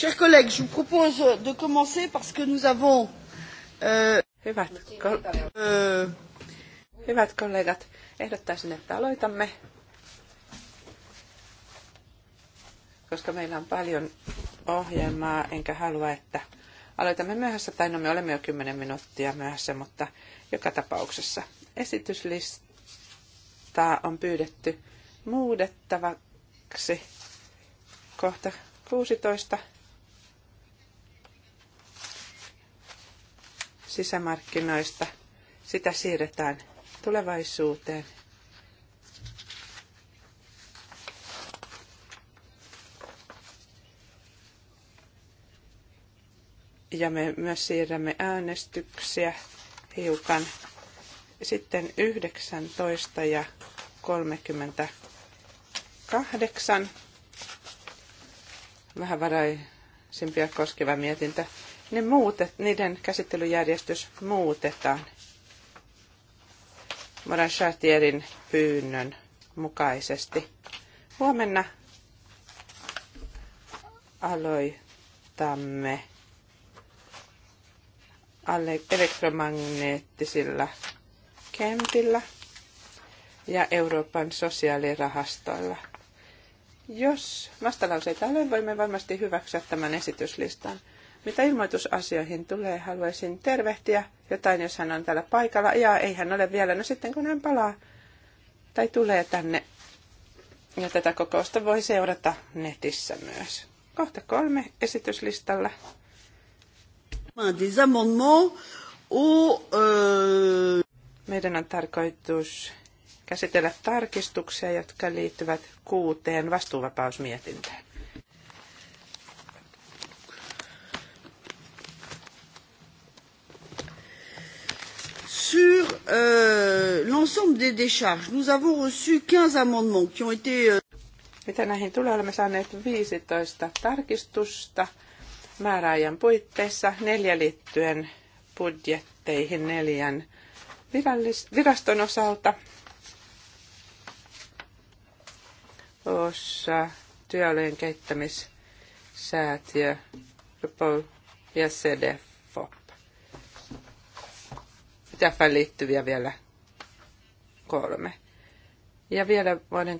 Chers collègues, je vous propose de commencer parce que nous avons... Euh, Hyvät, kol- euh, Hyvät kollegat, ehdottaisin, että aloitamme, koska meillä on paljon ohjelmaa, enkä halua, että aloitamme myöhässä, tai no me olemme jo 10 minuuttia myöhässä, mutta joka tapauksessa esityslistaa on pyydetty muudettavaksi kohta 16 sisämarkkinoista. Sitä siirretään tulevaisuuteen. Ja me myös siirrämme äänestyksiä hiukan sitten 19 ja 38. Vähän varaisimpia koskeva mietintä ne muutet, niiden käsittelyjärjestys muutetaan Moran Chartierin pyynnön mukaisesti. Huomenna aloitamme elektromagneettisilla kentillä ja Euroopan sosiaalirahastoilla. Jos vastalauseita ole, voimme varmasti hyväksyä tämän esityslistan. Mitä ilmoitusasioihin tulee, haluaisin tervehtiä jotain, jos hän on täällä paikalla. Ja ei hän ole vielä. No sitten kun hän palaa tai tulee tänne. Ja tätä kokousta voi seurata netissä myös. Kohta kolme esityslistalla. Euh, Meidän on tarkoitus käsitellä tarkistuksia, jotka liittyvät kuuteen vastuuvapausmietintään. sur euh, l'ensemble des décharges, nous avons reçu 15 amendements qui ont été... Euh... Mitä näihin tulee, olemme saaneet 15 tarkistusta määräajan puitteissa, neljä liittyen budjetteihin neljän virallis- viraston osalta. Osa työolojen kehittämissäätiö, RPO ja CDF TFään liittyviä vielä kolme. Ja vielä vuoden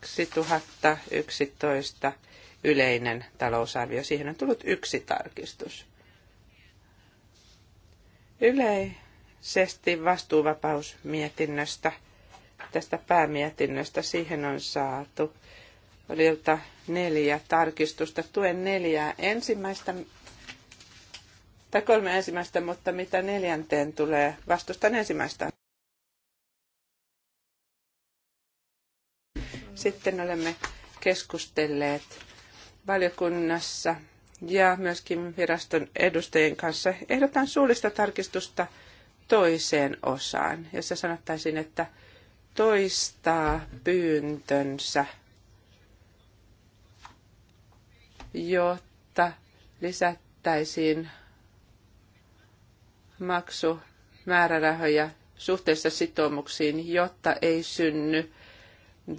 2011 yleinen talousarvio. Siihen on tullut yksi tarkistus. Yleisesti vastuuvapausmietinnöstä, tästä päämietinnöstä, siihen on saatu Olilta neljä tarkistusta. Tuen neljää ensimmäistä tai kolme ensimmäistä, mutta mitä neljänteen tulee, vastustan ensimmäistä. Sitten olemme keskustelleet valiokunnassa ja myöskin viraston edustajien kanssa. Ehdotan suullista tarkistusta toiseen osaan, jossa sanottaisiin, että toistaa pyyntönsä, jotta lisättäisiin maksumäärärahoja suhteessa sitoumuksiin, jotta ei synny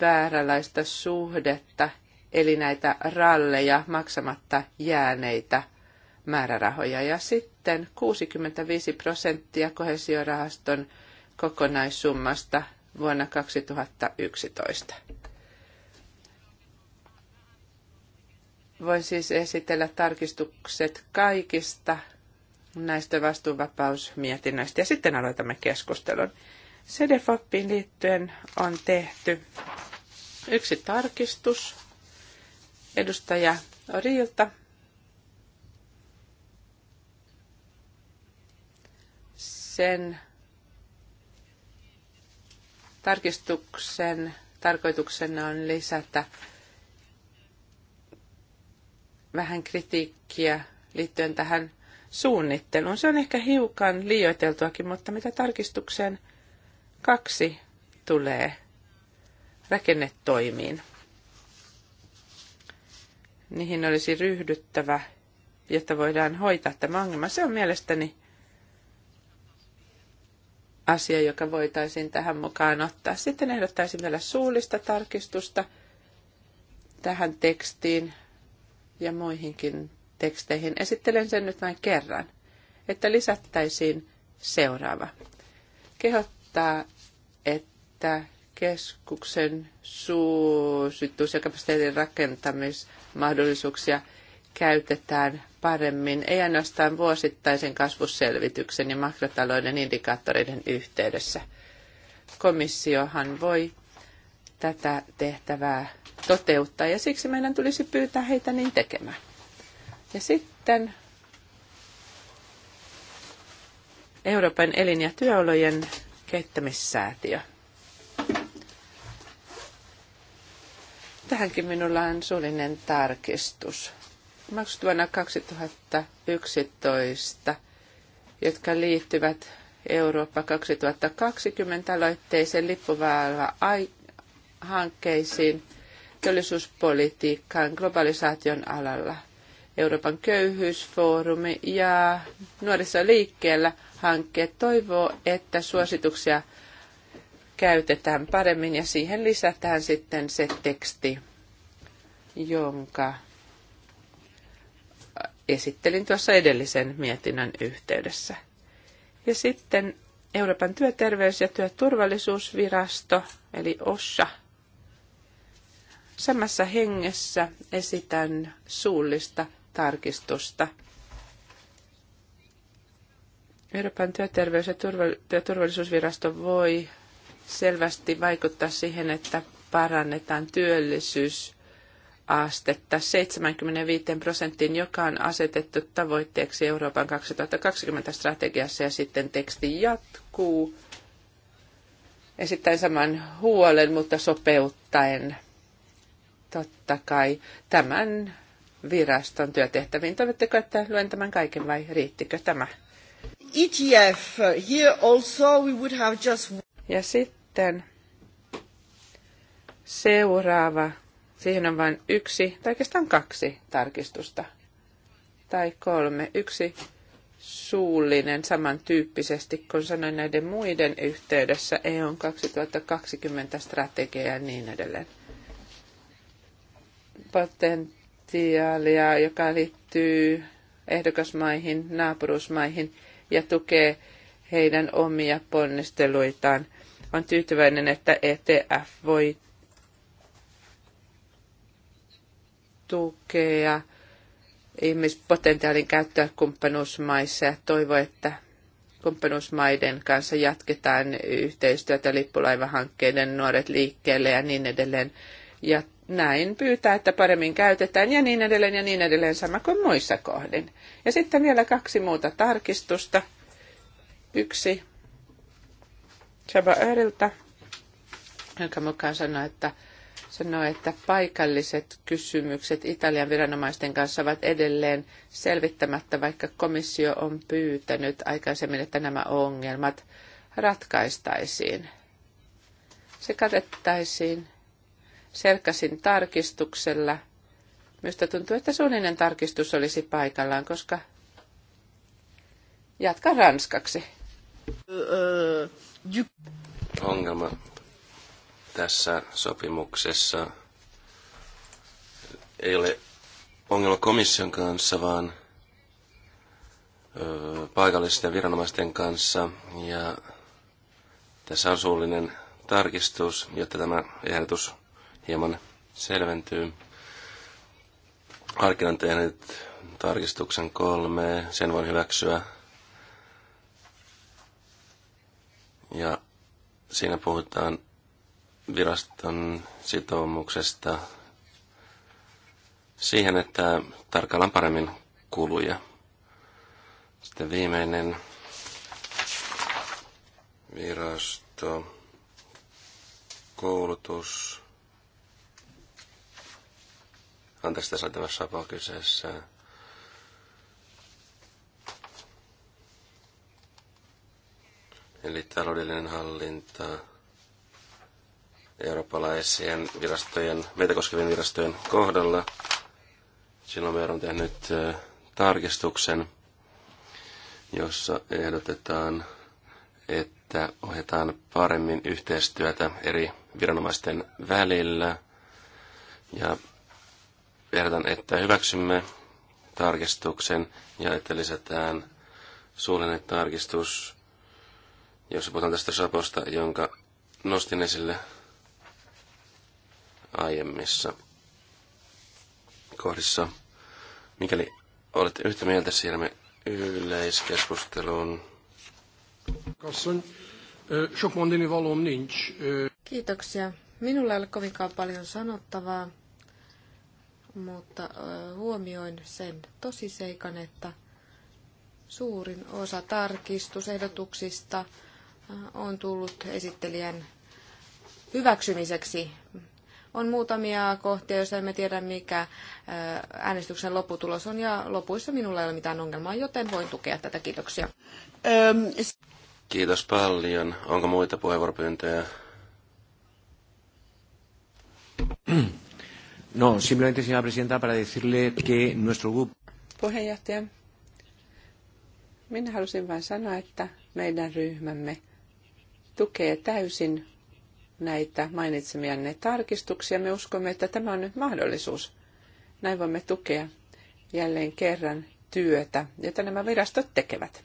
vääränlaista suhdetta, eli näitä ralleja maksamatta jääneitä määrärahoja. Ja sitten 65 prosenttia kohesiorahaston kokonaissummasta vuonna 2011. Voin siis esitellä tarkistukset kaikista näistä vastuuvapausmietinnöistä ja sitten aloitamme keskustelun. CDFOPin liittyen on tehty yksi tarkistus edustaja Orilta. Sen tarkistuksen tarkoituksena on lisätä vähän kritiikkiä liittyen tähän suunnitteluun. Se on ehkä hiukan liioiteltuakin, mutta mitä tarkistukseen kaksi tulee rakennetoimiin. Niihin olisi ryhdyttävä, jotta voidaan hoitaa tämä ongelma. Se on mielestäni asia, joka voitaisiin tähän mukaan ottaa. Sitten ehdottaisin vielä suullista tarkistusta tähän tekstiin ja muihinkin teksteihin. Esittelen sen nyt vain kerran, että lisättäisiin seuraava. Kehottaa, että keskuksen suositus- ja kapasiteetin rakentamismahdollisuuksia käytetään paremmin, ei ainoastaan vuosittaisen kasvuselvityksen ja makrotalouden indikaattoreiden yhteydessä. Komissiohan voi tätä tehtävää toteuttaa ja siksi meidän tulisi pyytää heitä niin tekemään. Ja sitten Euroopan elin- ja työolojen kehittämissäätiö. Tähänkin minulla on suullinen tarkistus. Maksut vuonna 2011, jotka liittyvät Eurooppa 2020 aloitteisen lippuväylä-hankkeisiin teollisuuspolitiikkaan globalisaation alalla – Euroopan köyhyysfoorumi ja nuorisoliikkeellä hankkeet toivoo, että suosituksia käytetään paremmin ja siihen lisätään sitten se teksti, jonka esittelin tuossa edellisen mietinnön yhteydessä. Ja sitten Euroopan työterveys- ja työturvallisuusvirasto, eli OSHA. Samassa hengessä esitän suullista tarkistusta. Euroopan työterveys- ja turvallisuusvirasto voi selvästi vaikuttaa siihen, että parannetaan työllisyysastetta 75 prosenttiin, joka on asetettu tavoitteeksi Euroopan 2020 strategiassa ja sitten teksti jatkuu esittäen saman huolen, mutta sopeuttaen totta kai tämän viraston työtehtäviin. Toivotteko, että luen tämän kaiken vai riittikö tämä? ETF, here also we would have just... Ja sitten seuraava. Siihen on vain yksi, tai oikeastaan kaksi tarkistusta. Tai kolme. Yksi suullinen samantyyppisesti, kun sanoin näiden muiden yhteydessä EUn 2020 strategia ja niin edelleen. Potent potentiaalia, joka liittyy ehdokasmaihin, naapurusmaihin ja tukee heidän omia ponnisteluitaan. On tyytyväinen, että ETF voi tukea ihmispotentiaalin käyttöä kumppanuusmaissa ja toivoo, että kumppanuusmaiden kanssa jatketaan yhteistyötä lippulaivahankkeiden nuoret liikkeelle ja niin edelleen. Ja näin pyytää, että paremmin käytetään ja niin edelleen ja niin edelleen sama kuin muissa kohdin. Ja sitten vielä kaksi muuta tarkistusta. Yksi Chaba Öriltä, jonka mukaan sanoi, että sanoi, että paikalliset kysymykset Italian viranomaisten kanssa ovat edelleen selvittämättä, vaikka komissio on pyytänyt aikaisemmin, että nämä ongelmat ratkaistaisiin. Se katettaisiin Serkasin tarkistuksella. Minusta tuntuu, että suunnilleen tarkistus olisi paikallaan, koska jatka ranskaksi. Ongelma tässä sopimuksessa ei ole ongelma komission kanssa, vaan paikallisten viranomaisten kanssa. Ja tässä on suullinen tarkistus, jotta tämä ehdotus hieman selventyy. Harkinnan tehnyt tarkistuksen kolme, sen voin hyväksyä. Ja siinä puhutaan viraston sitoumuksesta siihen, että tarkallaan paremmin kuluja. Sitten viimeinen virasto, koulutus, Anteeksi, tästä oli tämä Sapo kyseessä. Eli taloudellinen hallinta eurooppalaisien virastojen, meitä koskevien virastojen kohdalla. Silloin me on tehnyt tarkistuksen, jossa ehdotetaan, että ohjataan paremmin yhteistyötä eri viranomaisten välillä ja Ehdotan, että hyväksymme tarkistuksen ja että lisätään suullinen tarkistus, jos puhutaan tästä saposta, jonka nostin esille aiemmissa kohdissa. Mikäli olette yhtä mieltä, siirrymme yleiskeskusteluun. Kiitoksia. Minulla ei ole kovinkaan paljon sanottavaa mutta huomioin sen tosiseikan, että suurin osa tarkistusehdotuksista on tullut esittelijän hyväksymiseksi. On muutamia kohtia, joissa emme tiedä, mikä äänestyksen lopputulos on, ja lopuissa minulla ei ole mitään ongelmaa, joten voin tukea tätä. Kiitoksia. Kiitos paljon. Onko muita puheenvuoropyyntöjä? No, simplemente, señora presidenta, para decirle que nuestro grupo... Puheenjohtaja, minä halusin vain sanoa, että meidän ryhmämme tukee täysin näitä mainitsemianne tarkistuksia. Me uskomme, että tämä on nyt mahdollisuus. Näin voimme tukea jälleen kerran työtä, jota nämä virastot tekevät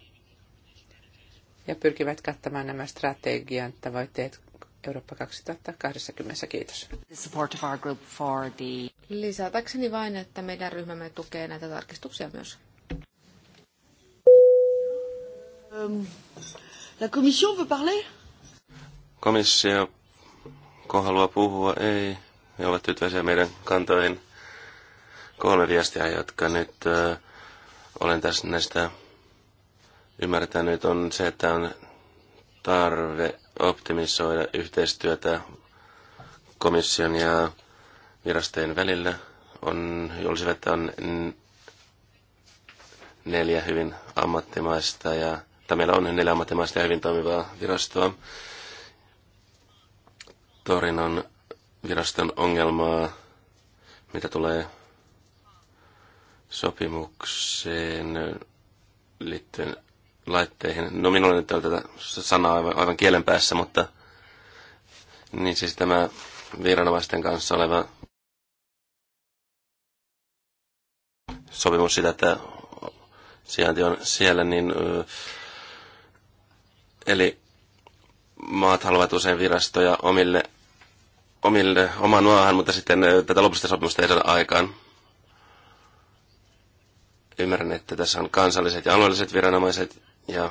ja pyrkivät kattamaan nämä strategian tavoitteet Eurooppa 2020. Kiitos. Lisätäkseni vain, että meidän ryhmämme tukee näitä tarkistuksia myös. Ähm, la commission veut parler? Komissio, kun haluaa puhua, ei. He ovat tyytyväisiä meidän kantoihin. Kolme viestiä, jotka nyt äh, olen tässä näistä ymmärtänyt, on se, että on tarve optimisoida yhteistyötä komission ja virastojen välillä. On, että on neljä hyvin ammattimaista ja, tai meillä on neljä ammattimaista ja hyvin toimivaa virastoa. Torinon viraston ongelmaa, mitä tulee sopimukseen liittyen laitteihin. No minulla nyt on tätä sanaa aivan, aivan kielen päässä, mutta niin siis tämä viranomaisten kanssa oleva sopimus sitä, että sijainti on siellä, niin eli maat haluavat usein virastoja omille, omille, omaan maahan, mutta sitten tätä lopullista sopimusta ei saada aikaan. Ymmärrän, että tässä on kansalliset ja alueelliset viranomaiset, ja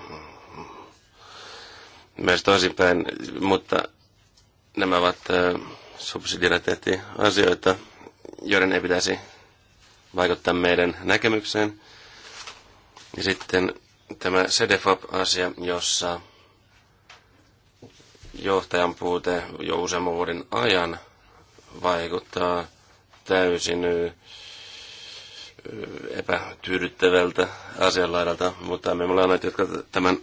myös toisinpäin, mutta nämä ovat subsidiariteettiasioita, joiden ei pitäisi vaikuttaa meidän näkemykseen. Ja sitten tämä CDFAP-asia, jossa johtajan puute jo useamman vuoden ajan vaikuttaa täysin epätyydyttävältä asianlaidalta, mutta me on näitä, jotka tämän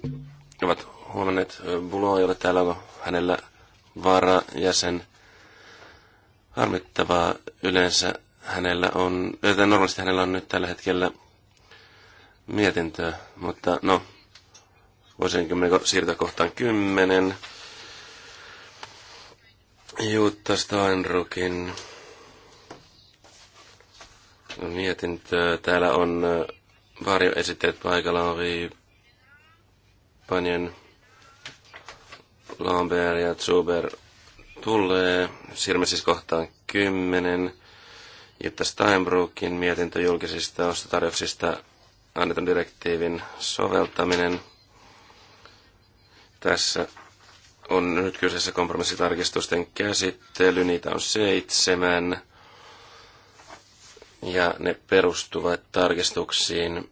ovat huomanneet. Bulo ei ole täällä, onko hänellä jäsen harmittavaa. Yleensä hänellä on, tai normaalisti hänellä on nyt tällä hetkellä mietintöä, mutta no, voisinko siirtää kohtaan kymmenen. Jutta Steinrukin mietintöä. Täällä on varjoesitteet paikalla oli Panjen Lambert ja Zuber tulee. Sirme siis kohtaan 10. Jutta Steinbrookin mietintö julkisista ostotarjouksista annetun direktiivin soveltaminen. Tässä on nyt kyseessä kompromissitarkistusten käsittely. Niitä on seitsemän ja ne perustuvat tarkistuksiin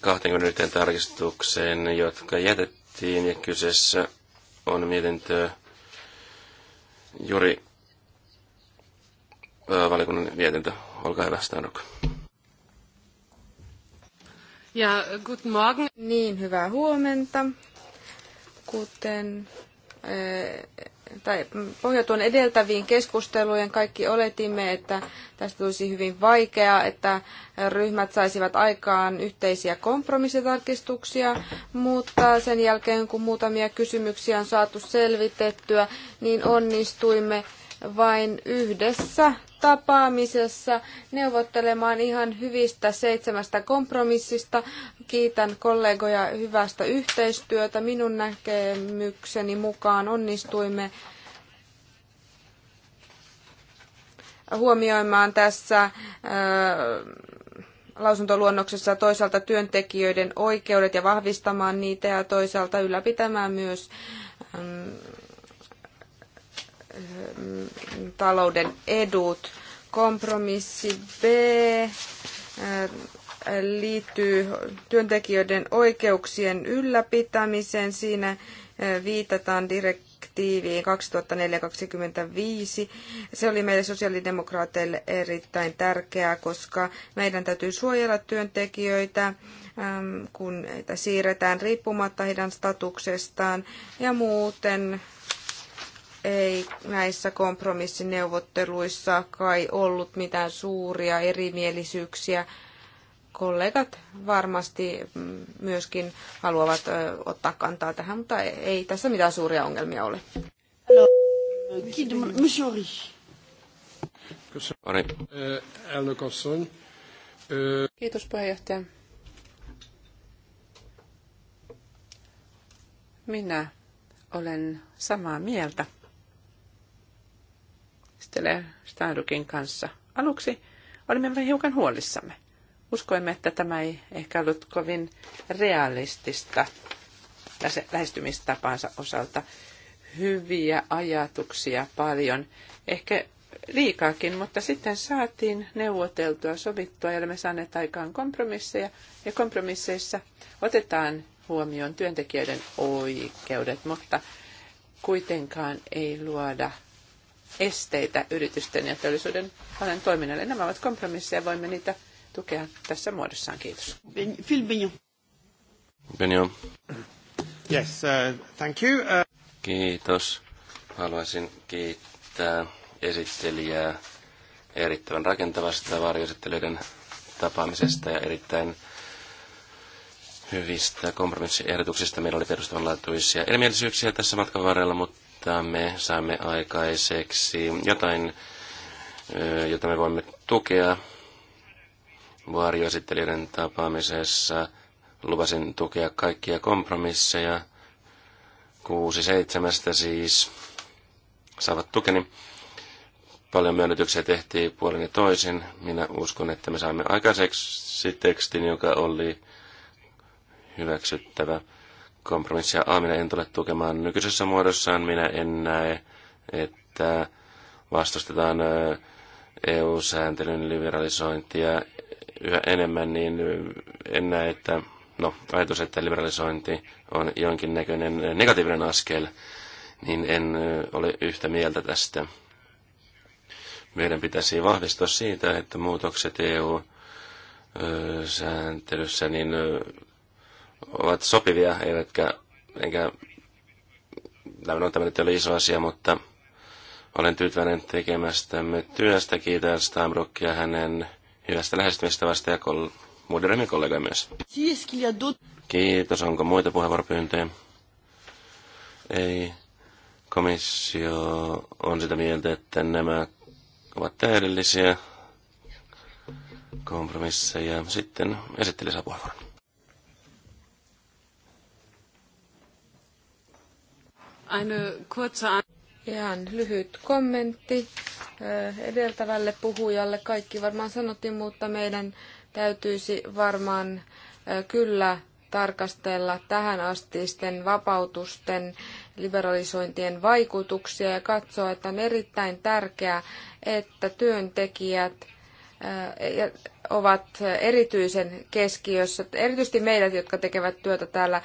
21 tarkistukseen, jotka jätettiin ja kyseessä on mietintö Juri valikunnan mietintö. Olkaa hyvä, Stanok. Ja good morning, Niin, hyvää huomenta. Kuten tai pohjautuen edeltäviin keskustelujen kaikki oletimme, että tästä tulisi hyvin vaikeaa, että ryhmät saisivat aikaan yhteisiä kompromissitarkistuksia, mutta sen jälkeen kun muutamia kysymyksiä on saatu selvitettyä, niin onnistuimme vain yhdessä tapaamisessa neuvottelemaan ihan hyvistä seitsemästä kompromissista. Kiitän kollegoja hyvästä yhteistyötä. Minun näkemykseni mukaan onnistuimme huomioimaan tässä lausuntoluonnoksessa toisaalta työntekijöiden oikeudet ja vahvistamaan niitä ja toisaalta ylläpitämään myös Mm, talouden edut. Kompromissi B liittyy työntekijöiden oikeuksien ylläpitämiseen. Siinä viitataan direktiiviin 2004 Se oli meille sosiaalidemokraateille erittäin tärkeää, koska meidän täytyy suojella työntekijöitä, kun heitä siirretään riippumatta heidän statuksestaan ja muuten ei näissä kompromissineuvotteluissa kai ollut mitään suuria erimielisyyksiä. Kollegat varmasti mm, myöskin haluavat ottaa kantaa tähän, mutta ei tässä mitään suuria ongelmia ole. No. Eh, eh, Kiitos puheenjohtaja. Minä olen samaa mieltä Stele Stadukin kanssa. Aluksi olimme hiukan huolissamme. Uskoimme, että tämä ei ehkä ollut kovin realistista lähestymistapansa osalta. Hyviä ajatuksia paljon, ehkä liikaakin, mutta sitten saatiin neuvoteltua, sovittua ja olemme saaneet aikaan kompromisseja. Ja kompromisseissa otetaan huomioon työntekijöiden oikeudet, mutta kuitenkaan ei luoda esteitä yritysten ja teollisuuden alan toiminnalle. Nämä ovat kompromisseja, voimme niitä tukea tässä muodossaan. Kiitos. Phil Bignon. Bignon. Yes, uh, thank you. Uh... Kiitos. Haluaisin kiittää esittelijää erittäin rakentavasta varjoesittelyiden tapaamisesta ja erittäin hyvistä kompromissiehdotuksista. Meillä oli perustavanlaatuisia erimielisyyksiä tässä matkan varrella, mutta jotta me saamme aikaiseksi jotain, jota me voimme tukea varjoesittelijöiden tapaamisessa. Lupasin tukea kaikkia kompromisseja. Kuusi seitsemästä siis saavat tukeni. Paljon myönnytyksiä tehtiin puolin ja toisin. Minä uskon, että me saamme aikaiseksi tekstin, joka oli hyväksyttävä kompromissia A minä en tule tukemaan nykyisessä muodossaan. Minä en näe, että vastustetaan EU-sääntelyn liberalisointia yhä enemmän, niin en näe, että no, ajatus, että liberalisointi on jonkinnäköinen negatiivinen askel, niin en ole yhtä mieltä tästä. Meidän pitäisi vahvistua siitä, että muutokset EU-sääntelyssä niin ovat sopivia, eivätkä, enkä, tämä on tämmöinen oli iso asia, mutta olen tyytyväinen tekemästämme työstä. Kiitän ja hänen hyvästä vasta ja kol- muiden ryhmien kollegoja myös. Kiitos. Onko muita puheenvuoropyyntöjä? Ei. Komissio on sitä mieltä, että nämä ovat täydellisiä kompromisseja. Sitten esittelijä puheenvuoron. Eine kurze Ihan lyhyt kommentti äh, edeltävälle puhujalle. Kaikki varmaan sanottiin, mutta meidän täytyisi varmaan äh, kyllä tarkastella tähän astisten vapautusten liberalisointien vaikutuksia ja katsoa, että on erittäin tärkeää, että työntekijät Äh, ovat erityisen keskiössä. Erityisesti meidät, jotka tekevät työtä täällä äh,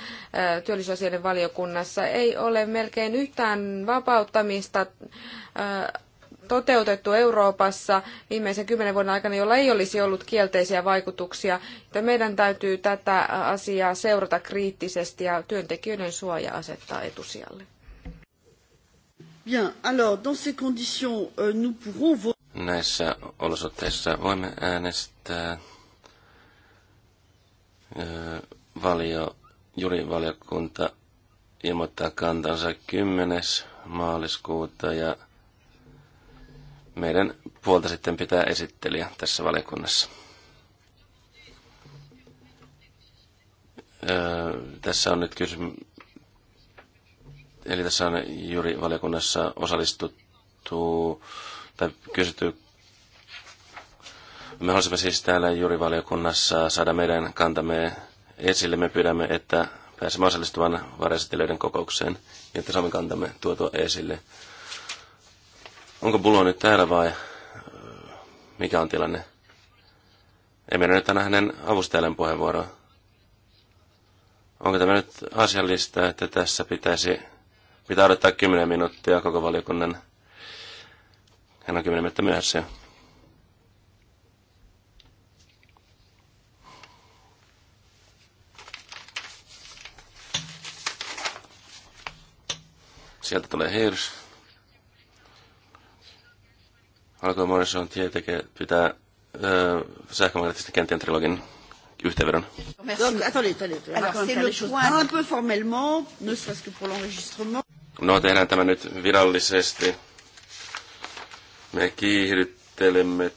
työllisyysasioiden valiokunnassa, ei ole melkein yhtään vapauttamista äh, toteutettu Euroopassa viimeisen kymmenen vuoden aikana, jolla ei olisi ollut kielteisiä vaikutuksia. Meidän täytyy tätä asiaa seurata kriittisesti ja työntekijöiden suoja asettaa etusijalle. Bien, alors dans ces conditions, euh, nous pourrons näissä olosuhteissa voimme äänestää valio, jurivaliokunta ilmoittaa kantansa 10. maaliskuuta ja meidän puolta sitten pitää esittelijä tässä valiokunnassa. Öö, tässä on nyt kysymys, eli tässä on juuri valiokunnassa osallistuttu tai kysytty me haluaisimme siis täällä juurivaliokunnassa saada meidän kantamme esille. Me pyydämme, että pääsemme osallistumaan varjastelijoiden kokoukseen, että saamme kantamme tuotua esille. Onko Bulo nyt täällä vai mikä on tilanne? Ei mennä nyt hänen avustajalleen puheenvuoroa. Onko tämä nyt asiallista, että tässä pitäisi, pitää odottaa 10 minuuttia koko valiokunnan hän on kymmenen minuuttia myöhässä. Sieltä tulee Hirsch. Alkoi Morrison tie tekee, pitää öö, sähkömagneettisten kentien trilogin yhteenvedon. No tehdään tämä nyt virallisesti me kiihdyttelemme,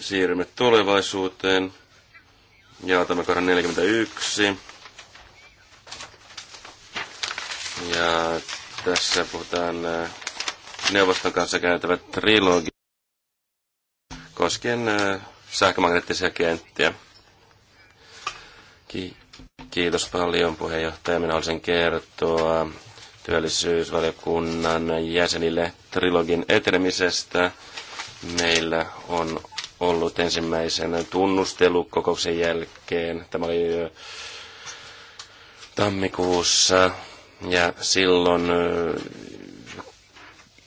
siirrymme tulevaisuuteen. Jaatamme kohdan 41. Ja tässä puhutaan äh, neuvoston kanssa käytävä trilogi koskien äh, sähkömagneettisia kenttiä. Ki- kiitos paljon puheenjohtaja. Minä olisin kertoa työllisyysvaliokunnan jäsenille trilogin etenemisestä. Meillä on ollut ensimmäisen tunnustelukokouksen jälkeen. Tämä oli tammikuussa ja silloin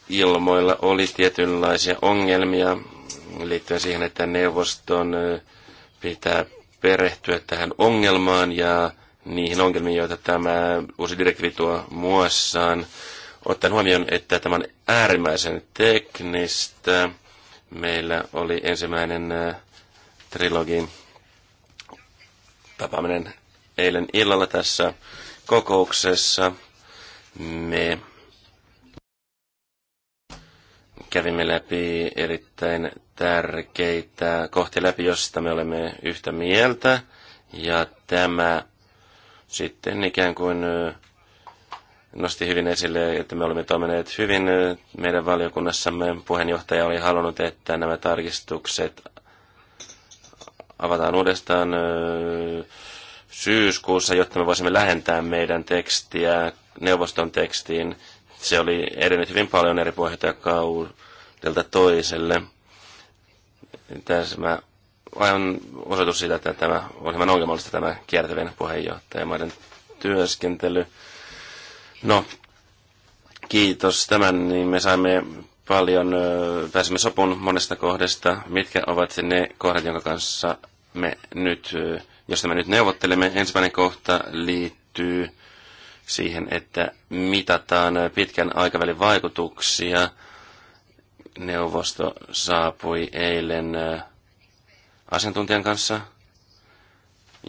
ilmoilla oli tietynlaisia ongelmia liittyen siihen, että neuvoston pitää perehtyä tähän ongelmaan ja niihin ongelmiin, joita tämä uusi direktiivi tuo muassaan. Ottaen huomioon, että tämä on äärimmäisen teknistä. Meillä oli ensimmäinen äh, trilogi tapaaminen eilen illalla tässä kokouksessa. Me kävimme läpi erittäin tärkeitä kohtia läpi, josta me olemme yhtä mieltä. Ja tämä sitten ikään kuin nosti hyvin esille, että me olemme toimineet hyvin meidän valiokunnassamme. Puheenjohtaja oli halunnut, että nämä tarkistukset avataan uudestaan syyskuussa, jotta me voisimme lähentää meidän tekstiä neuvoston tekstiin. Se oli edennyt hyvin paljon eri puheenjohtajakaudelta toiselle. Tässä aivan osoitus siitä, että tämä on hieman ongelmallista tämä kiertävien puheenjohtajamaiden työskentely. No, kiitos tämän, niin me saimme paljon, pääsimme sopun monesta kohdasta. Mitkä ovat ne kohdat, jonka kanssa me nyt, josta me nyt neuvottelemme? Ensimmäinen kohta liittyy siihen, että mitataan pitkän aikavälin vaikutuksia. Neuvosto saapui eilen asiantuntijan kanssa.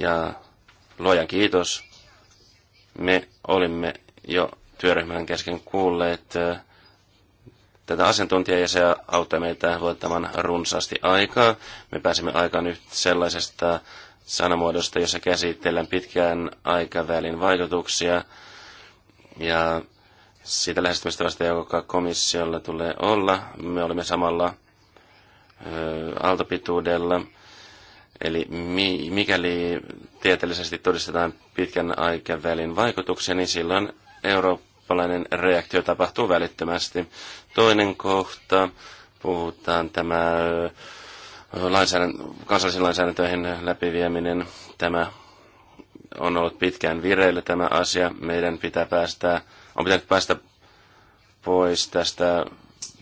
Ja luojan kiitos, me olimme jo työryhmän kesken kuulleet tätä asiantuntijaa ja se auttaa meitä voittamaan runsaasti aikaa. Me pääsimme aikaan nyt sellaisesta sanamuodosta, jossa käsitellään pitkään aikavälin vaikutuksia ja siitä lähestymistavasta, joka komissiolla tulee olla. Me olemme samalla aaltopituudella. Eli mikäli tieteellisesti todistetaan pitkän aikavälin vaikutuksia, niin silloin eurooppalainen reaktio tapahtuu välittömästi. Toinen kohta, puhutaan tämä lainsäädäntö, kansallisiin lainsäädäntöihin läpivieminen. Tämä on ollut pitkään vireillä tämä asia. Meidän pitää päästä, on pitänyt päästä pois tästä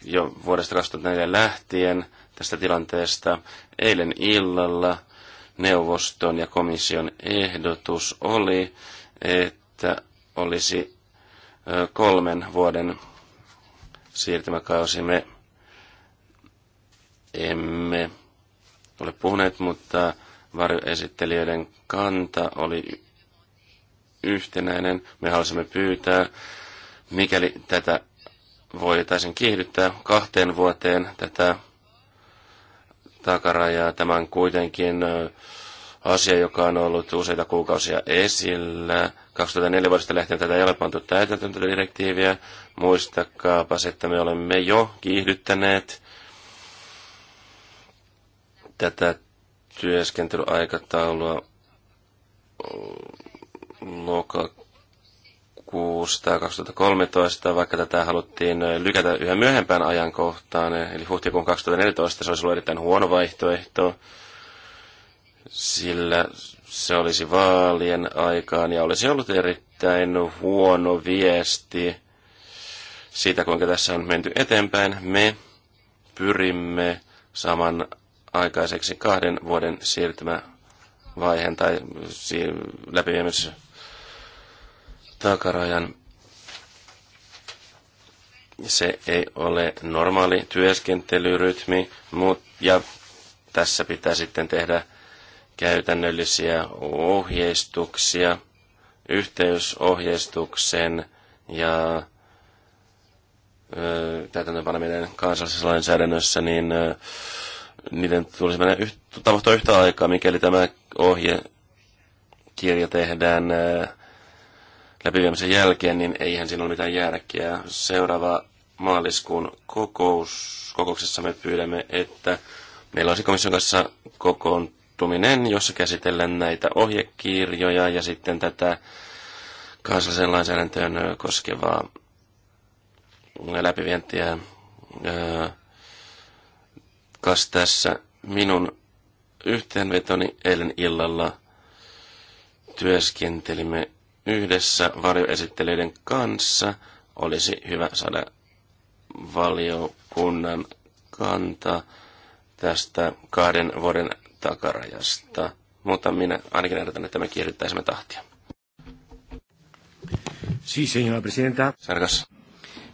jo vuodesta 2004 lähtien tästä tilanteesta. Eilen illalla neuvoston ja komission ehdotus oli, että olisi kolmen vuoden siirtymäkausi. Me emme ole puhuneet, mutta varjoesittelijöiden kanta oli yhtenäinen. Me halusimme pyytää, mikäli tätä voitaisiin kiihdyttää kahteen vuoteen tätä takarajaa. Tämä on kuitenkin asia, joka on ollut useita kuukausia esillä. 2004 vuodesta lähtien tätä ei ole pantu täytäntööntä direktiiviä. Muistakaapas, että me olemme jo kiihdyttäneet tätä työskentelyaikataulua lokakuun toukokuusta 2013, vaikka tätä haluttiin lykätä yhä myöhempään ajankohtaan, eli huhtikuun 2014 se olisi ollut erittäin huono vaihtoehto, sillä se olisi vaalien aikaan ja olisi ollut erittäin huono viesti siitä, kuinka tässä on menty eteenpäin. Me pyrimme saman aikaiseksi kahden vuoden siirtymävaiheen tai läpiviemisen takarajan. Se ei ole normaali työskentelyrytmi, mut, ja tässä pitää sitten tehdä käytännöllisiä ohjeistuksia, yhteysohjeistuksen ja täytäntöönpaneminen kansallisessa lainsäädännössä, niin ö, niiden tulisi mennä yht, tapahtua yhtä aikaa, mikäli tämä ohje kirja tehdään ö, läpiviemisen jälkeen, niin eihän siinä ole mitään järkeä. Seuraava maaliskuun kokous, kokouksessa me pyydämme, että meillä olisi komission kanssa kokoontuminen, jossa käsitellään näitä ohjekirjoja ja sitten tätä kansallisen lainsäädäntöön koskevaa läpivientiä. Kas tässä minun yhteenvetoni eilen illalla työskentelimme yhdessä varjoesittelijöiden kanssa olisi hyvä saada valiokunnan kanta tästä kahden vuoden takarajasta. Mutta minä ainakin ehdotan, että me kiihdyttäisimme tahtia. Siis, señora presidenta. Sarkas.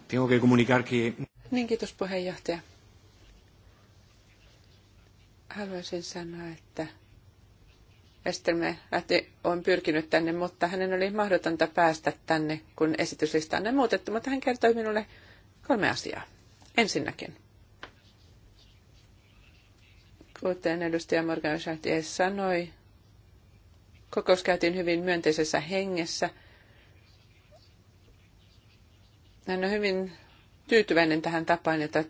Tengo que comunicar que... Niin, kiitos puheenjohtaja. Haluaisin sanoa, että lähti, on pyrkinyt tänne, mutta hänen oli mahdotonta päästä tänne, kun esityslista on muutettu, mutta hän kertoi minulle kolme asiaa. Ensinnäkin, kuten edustaja Morgan Chartier sanoi, kokous käytiin hyvin myönteisessä hengessä. Hän on hyvin tyytyväinen tähän tapaan, jota,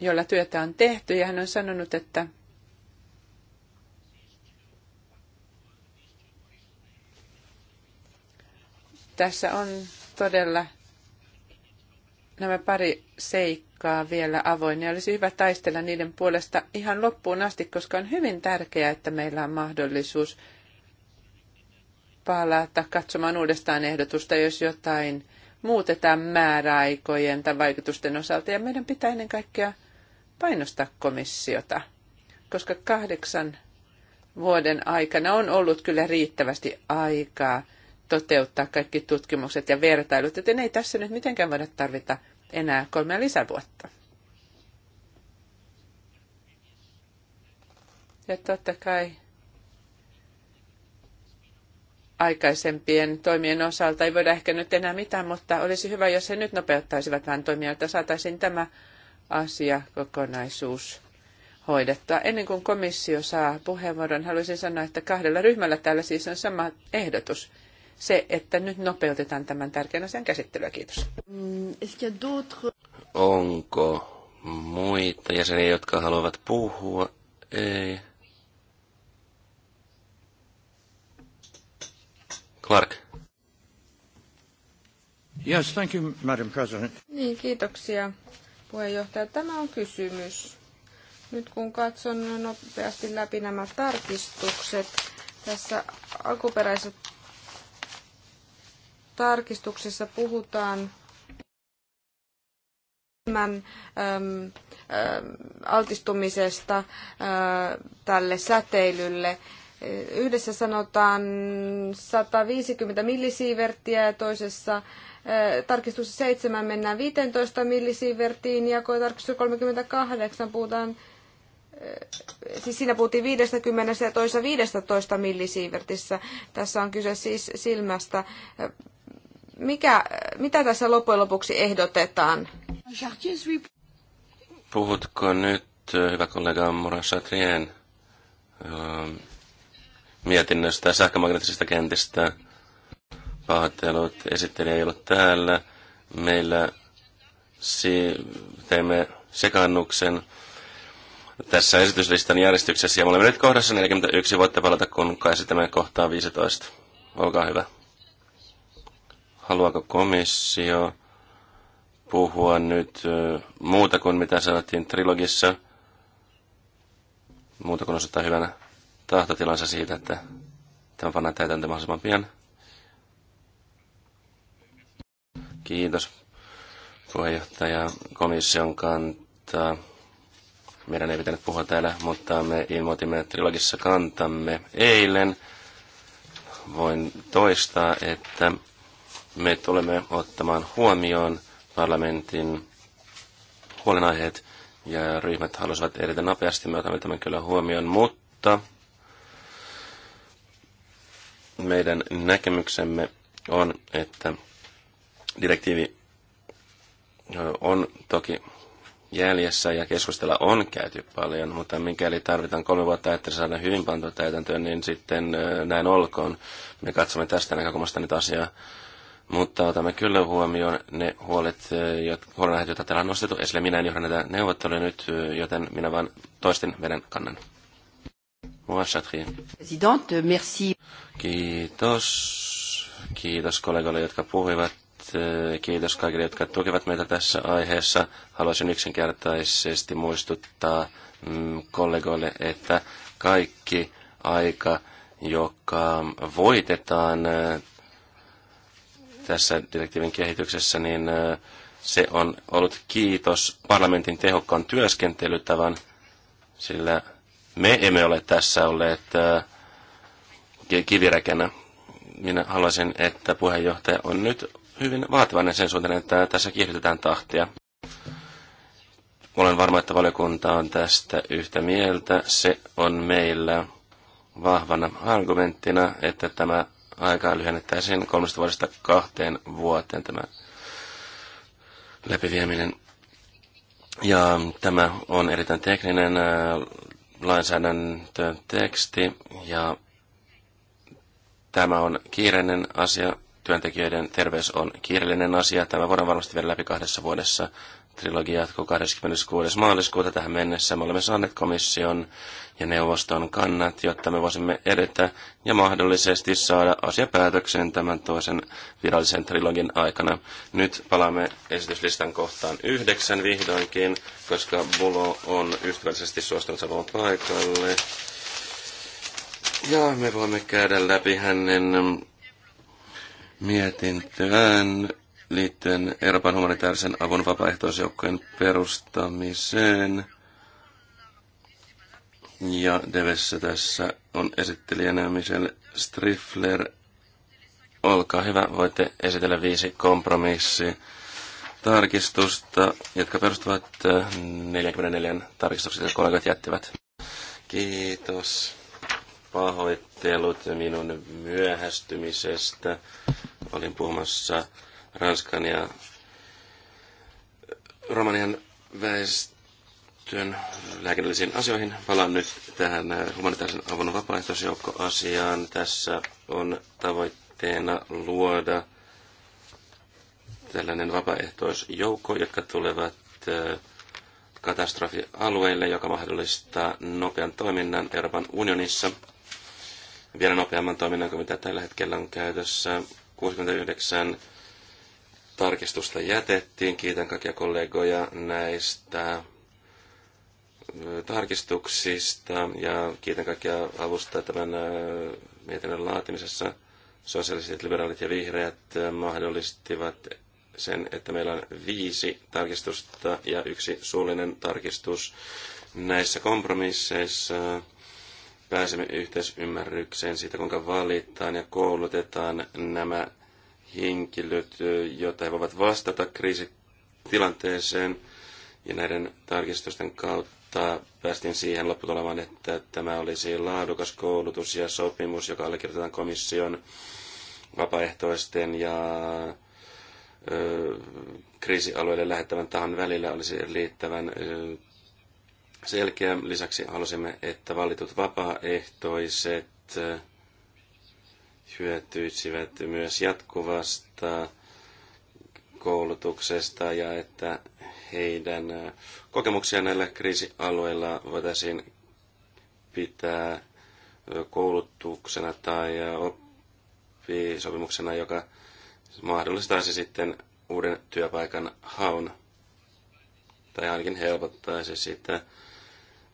jolla työtä on tehty, ja hän on sanonut, että Tässä on todella nämä pari seikkaa vielä avoinna. Olisi hyvä taistella niiden puolesta ihan loppuun asti, koska on hyvin tärkeää, että meillä on mahdollisuus palata katsomaan uudestaan ehdotusta, jos jotain muutetaan määräaikojen tai vaikutusten osalta. Ja meidän pitää ennen kaikkea painostaa komissiota, koska kahdeksan vuoden aikana on ollut kyllä riittävästi aikaa – toteuttaa kaikki tutkimukset ja vertailut, joten ei tässä nyt mitenkään voida tarvita enää kolmea lisävuotta. Ja totta kai aikaisempien toimien osalta ei voida ehkä nyt enää mitään, mutta olisi hyvä, jos he nyt nopeuttaisivat vähän toimia, että saataisiin tämä asiakokonaisuus hoidettua. Ennen kuin komissio saa puheenvuoron, haluaisin sanoa, että kahdella ryhmällä täällä siis on sama ehdotus – se, että nyt nopeutetaan tämän tärkeän asian käsittelyä. Kiitos. Mm, Onko muita jäseniä, jotka haluavat puhua? Ei. Clark. Yes, thank you, Madam President. Niin, kiitoksia puheenjohtaja. Tämä on kysymys. Nyt kun katson nopeasti läpi nämä tarkistukset, tässä alkuperäiset tarkistuksessa puhutaan enemmän altistumisesta tälle säteilylle. Yhdessä sanotaan 150 millisieverttiä ja toisessa tarkistus 7 mennään 15 millisievertiin ja tarkistus 38 puhutaan Siis siinä puhuttiin 50 ja toisessa 15 millisiivertissä. Tässä on kyse siis silmästä mikä, mitä tässä loppujen lopuksi ehdotetaan? Puhutko nyt, hyvä kollega Mora Chatrien, ähm, mietinnöstä sähkömagneettisista kentistä? Pahoittelut, esittelijä ei ollut täällä. Meillä si- teemme sekannuksen tässä esityslistan järjestyksessä ja me olemme nyt kohdassa 41 vuotta palata, kun kai sitten kohtaa 15. Olkaa hyvä. Haluaako komissio puhua nyt muuta kuin mitä sanottiin trilogissa? Muuta kuin osoittaa hyvän tahtotilansa siitä, että tämä pannaan täytäntö mahdollisimman pian. Kiitos puheenjohtaja komission kantaa. Meidän ei pitänyt puhua täällä, mutta me ilmoitimme trilogissa kantamme eilen. Voin toistaa, että me tulemme ottamaan huomioon parlamentin huolenaiheet ja ryhmät halusivat edetä nopeasti. Me otamme tämän kyllä huomioon, mutta meidän näkemyksemme on, että direktiivi on toki jäljessä ja keskustella on käyty paljon, mutta mikäli tarvitaan kolme vuotta, että se saadaan hyvin pantua täytäntöön, niin sitten näin olkoon. Me katsomme tästä näkökulmasta nyt asiaa mutta otamme kyllä huomioon ne huolet, eh, jotka joita täällä on nostettu esille. Minä en johda näitä neuvotteluja nyt, eh, joten minä vain toistin veden kannan. Kiitos. Kiitos kollegoille, jotka puhuivat. Eh, kiitos kaikille, jotka tukevat meitä tässä aiheessa. Haluaisin yksinkertaisesti muistuttaa mm, kollegoille, että kaikki aika, joka voitetaan tässä direktiivin kehityksessä, niin se on ollut kiitos parlamentin tehokkaan työskentelytavan, sillä me emme ole tässä olleet kiviräkänä. Minä haluaisin, että puheenjohtaja on nyt hyvin vaativainen sen suuntaan, että tässä kiihdytetään tahtia. Olen varma, että valiokunta on tästä yhtä mieltä. Se on meillä vahvana argumenttina, että tämä aikaa lyhennettäisiin kolmesta vuodesta kahteen vuoteen tämä läpivieminen. Ja tämä on erittäin tekninen äh, lainsäädäntön teksti ja tämä on kiireinen asia. Työntekijöiden terveys on kiireellinen asia. Tämä voidaan varmasti vielä läpi kahdessa vuodessa. Trilogia jatkuu 26. maaliskuuta tähän mennessä. Me olemme saaneet komission ja neuvoston kannat, jotta me voisimme edetä ja mahdollisesti saada asiapäätöksen tämän toisen virallisen trilogin aikana. Nyt palaamme esityslistan kohtaan yhdeksän vihdoinkin, koska Bulo on ystävällisesti suostunut saamaan paikalle. Ja me voimme käydä läpi hänen mietintöään liittyen Euroopan humanitaarisen avun vapaaehtoisjoukkojen perustamiseen – ja Devessä tässä on esittelijänä Michelle Striffler. Olkaa hyvä, voitte esitellä viisi kompromissi tarkistusta, jotka perustuvat 44 äh, tarkistukset, jotka kollegat jättivät. Kiitos. Pahoittelut minun myöhästymisestä. Olin puhumassa Ranskan ja Romanian väestö liittyen lääkinnällisiin asioihin. Palaan nyt tähän äh, humanitaarisen avun vapaaehtoisjoukkoasiaan. Tässä on tavoitteena luoda tällainen vapaaehtoisjoukko, jotka tulevat äh, katastrofialueille, joka mahdollistaa nopean toiminnan Euroopan unionissa. Vielä nopeamman toiminnan kuin mitä tällä hetkellä on käytössä. 69 tarkistusta jätettiin. Kiitän kaikkia kollegoja näistä tarkistuksista ja kiitän kaikkia avustajia tämän äh, mietinnön laatimisessa. Sosiaaliset, liberaalit ja vihreät äh, mahdollistivat sen, että meillä on viisi tarkistusta ja yksi suullinen tarkistus. Näissä kompromisseissa pääsemme yhteisymmärrykseen siitä, kuinka valitaan ja koulutetaan nämä henkilöt, äh, jotta he voivat vastata kriisitilanteeseen. Ja näiden tarkistusten kautta mutta päästiin siihen lopputulemaan, että tämä olisi laadukas koulutus ja sopimus, joka allekirjoitetaan komission vapaaehtoisten ja ö, kriisialueiden lähettävän tahon välillä olisi liittävän selkeä. Lisäksi halusimme, että valitut vapaaehtoiset hyötyisivät myös jatkuvasta koulutuksesta ja että heidän kokemuksia näillä kriisialueilla voitaisiin pitää koulutuksena tai oppisopimuksena, joka mahdollistaisi sitten uuden työpaikan haun. Tai ainakin helpottaisi sitä.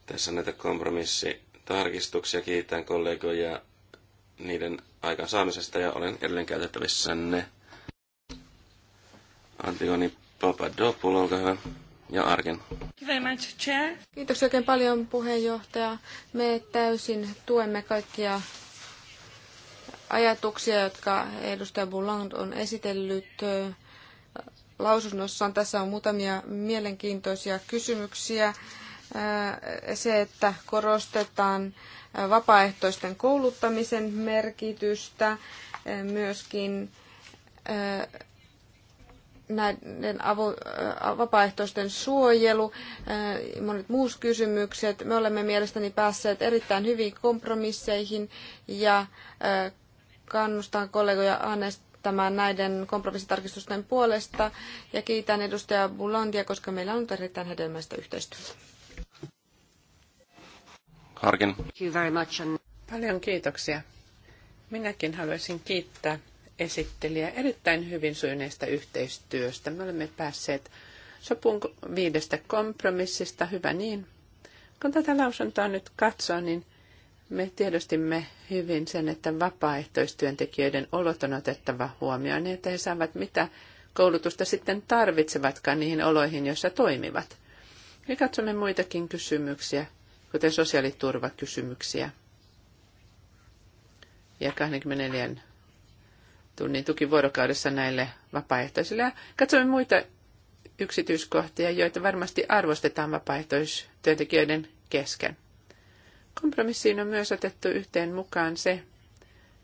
Tässä on näitä kompromissitarkistuksia. Kiitän kollegoja niiden aikaansaamisesta ja olen edelleen käytettävissänne. Antigoni Papadopoulou, olkaa Ja Arkin. Kiitoksia oikein paljon puheenjohtaja. Me täysin tuemme kaikkia ajatuksia, jotka edustaja Bouland on esitellyt lausunnossaan. Tässä on muutamia mielenkiintoisia kysymyksiä. Se, että korostetaan vapaaehtoisten kouluttamisen merkitystä, myöskin näiden äh, vapaaehtoisten suojelu, monet muut kysymykset. Me olemme mielestäni päässeet erittäin hyviin kompromisseihin ja kannustan kollegoja äänestämään näiden kompromissitarkistusten puolesta ja kiitän edustaja Bulandia, koska meillä on erittäin hedelmäistä yhteistyötä. Harkin. Paljon kiitoksia. Minäkin haluaisin kiittää esittelijä erittäin hyvin syyneistä yhteistyöstä. Me olemme päässeet sopuun viidestä kompromissista, hyvä niin. Kun tätä lausuntoa nyt katsoo, niin me tiedostimme hyvin sen, että vapaaehtoistyöntekijöiden olot on otettava huomioon, että he saavat mitä koulutusta sitten tarvitsevatkaan niihin oloihin, joissa toimivat. Me katsomme muitakin kysymyksiä, kuten sosiaaliturvakysymyksiä ja 24 tunnin niin tukivuorokaudessa näille vapaaehtoisille. katsomme muita yksityiskohtia, joita varmasti arvostetaan vapaaehtoistyöntekijöiden kesken. Kompromissiin on myös otettu yhteen mukaan se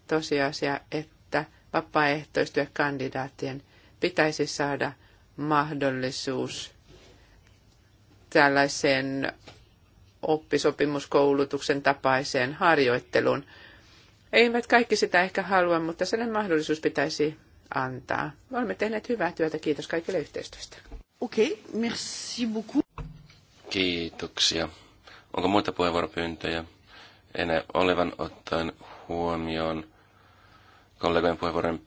tosiasia, että vapaaehtoistyökandidaattien pitäisi saada mahdollisuus tällaiseen oppisopimuskoulutuksen tapaiseen harjoitteluun eivät kaikki sitä ehkä halua, mutta sellainen mahdollisuus pitäisi antaa. Me olemme tehneet hyvää työtä. Kiitos kaikille yhteistyöstä. Okei, okay, merci beaucoup. Kiitoksia. Onko muita puheenvuoropyyntöjä? En olevan ottaen huomioon kollegojen puheenvuoron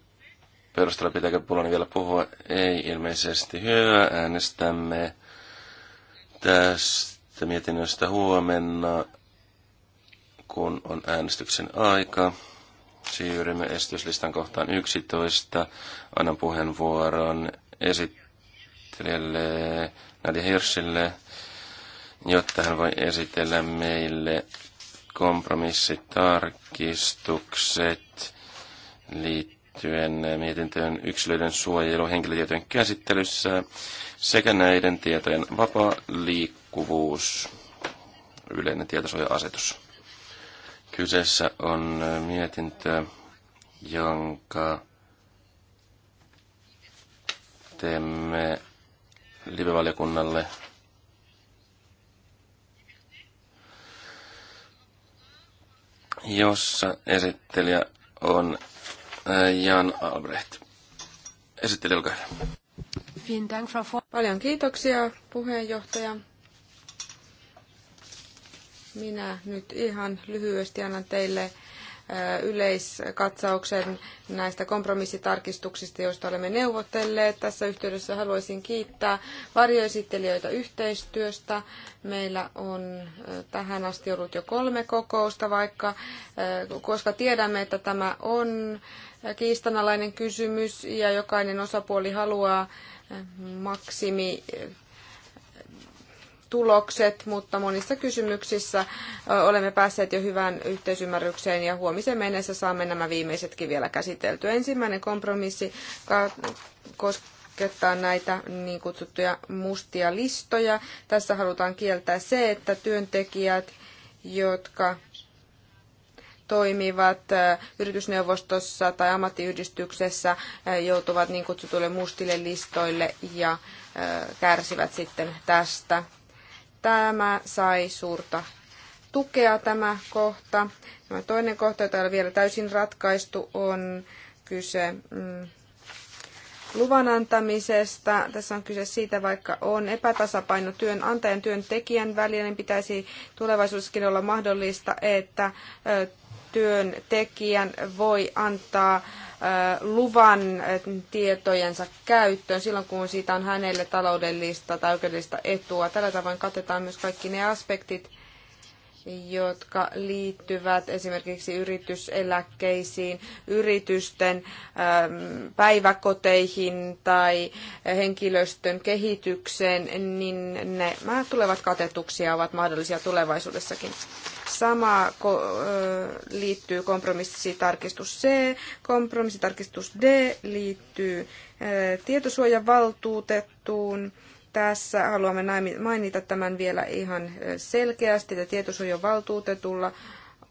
perusteella pitääkö puloni vielä puhua? Ei ilmeisesti. Hyvä, äänestämme tästä mietinnöstä huomenna kun on äänestyksen aika. Siirrymme esityslistan kohtaan 11. Annan puheenvuoron esittelijälle Nadia Hirsille, jotta hän voi esitellä meille kompromissitarkistukset liittyen mietintöön yksilöiden suojelu henkilötietojen käsittelyssä sekä näiden tietojen vapaa liikkuvuus, yleinen tietosuoja-asetus. Kyseessä on mietintö, jonka teemme livevaliokunnalle jossa esittelijä on Jan Albrecht. Esittelijä, olkaa hyvä. Paljon kiitoksia puheenjohtaja. Minä nyt ihan lyhyesti annan teille yleiskatsauksen näistä kompromissitarkistuksista, joista olemme neuvotelleet. Tässä yhteydessä haluaisin kiittää varjoesittelijöitä yhteistyöstä. Meillä on tähän asti ollut jo kolme kokousta, vaikka, koska tiedämme, että tämä on kiistanalainen kysymys ja jokainen osapuoli haluaa maksimi tulokset, mutta monissa kysymyksissä olemme päässeet jo hyvään yhteisymmärrykseen ja huomisen mennessä saamme nämä viimeisetkin vielä käsiteltyä. Ensimmäinen kompromissi koskettaa näitä niin kutsuttuja mustia listoja. Tässä halutaan kieltää se, että työntekijät, jotka toimivat yritysneuvostossa tai ammattiyhdistyksessä joutuvat niin kutsutuille mustille listoille ja kärsivät sitten tästä. Tämä sai suurta tukea tämä kohta. Tämä toinen kohta, jota ei vielä täysin ratkaistu, on kyse mm, luvan antamisesta. Tässä on kyse siitä, vaikka on epätasapaino työnantajan työntekijän välillä, niin pitäisi tulevaisuudessakin olla mahdollista, että työntekijän voi antaa luvan tietojensa käyttöön silloin, kun siitä on hänelle taloudellista tai oikeudellista etua. Tällä tavoin katetaan myös kaikki ne aspektit, jotka liittyvät esimerkiksi yrityseläkkeisiin, yritysten ähm, päiväkoteihin tai henkilöstön kehitykseen, niin nämä tulevat katetuksi ja ovat mahdollisia tulevaisuudessakin. Sama äh, liittyy kompromissitarkistus C, kompromissitarkistus D liittyy äh, tietosuojavaltuutettuun, tässä haluamme mainita tämän vielä ihan selkeästi, että tietosuojavaltuutetulla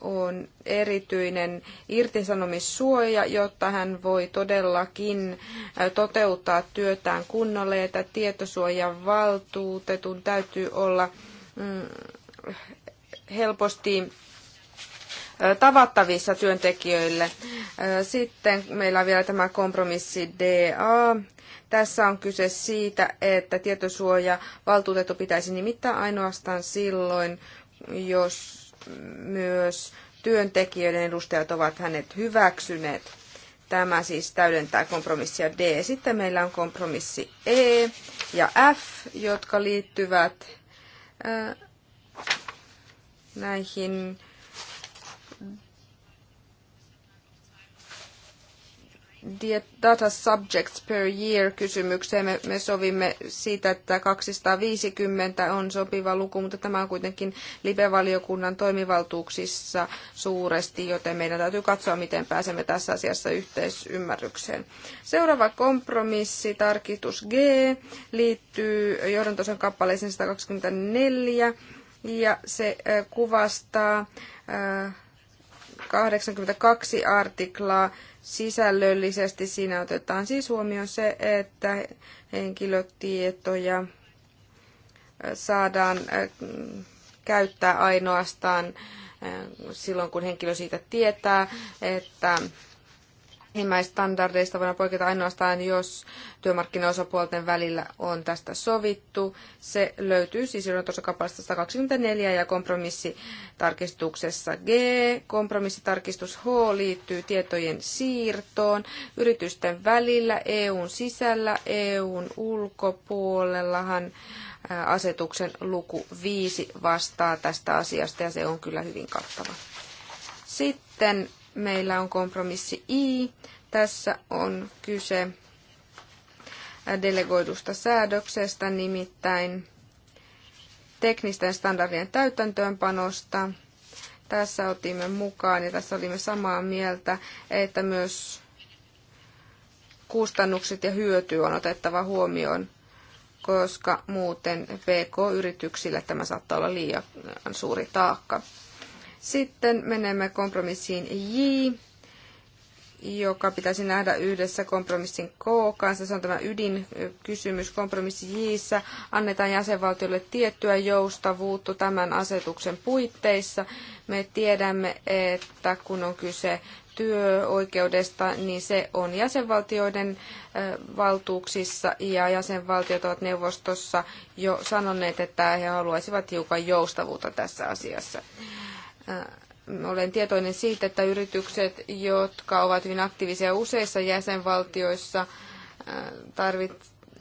on erityinen irtisanomissuoja, jotta hän voi todellakin toteuttaa työtään kunnolla, ja että tietosuojavaltuutetun täytyy olla mm, helposti tavattavissa työntekijöille. Sitten meillä on vielä tämä kompromissi DA, tässä on kyse siitä, että tietosuoja valtuutettu pitäisi nimittää ainoastaan silloin, jos myös työntekijöiden edustajat ovat hänet hyväksyneet. Tämä siis täydentää kompromissia D. Sitten meillä on kompromissi E ja F, jotka liittyvät äh, näihin data subjects per year kysymykseen. Me, me sovimme siitä, että 250 on sopiva luku, mutta tämä on kuitenkin live-valiokunnan toimivaltuuksissa suuresti, joten meidän täytyy katsoa, miten pääsemme tässä asiassa yhteisymmärrykseen. Seuraava kompromissi, tarkistus G, liittyy johdantosen kappaleeseen 124 ja se kuvastaa 82 artiklaa Sisällöllisesti siinä otetaan siis huomioon se, että henkilötietoja saadaan äh, käyttää ainoastaan äh, silloin, kun henkilö siitä tietää, että Vähimmäistandardeista voidaan poiketa ainoastaan, jos työmarkkinaosapuolten välillä on tästä sovittu. Se löytyy siis kappaleesta 124 ja kompromissitarkistuksessa G. Kompromissitarkistus H liittyy tietojen siirtoon yritysten välillä, EUn sisällä, EUn ulkopuolellahan äh, asetuksen luku 5 vastaa tästä asiasta ja se on kyllä hyvin kattava. Sitten meillä on kompromissi I. Tässä on kyse delegoidusta säädöksestä, nimittäin teknisten standardien täytäntöönpanosta. Tässä otimme mukaan ja tässä olimme samaa mieltä, että myös kustannukset ja hyöty on otettava huomioon, koska muuten PK-yrityksillä tämä saattaa olla liian suuri taakka. Sitten menemme kompromissiin J, joka pitäisi nähdä yhdessä kompromissin K kanssa. Se on tämä ydinkysymys. Kompromissi Jissä annetaan jäsenvaltiolle tiettyä joustavuutta tämän asetuksen puitteissa. Me tiedämme, että kun on kyse työoikeudesta, niin se on jäsenvaltioiden valtuuksissa ja jäsenvaltiot ovat neuvostossa jo sanoneet, että he haluaisivat hiukan joustavuutta tässä asiassa. Äh, olen tietoinen siitä, että yritykset, jotka ovat hyvin aktiivisia useissa jäsenvaltioissa, äh, tarvit,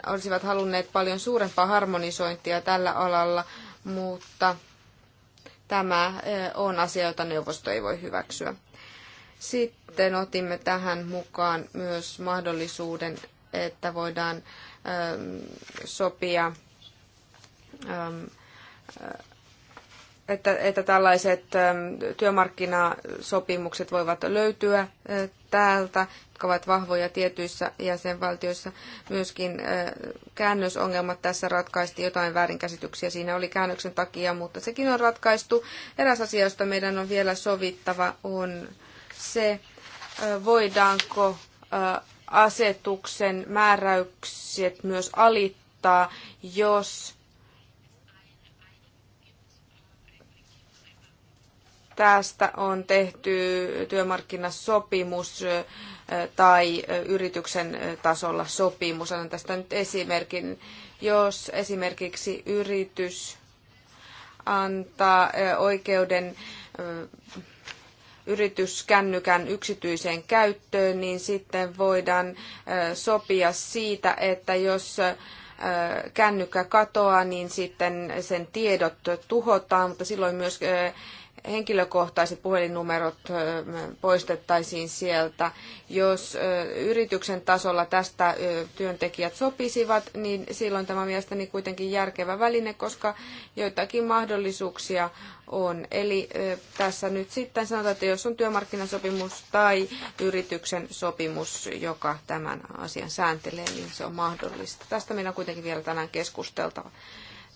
olisivat halunneet paljon suurempaa harmonisointia tällä alalla, mutta tämä äh, on asia, jota neuvosto ei voi hyväksyä. Sitten otimme tähän mukaan myös mahdollisuuden, että voidaan ähm, sopia ähm, että, että tällaiset ähm, työmarkkinasopimukset voivat löytyä äh, täältä, jotka ovat vahvoja tietyissä jäsenvaltioissa. Myöskin äh, käännösongelmat tässä ratkaistiin jotain väärinkäsityksiä. Siinä oli käännöksen takia, mutta sekin on ratkaistu. Eräs asia, josta meidän on vielä sovittava, on se, äh, voidaanko asetuksen määräykset myös alittaa, jos Tästä on tehty työmarkkinasopimus tai yrityksen tasolla sopimus. Annan tästä nyt esimerkin. Jos esimerkiksi yritys antaa oikeuden yrityskännykän yksityiseen käyttöön, niin sitten voidaan sopia siitä, että jos kännykkä katoaa, niin sitten sen tiedot tuhotaan, mutta silloin myös henkilökohtaiset puhelinnumerot poistettaisiin sieltä. Jos yrityksen tasolla tästä työntekijät sopisivat, niin silloin tämä mielestäni kuitenkin järkevä väline, koska joitakin mahdollisuuksia on. Eli tässä nyt sitten sanotaan, että jos on työmarkkinasopimus tai yrityksen sopimus, joka tämän asian sääntelee, niin se on mahdollista. Tästä meillä on kuitenkin vielä tänään keskusteltava.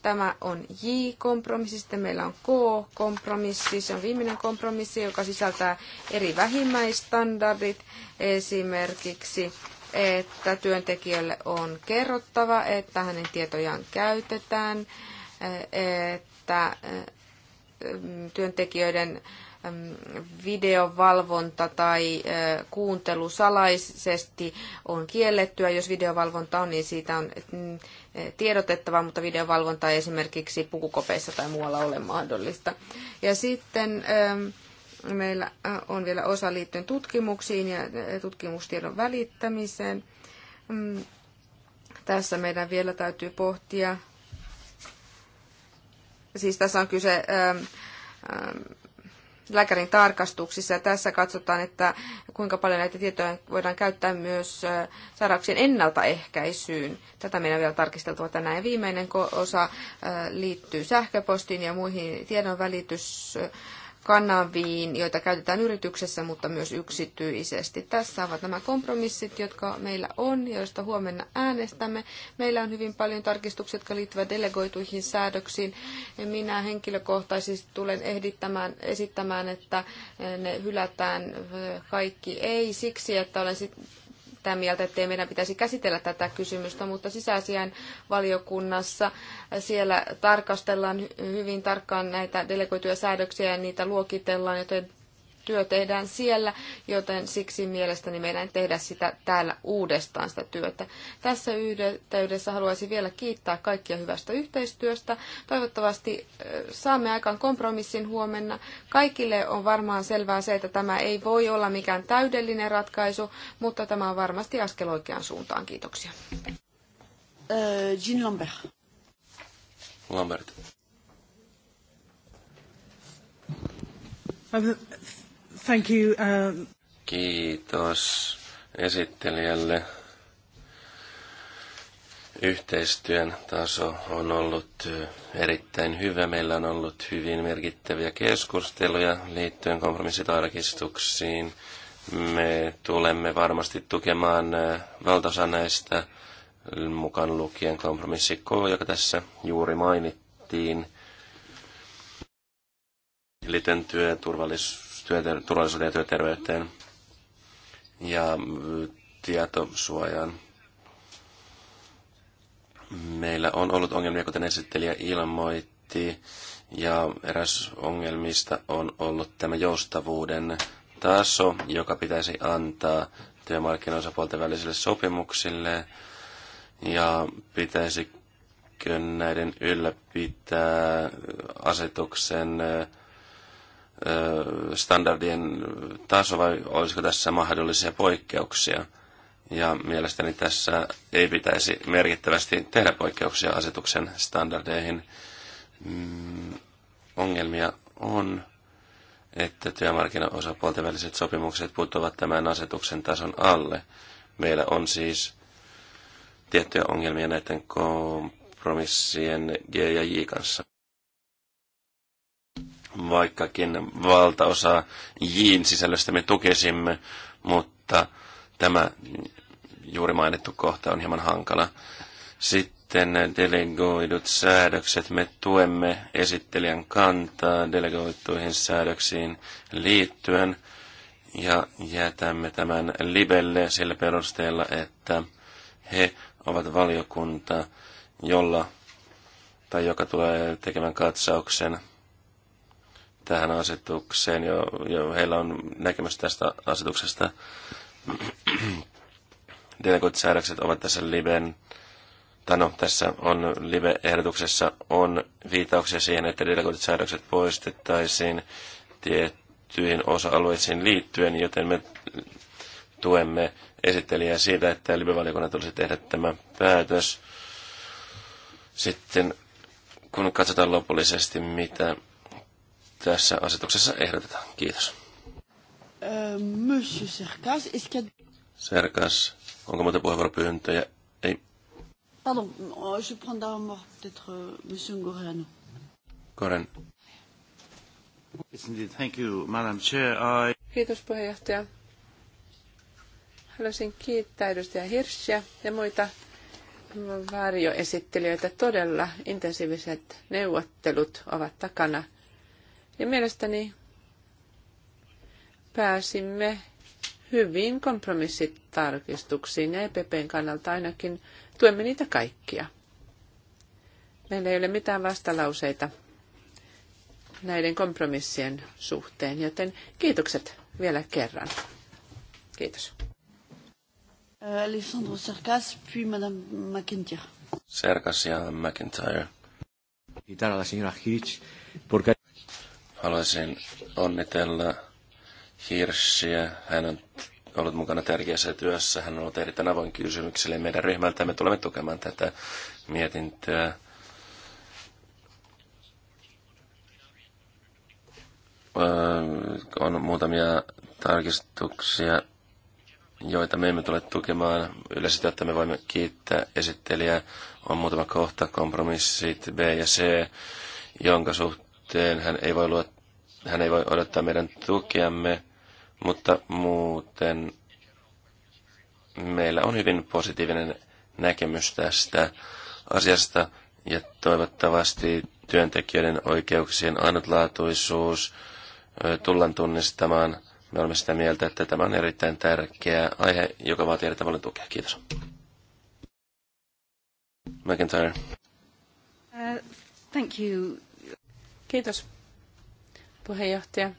Tämä on J-kompromissi, sitten meillä on K-kompromissi, se on viimeinen kompromissi, joka sisältää eri vähimmäistandardit, esimerkiksi että työntekijälle on kerrottava, että hänen tietojaan käytetään, että mm, työntekijöiden mm, videovalvonta tai kuuntelu salaisesti on kiellettyä. Jos videovalvonta on, niin siitä on mm, tiedotettava, mutta videovalvonta ei esimerkiksi pukukopeissa tai muualla ole mahdollista. Ja sitten ähm, meillä äh, on vielä osa liittyen tutkimuksiin ja äh, tutkimustiedon välittämiseen. Mm, tässä meidän vielä täytyy pohtia. Siis tässä on kyse ähm, ähm, lääkärin tarkastuksissa. Tässä katsotaan, että kuinka paljon näitä tietoja voidaan käyttää myös sairauksien ennaltaehkäisyyn. Tätä meidän on vielä tarkisteltua tänään. Ja viimeinen osa liittyy sähköpostiin ja muihin tiedonvälitys kanaviin, joita käytetään yrityksessä, mutta myös yksityisesti. Tässä ovat nämä kompromissit, jotka meillä on ja joista huomenna äänestämme. Meillä on hyvin paljon tarkistuksia, jotka liittyvät delegoituihin säädöksiin. Minä henkilökohtaisesti tulen ehdittämään, esittämään, että ne hylätään kaikki. Ei siksi, että olen sit sitä mieltä, että meidän pitäisi käsitellä tätä kysymystä, mutta sisäasiain valiokunnassa siellä tarkastellaan hyvin tarkkaan näitä delegoituja säädöksiä ja niitä luokitellaan, joten työ tehdään siellä, joten siksi mielestäni meidän tehdä sitä täällä uudestaan sitä työtä. Tässä yhteydessä haluaisin vielä kiittää kaikkia hyvästä yhteistyöstä. Toivottavasti saamme aikaan kompromissin huomenna. Kaikille on varmaan selvää se, että tämä ei voi olla mikään täydellinen ratkaisu, mutta tämä on varmasti askel oikeaan suuntaan. Kiitoksia. Jean Lambert. Lambert. Thank you. Uh, Kiitos esittelijälle. Yhteistyön taso on ollut erittäin hyvä. Meillä on ollut hyvin merkittäviä keskusteluja liittyen kompromissitarkistuksiin. Me tulemme varmasti tukemaan valtaosa näistä mukaan lukien kompromissi K, joka tässä juuri mainittiin. työ, työturvallisuus työturvallisuuteen ja työterveyteen ja mm, tietosuojaan. Meillä on ollut ongelmia, kuten esittelijä ilmoitti, ja eräs ongelmista on ollut tämä joustavuuden taso, joka pitäisi antaa työmarkkinaosapuolten välisille sopimuksille, ja pitäisikö näiden ylläpitää asetuksen standardien taso vai olisiko tässä mahdollisia poikkeuksia? Ja mielestäni tässä ei pitäisi merkittävästi tehdä poikkeuksia asetuksen standardeihin. Mm, ongelmia on, että työmarkkinaosapuolten väliset sopimukset putoavat tämän asetuksen tason alle. Meillä on siis tiettyjä ongelmia näiden kompromissien G ja J kanssa vaikkakin valtaosa Jin sisällöstä me tukisimme, mutta tämä juuri mainittu kohta on hieman hankala. Sitten delegoidut säädökset. Me tuemme esittelijän kantaa delegoituihin säädöksiin liittyen ja jätämme tämän libelle sillä perusteella, että he ovat valiokunta, jolla tai joka tulee tekemään katsauksen tähän asetukseen, jo, jo heillä on näkemys tästä asetuksesta. Delegoit säädökset ovat tässä liven, tai no, tässä on live-ehdotuksessa on viitauksia siihen, että delegoit säädökset poistettaisiin tiettyihin osa-alueisiin liittyen, joten me tuemme esittelijää siitä, että live-valiokunnan tulisi tehdä tämä päätös. Sitten kun katsotaan lopullisesti, mitä tässä asetuksessa ehdotetaan. Kiitos. Äh, Monsieur Serkas, Serkas, onko muuta puheenvuoropyyntöjä? Ei. Pardon, oh, je prends d'abord peut-être euh, Monsieur Goren. Goren. Thank you, Madam Chair. I... Kiitos puheenjohtaja. Haluaisin kiittää edustaja Hirschia ja muita varjoesittelijöitä. Todella intensiiviset neuvottelut ovat takana ja mielestäni pääsimme hyvin kompromissitarkistuksiin ja EPPn kannalta ainakin tuemme niitä kaikkia. Meillä ei ole mitään vastalauseita näiden kompromissien suhteen, joten kiitokset vielä kerran. Kiitos. Äh, Alessandro Sarkas, puis Madame McIntyre. Sarkas ja McIntyre. Kiitos, la signora Hirsch, porque... Haluaisin onnitella Hirschiä. Hän on ollut mukana tärkeässä työssä. Hän on ollut erittäin avoin kysymykselle meidän ryhmältä. Me tulemme tukemaan tätä mietintöä. on muutamia tarkistuksia, joita me emme tule tukemaan. Yleisesti, että me voimme kiittää esittelijää. On muutama kohta, kompromissit B ja C, jonka suhteen hän ei voi luottaa hän ei voi odottaa meidän tukiamme, mutta muuten meillä on hyvin positiivinen näkemys tästä asiasta ja toivottavasti työntekijöiden oikeuksien ainutlaatuisuus tullaan tunnistamaan. Me olemme sitä mieltä, että tämä on erittäin tärkeä aihe, joka vaatii erittäin paljon tukea. Kiitos. McIntyre. Uh, thank you. Kiitos puheenjohtaja.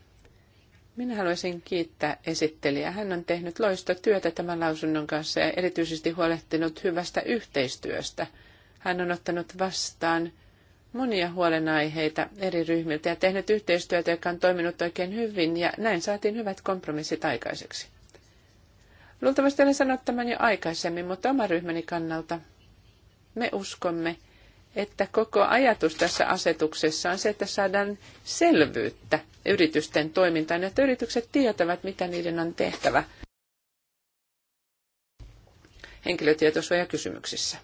Minä haluaisin kiittää esittelijää. Hän on tehnyt loista työtä tämän lausunnon kanssa ja erityisesti huolehtinut hyvästä yhteistyöstä. Hän on ottanut vastaan monia huolenaiheita eri ryhmiltä ja tehnyt yhteistyötä, joka on toiminut oikein hyvin ja näin saatiin hyvät kompromissit aikaiseksi. Luultavasti olen sanonut tämän jo aikaisemmin, mutta oma ryhmäni kannalta me uskomme, että koko ajatus tässä asetuksessa on se, että saadaan selvyyttä yritysten toimintaan, että yritykset tietävät, mitä niiden on tehtävä henkilötietosuojakysymyksissä.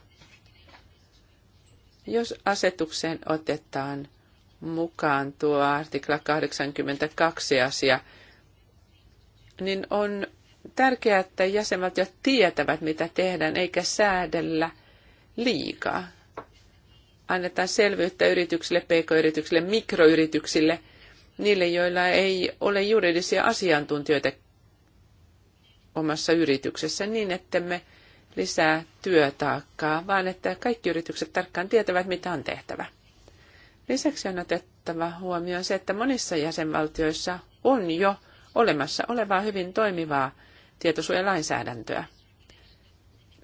Jos asetukseen otetaan mukaan tuo artikla 82 asia, niin on tärkeää, että jäsenvaltiot tietävät, mitä tehdään, eikä säädellä liikaa annetaan selvyyttä yrityksille, pk-yrityksille, mikroyrityksille, niille, joilla ei ole juridisia asiantuntijoita omassa yrityksessä niin, että me lisää työtaakkaa, vaan että kaikki yritykset tarkkaan tietävät, mitä on tehtävä. Lisäksi on otettava huomioon se, että monissa jäsenvaltioissa on jo olemassa olevaa hyvin toimivaa tietosuojalainsäädäntöä.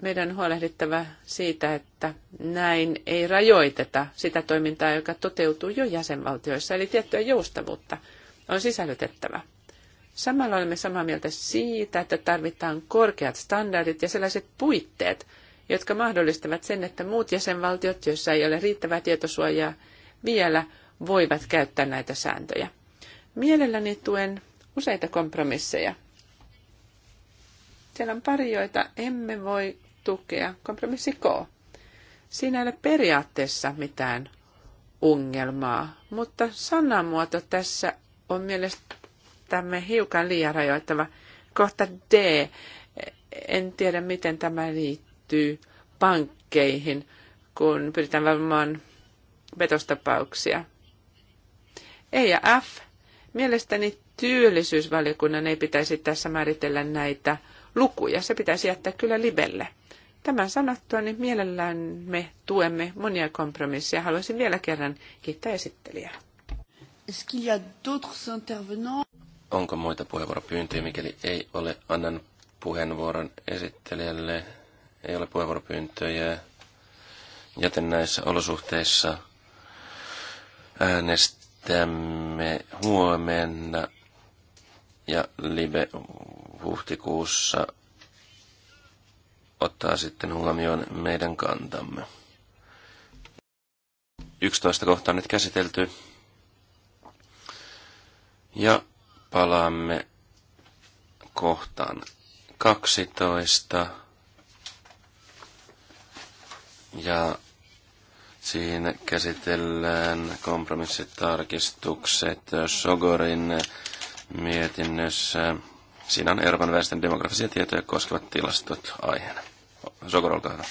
Meidän on huolehdittava siitä, että näin ei rajoiteta sitä toimintaa, joka toteutuu jo jäsenvaltioissa, eli tiettyä joustavuutta on sisällytettävä. Samalla olemme samaa mieltä siitä, että tarvitaan korkeat standardit ja sellaiset puitteet, jotka mahdollistavat sen, että muut jäsenvaltiot, joissa ei ole riittävää tietosuojaa vielä, voivat käyttää näitä sääntöjä. Mielelläni tuen useita kompromisseja. Siellä on pari, joita emme voi tukea. Kompromissi K. Siinä ei ole periaatteessa mitään ongelmaa, mutta sanamuoto tässä on mielestämme hiukan liian rajoittava. Kohta D. En tiedä, miten tämä liittyy pankkeihin, kun pyritään varmaan vetostapauksia. E ja F. Mielestäni työllisyysvaliokunnan ei pitäisi tässä määritellä näitä lukuja. Se pitäisi jättää kyllä libelle. Tämän sanottua, niin mielellään me tuemme monia kompromisseja. Haluaisin vielä kerran kiittää esittelijää. Onko muita puheenvuoropyyntöjä? Mikäli ei ole, annan puheenvuoron esittelijälle. Ei ole puheenvuoropyyntöjä, joten näissä olosuhteissa äänestämme huomenna ja live huhtikuussa ottaa sitten huomioon meidän kantamme. 11 kohtaa nyt käsitelty. Ja palaamme kohtaan 12. Ja siinä käsitellään kompromissitarkistukset Sogorin mietinnössä Siinä on Euroopan väestön demografisia tietoja koskevat tilastot aiheena. Sokor, olkaa hyvä.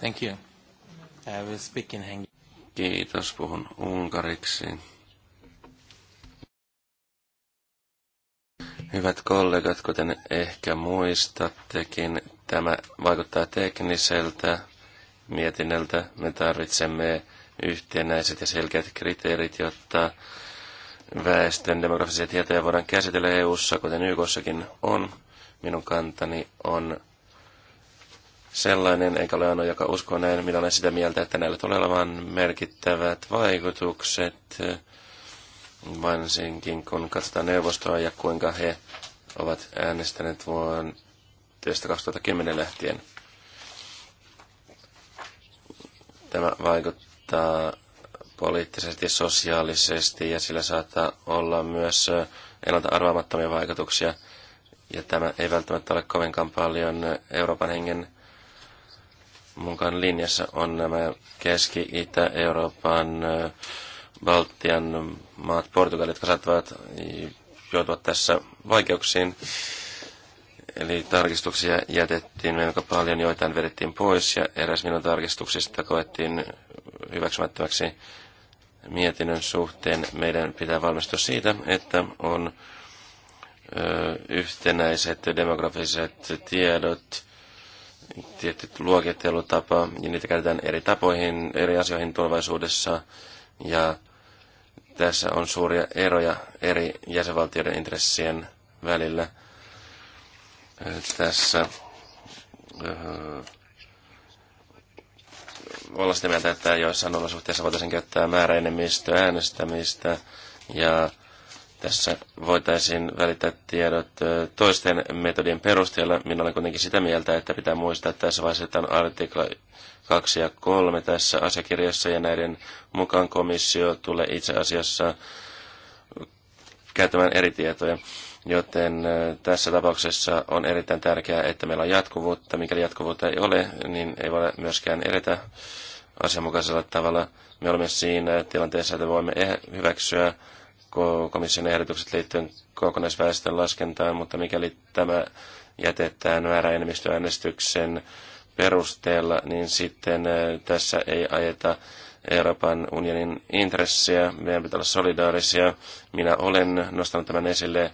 Thank you. I will speak in hengi. Kiitos, puhun unkariksi. Hyvät kollegat, kuten ehkä muistattekin, tämä vaikuttaa tekniseltä mietinnältä. Me tarvitsemme yhtenäiset ja selkeät kriteerit, jotta väestön demografisia tietoja voidaan käsitellä EU-ssa, kuten YKssakin on. Minun kantani on sellainen, enkä ole ainoa, joka uskoo näin. Minä olen sitä mieltä, että näillä tulee olemaan merkittävät vaikutukset, varsinkin kun katsotaan neuvostoa ja kuinka he ovat äänestäneet vuonna 2010 lähtien. Tämä vaikuttaa poliittisesti, sosiaalisesti ja sillä saattaa olla myös ennalta arvaamattomia vaikutuksia. Ja tämä ei välttämättä ole kovinkaan paljon Euroopan hengen mukaan linjassa on nämä Keski-Itä-Euroopan Baltian maat, Portugalit, jotka saattavat joutua tässä vaikeuksiin Eli tarkistuksia jätettiin melko paljon, joitain vedettiin pois ja eräs minun tarkistuksista koettiin hyväksymättömäksi mietinnön suhteen. Meidän pitää valmistua siitä, että on ö, yhtenäiset demografiset tiedot, tietty luokittelutapa ja niitä käytetään eri tapoihin, eri asioihin tulevaisuudessa ja tässä on suuria eroja eri jäsenvaltioiden intressien välillä – tässä öö, olla sitä mieltä, että joissain olosuhteissa voitaisiin käyttää määräenemmistö äänestämistä ja tässä voitaisiin välittää tiedot öö, toisten metodien perusteella. Minä olen kuitenkin sitä mieltä, että pitää muistaa, että tässä vaiheessa että on artikla 2 ja 3 tässä asiakirjassa ja näiden mukaan komissio tulee itse asiassa käyttämään eri tietoja. Joten tässä tapauksessa on erittäin tärkeää, että meillä on jatkuvuutta. Mikäli jatkuvuutta ei ole, niin ei voi myöskään edetä asianmukaisella tavalla. Me olemme siinä tilanteessa, että voimme eh-, hyväksyä komission ehdotukset liittyen kokonaisväestön laskentaan, mutta mikäli tämä jätetään määräenemmistöäänestyksen perusteella, niin sitten tässä ei ajeta Euroopan unionin intressiä. Meidän pitää olla solidaarisia. Minä olen nostanut tämän esille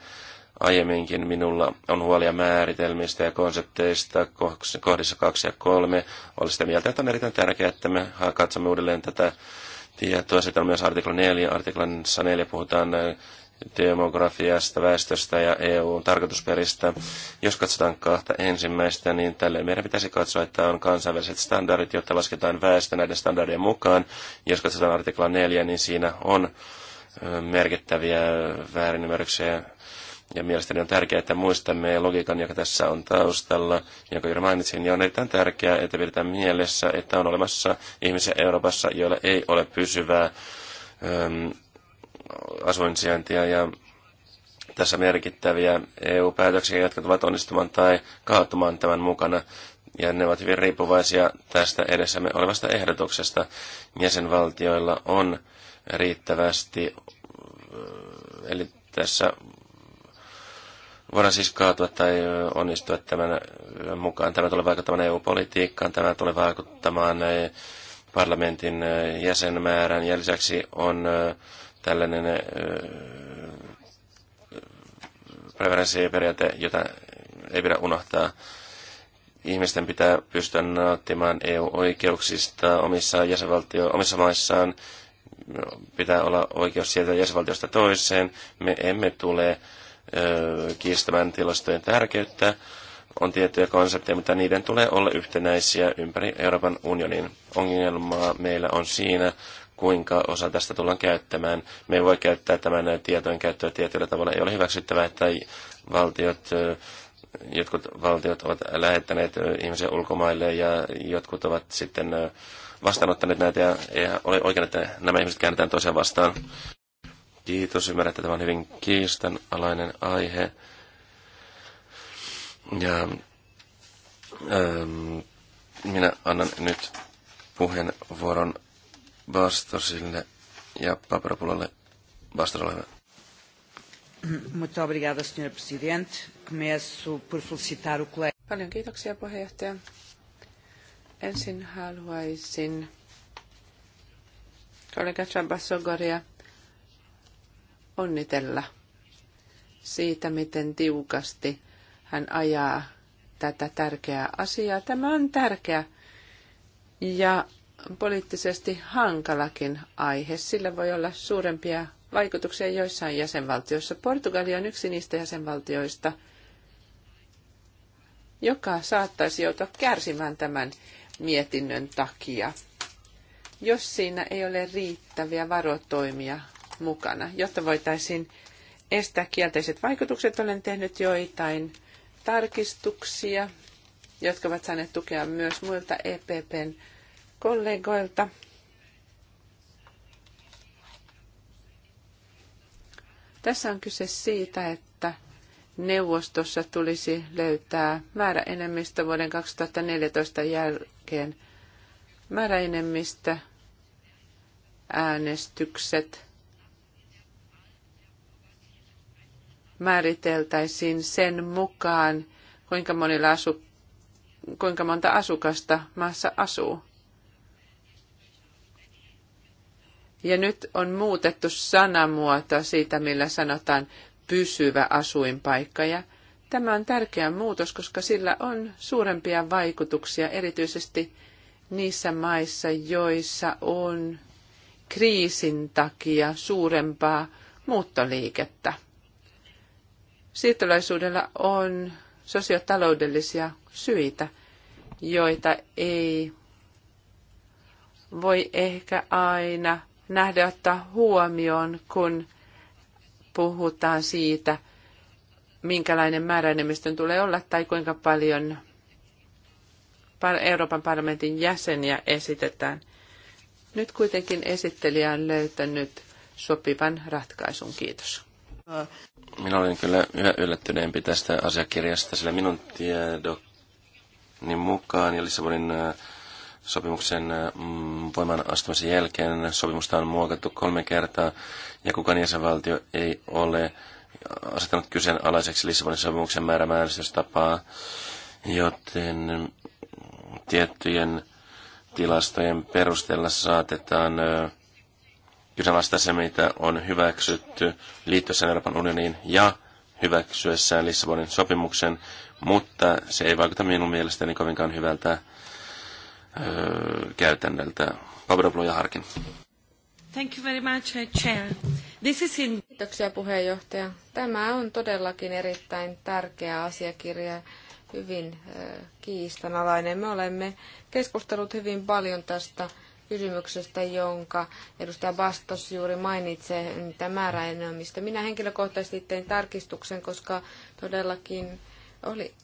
Aiemminkin minulla on huolia määritelmistä ja konsepteista kohdissa 2 ja 3. Olen sitä mieltä, että on erittäin tärkeää, että me katsomme uudelleen tätä tietoa. Sitten on myös artikla 4. Artiklassa 4 puhutaan äh, demografiasta, väestöstä ja EUn tarkoitusperistä. Jos katsotaan kahta ensimmäistä, niin tälle meidän pitäisi katsoa, että on kansainväliset standardit, jotta lasketaan väestö näiden standardien mukaan. Jos katsotaan artikla 4, niin siinä on äh, merkittäviä väärinymmärryksiä ja mielestäni on tärkeää, että muistamme logiikan, joka tässä on taustalla, jonka juuri mainitsin, ja niin on erittäin tärkeää, että pidetään mielessä, että on olemassa ihmisiä Euroopassa, joilla ei ole pysyvää äm, asuinsijaintia ja tässä merkittäviä EU-päätöksiä, jotka tulevat onnistumaan tai kaatumaan tämän mukana. Ja ne ovat hyvin riippuvaisia tästä edessämme olevasta ehdotuksesta. Jäsenvaltioilla on riittävästi, äh, eli tässä voidaan siis kaatua tai onnistua tämän äh, mukaan. Tämä tulee vaikuttamaan EU-politiikkaan, tämä tulee vaikuttamaan äh, parlamentin äh, jäsenmäärän ja lisäksi on tällainen preferenssiperiaate, jota ei pidä unohtaa. Ihmisten pitää pystyä nauttimaan EU-oikeuksista omissa, jäsenvaltio- omissa maissaan. Pitää olla oikeus sieltä jäsenvaltiosta toiseen. Me emme tule kiistämään tilastojen tärkeyttä. On tiettyjä konsepteja, mutta niiden tulee olla yhtenäisiä ympäri Euroopan unionin. Ongelmaa meillä on siinä, kuinka osa tästä tullaan käyttämään. Me ei voi käyttää tämän tietojen käyttöä tietyllä tavalla. Ei ole hyväksyttävää, että valtiot, jotkut valtiot ovat lähettäneet ihmisiä ulkomaille ja jotkut ovat sitten vastaanottaneet näitä ja ei ole oikein, että nämä ihmiset käännetään toiseen vastaan. Kiitos. Ymmärrän, että tämä on hyvin kiistanalainen aihe. Ja ähm, minä annan nyt puheenvuoron Bastosille ja Paprapulalle. Bastos, ole hyvä. Muito obrigada, senhor presidente. Começo por felicitar o colega. Paljon kiitoksia, puheenjohtaja. Ensin haluaisin kollega Chabasogoria onnitella siitä, miten tiukasti hän ajaa tätä tärkeää asiaa. Tämä on tärkeä ja poliittisesti hankalakin aihe. Sillä voi olla suurempia vaikutuksia joissain jäsenvaltioissa. Portugali on yksi niistä jäsenvaltioista, joka saattaisi joutua kärsimään tämän mietinnön takia, jos siinä ei ole riittäviä varotoimia mukana, jotta voitaisiin estää kielteiset vaikutukset. Olen tehnyt joitain tarkistuksia, jotka ovat saaneet tukea myös muilta EPPn kollegoilta. Tässä on kyse siitä, että neuvostossa tulisi löytää määräenemmistö vuoden 2014 jälkeen. Määräenemmistö äänestykset määriteltäisiin sen mukaan, kuinka, monilla asu, kuinka monta asukasta maassa asuu. Ja nyt on muutettu sanamuoto siitä, millä sanotaan pysyvä asuinpaikka. Ja tämä on tärkeä muutos, koska sillä on suurempia vaikutuksia erityisesti niissä maissa, joissa on kriisin takia suurempaa muuttoliikettä. Siirtolaisuudella on sosiotaloudellisia syitä, joita ei voi ehkä aina nähdä ottaa huomioon, kun puhutaan siitä, minkälainen määräenemmistön tulee olla tai kuinka paljon Euroopan parlamentin jäseniä esitetään. Nyt kuitenkin esittelijä on löytänyt sopivan ratkaisun. Kiitos. Minä olin kyllä yhä yllättyneempi tästä asiakirjasta, sillä minun tiedoni mukaan ja Lissabonin äh, sopimuksen äh, mm, voiman astumisen jälkeen sopimusta on muokattu kolme kertaa ja kukaan jäsenvaltio ei ole asettanut kyseenalaiseksi Lissabonin sopimuksen määrämääräistystapaa, joten mm, tiettyjen tilastojen perusteella saatetaan äh, kyseenalaistaa se, mitä on hyväksytty liittyessään Euroopan unioniin ja hyväksyessään Lissabonin sopimuksen, mutta se ei vaikuta minun mielestäni kovinkaan hyvältä öö, käytännöltä. Pablo ja Harkin. Thank you very much, uh, Chair. This is in... Kiitoksia puheenjohtaja. Tämä on todellakin erittäin tärkeä asiakirja, hyvin kiistanalainen. Me olemme keskustelut hyvin paljon tästä kysymyksestä, jonka edustaja Bastos juuri mainitsee, niitä määräenemmistä. Minä henkilökohtaisesti tein tarkistuksen, koska todellakin oli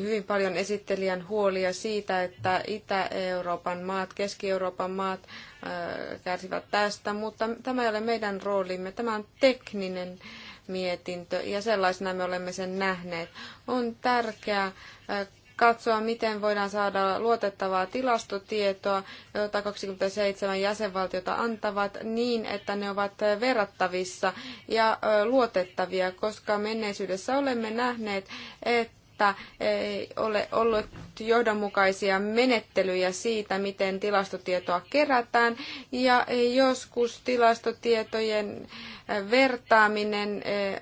hyvin paljon esittelijän huolia siitä, että Itä-Euroopan maat, Keski-Euroopan maat äh, kärsivät tästä, mutta tämä ei ole meidän roolimme. Tämä on tekninen mietintö ja sellaisena me olemme sen nähneet. On tärkeää äh, katsoa, miten voidaan saada luotettavaa tilastotietoa, jota 27 jäsenvaltiota antavat niin, että ne ovat verrattavissa ja luotettavia, koska menneisyydessä olemme nähneet, että että ei ole ollut johdonmukaisia menettelyjä siitä, miten tilastotietoa kerätään. Ja joskus tilastotietojen vertaaminen eh, eh,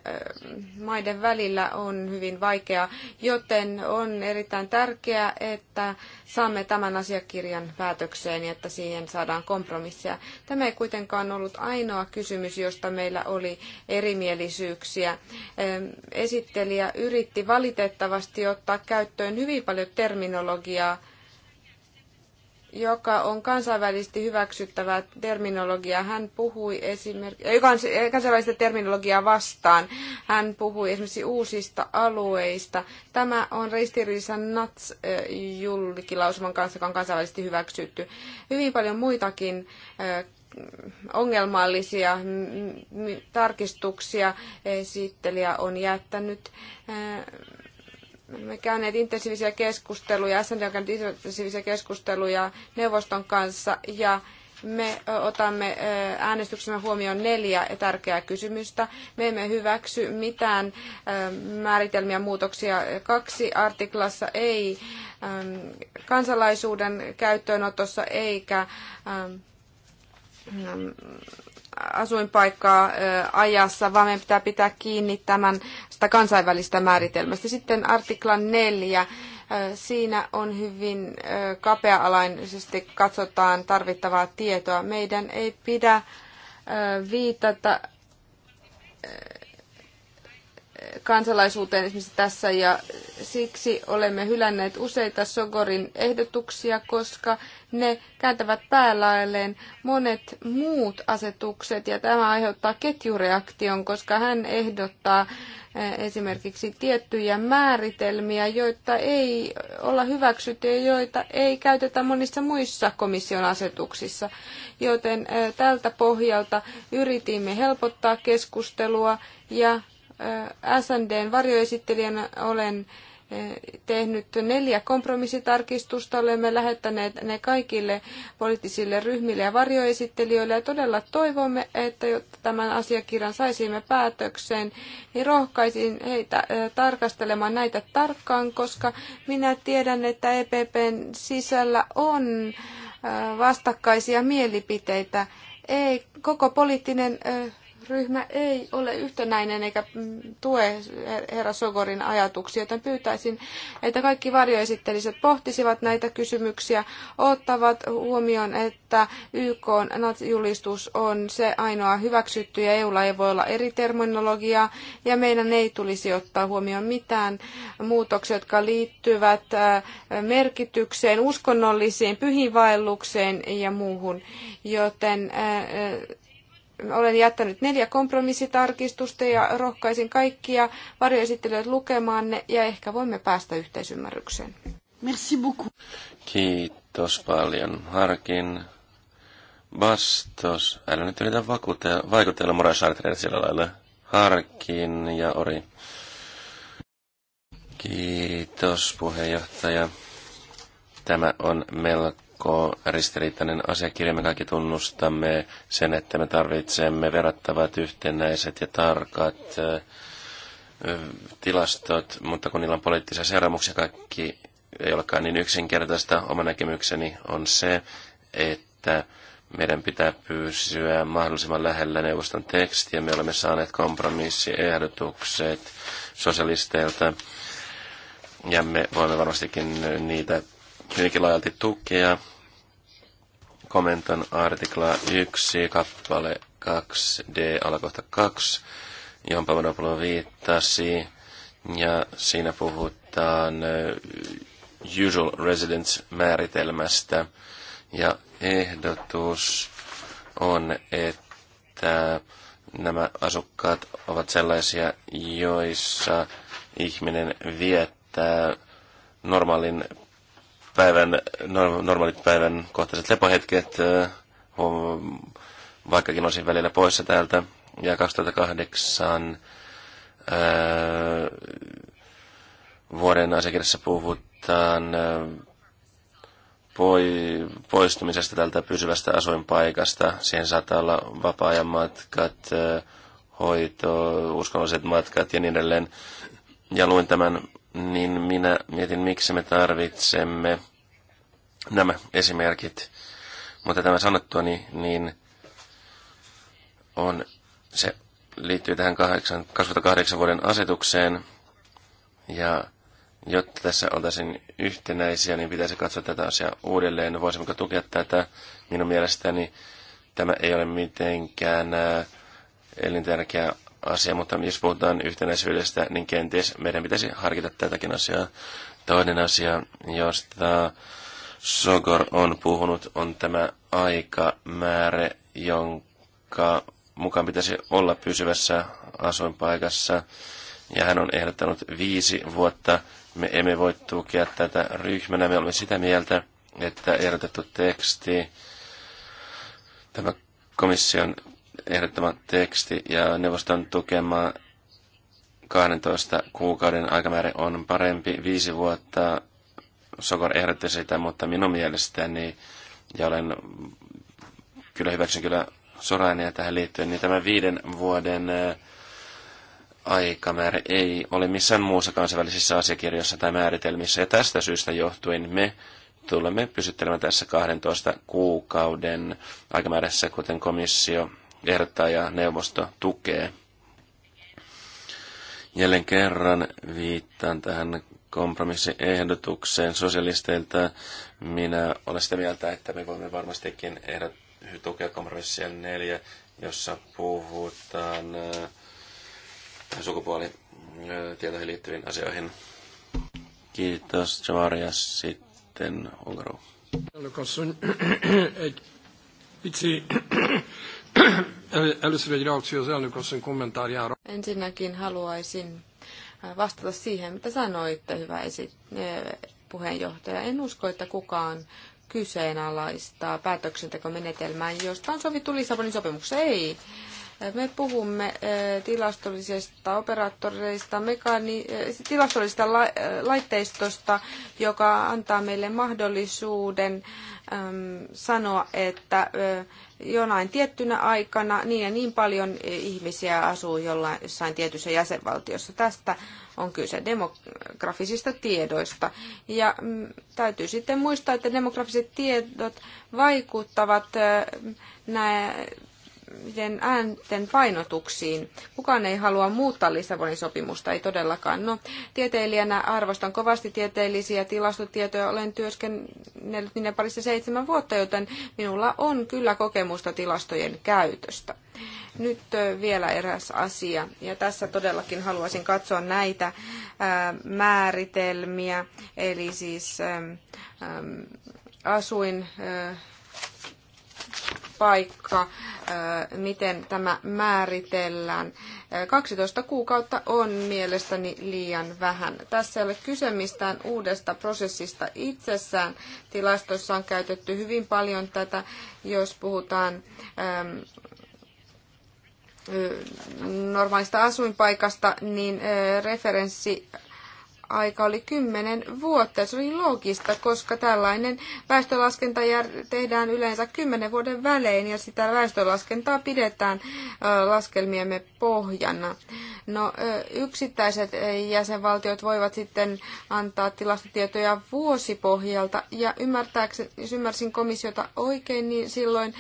maiden välillä on hyvin vaikeaa, joten on erittäin tärkeää, että saamme tämän asiakirjan päätökseen ja että siihen saadaan kompromissia. Tämä ei kuitenkaan ollut ainoa kysymys, josta meillä oli erimielisyyksiä. Esittelijä yritti valitettavasti ottaa käyttöön hyvin paljon terminologiaa, joka on kansainvälisesti hyväksyttävää terminologiaa. Hän puhui esimerkiksi, kansainvälistä terminologiaa vastaan. Hän puhui esimerkiksi uusista alueista. Tämä on ristiriidassa NATS-julkilausuman kanssa, joka on kansainvälisesti hyväksytty. Hyvin paljon muitakin ongelmallisia tarkistuksia esittelijä on jättänyt me käyneet intensiivisiä keskusteluja, SND on käynyt intensiivisiä keskusteluja neuvoston kanssa ja me otamme äänestyksemme huomioon neljä tärkeää kysymystä. Me emme hyväksy mitään määritelmiä muutoksia. Kaksi artiklassa ei kansalaisuuden käyttöönotossa eikä asuinpaikkaa ajassa, vaan meidän pitää pitää kiinni tämän sitä kansainvälistä määritelmästä. Sitten artiklan 4. Siinä on hyvin kapea-alaisesti katsotaan tarvittavaa tietoa. Meidän ei pidä viitata kansalaisuuteen esimerkiksi tässä ja siksi olemme hylänneet useita Sogorin ehdotuksia, koska ne kääntävät päälaelleen monet muut asetukset ja tämä aiheuttaa ketjureaktion, koska hän ehdottaa eh, esimerkiksi tiettyjä määritelmiä, joita ei olla hyväksytty ja joita ei käytetä monissa muissa komission asetuksissa. Joten eh, tältä pohjalta yritimme helpottaa keskustelua ja SNDn varjoesittelijänä olen eh, tehnyt neljä kompromissitarkistusta. Olemme lähettäneet ne kaikille poliittisille ryhmille ja varjoesittelijöille. Ja todella toivomme, että jotta tämän asiakirjan saisimme päätökseen, niin rohkaisin heitä eh, tarkastelemaan näitä tarkkaan, koska minä tiedän, että EPPn sisällä on eh, vastakkaisia mielipiteitä. Ei koko poliittinen ryhmä ei ole yhtenäinen eikä mm, tue herra Sogorin ajatuksia, joten pyytäisin, että kaikki varjoesittelijät pohtisivat näitä kysymyksiä, ottavat huomioon, että YK julistus on se ainoa hyväksytty ja EUlla ei voi olla eri terminologiaa ja meidän ei tulisi ottaa huomioon mitään muutoksia, jotka liittyvät äh, merkitykseen, uskonnollisiin pyhiinvaellukseen ja muuhun, joten äh, äh, olen jättänyt neljä kompromissitarkistusta ja rohkaisin kaikkia varjoesittelijöitä lukemaan ne ja ehkä voimme päästä yhteisymmärrykseen. Merci beaucoup. Kiitos paljon. Harkin vastos. Älä nyt yritä vaikutella Moran Chartreille sillä lailla. Harkin ja Ori. Kiitos puheenjohtaja. Tämä on melko ristiriitainen asiakirja. Me kaikki tunnustamme sen, että me tarvitsemme verrattavat yhtenäiset ja tarkat tilastot, mutta kun niillä on poliittisia seuraamuksia, kaikki ei olekaan niin yksinkertaista. Oma näkemykseni on se, että meidän pitää pysyä mahdollisimman lähellä neuvoston tekstiä. Me olemme saaneet kompromissiehdotukset sosialisteilta ja me voimme varmastikin niitä hyvinkin laajalti tukea komentan artikla 1, kappale 2d, alakohta 2, johon Pavanopoulos viittasi, ja siinä puhutaan usual residence-määritelmästä, ja ehdotus on, että nämä asukkaat ovat sellaisia, joissa ihminen viettää normaalin päivän, normaalit päivän kohtaiset lepohetket, vaikkakin olisin välillä poissa täältä, ja 2008 ää, vuoden asiakirjassa puhutaan ää, poi, poistumisesta tältä pysyvästä asuinpaikasta. Siihen saattaa olla vapaa-ajan matkat, ää, hoito, uskonnolliset matkat ja niin edelleen. Ja luin tämän niin minä mietin, miksi me tarvitsemme nämä esimerkit. Mutta tämä sanottua, niin on, se liittyy tähän 8, vuoden asetukseen. Ja jotta tässä oltaisiin yhtenäisiä, niin pitäisi katsoa tätä asiaa uudelleen. Voisimmeko tukea tätä? Minun mielestäni tämä ei ole mitenkään elintärkeä asia, mutta jos puhutaan yhtenäisyydestä, niin kenties meidän pitäisi harkita tätäkin asiaa. Toinen asia, josta Sogor on puhunut, on tämä aikamäärä, jonka mukaan pitäisi olla pysyvässä asuinpaikassa. Ja hän on ehdottanut viisi vuotta. Me emme voi tukea tätä ryhmänä. Me olemme sitä mieltä, että ehdotettu teksti, tämä komission ehdottama teksti ja neuvoston tukema 12 kuukauden aikamäärä on parempi. Viisi vuotta Sokor ehdotti sitä, mutta minun mielestäni, ja olen kyllä hyväksyn kyllä Sorainia tähän liittyen, niin tämä viiden vuoden aikamäärä ei ole missään muussa kansainvälisissä asiakirjoissa tai määritelmissä. Ja tästä syystä johtuen me tulemme pysyttelemään tässä 12 kuukauden aikamäärässä, kuten komissio kertaa ja neuvosto tukee. Jälleen kerran viittaan tähän kompromissiehdotukseen sosialisteilta. Minä olen sitä mieltä, että me voimme varmastikin ehdot, tukea kompromissia neljä, jossa puhutaan äh, sukupuolitietoihin äh, liittyviin asioihin. Kiitos, Javaria. Sitten Unkaru. Először egy reakció az Ensinnäkin haluaisin äh, vastata siihen, mitä sanoitte, hyvä esit, äh, puheenjohtaja. En usko, että kukaan kyseenalaistaa päätöksentekomenetelmää, josta on sovittu Lissabonin sopimuksessa. Ei. Me puhumme eh, tilastollisesta operaattoreista, mekaani eh, tilastollisesta eh, laitteistosta, joka antaa meille mahdollisuuden sanoa, että jonain tiettynä aikana niin ja niin paljon ihmisiä asuu jollain, tietyssä jäsenvaltiossa. Tästä on kyse demografisista tiedoista. Ja mm, täytyy sitten muistaa, että demografiset tiedot vaikuttavat nä- miten äänten painotuksiin. Kukaan ei halua muuttaa Lissabonin sopimusta, ei todellakaan. No, tieteilijänä arvostan kovasti tieteellisiä tilastotietoja. Olen työskennellyt niiden parissa seitsemän vuotta, joten minulla on kyllä kokemusta tilastojen käytöstä. Nyt vielä eräs asia, ja tässä todellakin haluaisin katsoa näitä määritelmiä, eli siis asuin paikka, miten tämä määritellään. 12 kuukautta on mielestäni liian vähän. Tässä ei ole kyse mistään uudesta prosessista itsessään. Tilastoissa on käytetty hyvin paljon tätä, jos puhutaan normaalista asuinpaikasta, niin referenssi aika oli kymmenen vuotta. Se oli loogista, koska tällainen väestölaskenta tehdään yleensä kymmenen vuoden välein ja sitä väestölaskentaa pidetään laskelmiemme pohjana. No, yksittäiset jäsenvaltiot voivat sitten antaa tilastotietoja vuosipohjalta ja ymmärtääkseni, jos ymmärsin komissiota oikein, niin silloin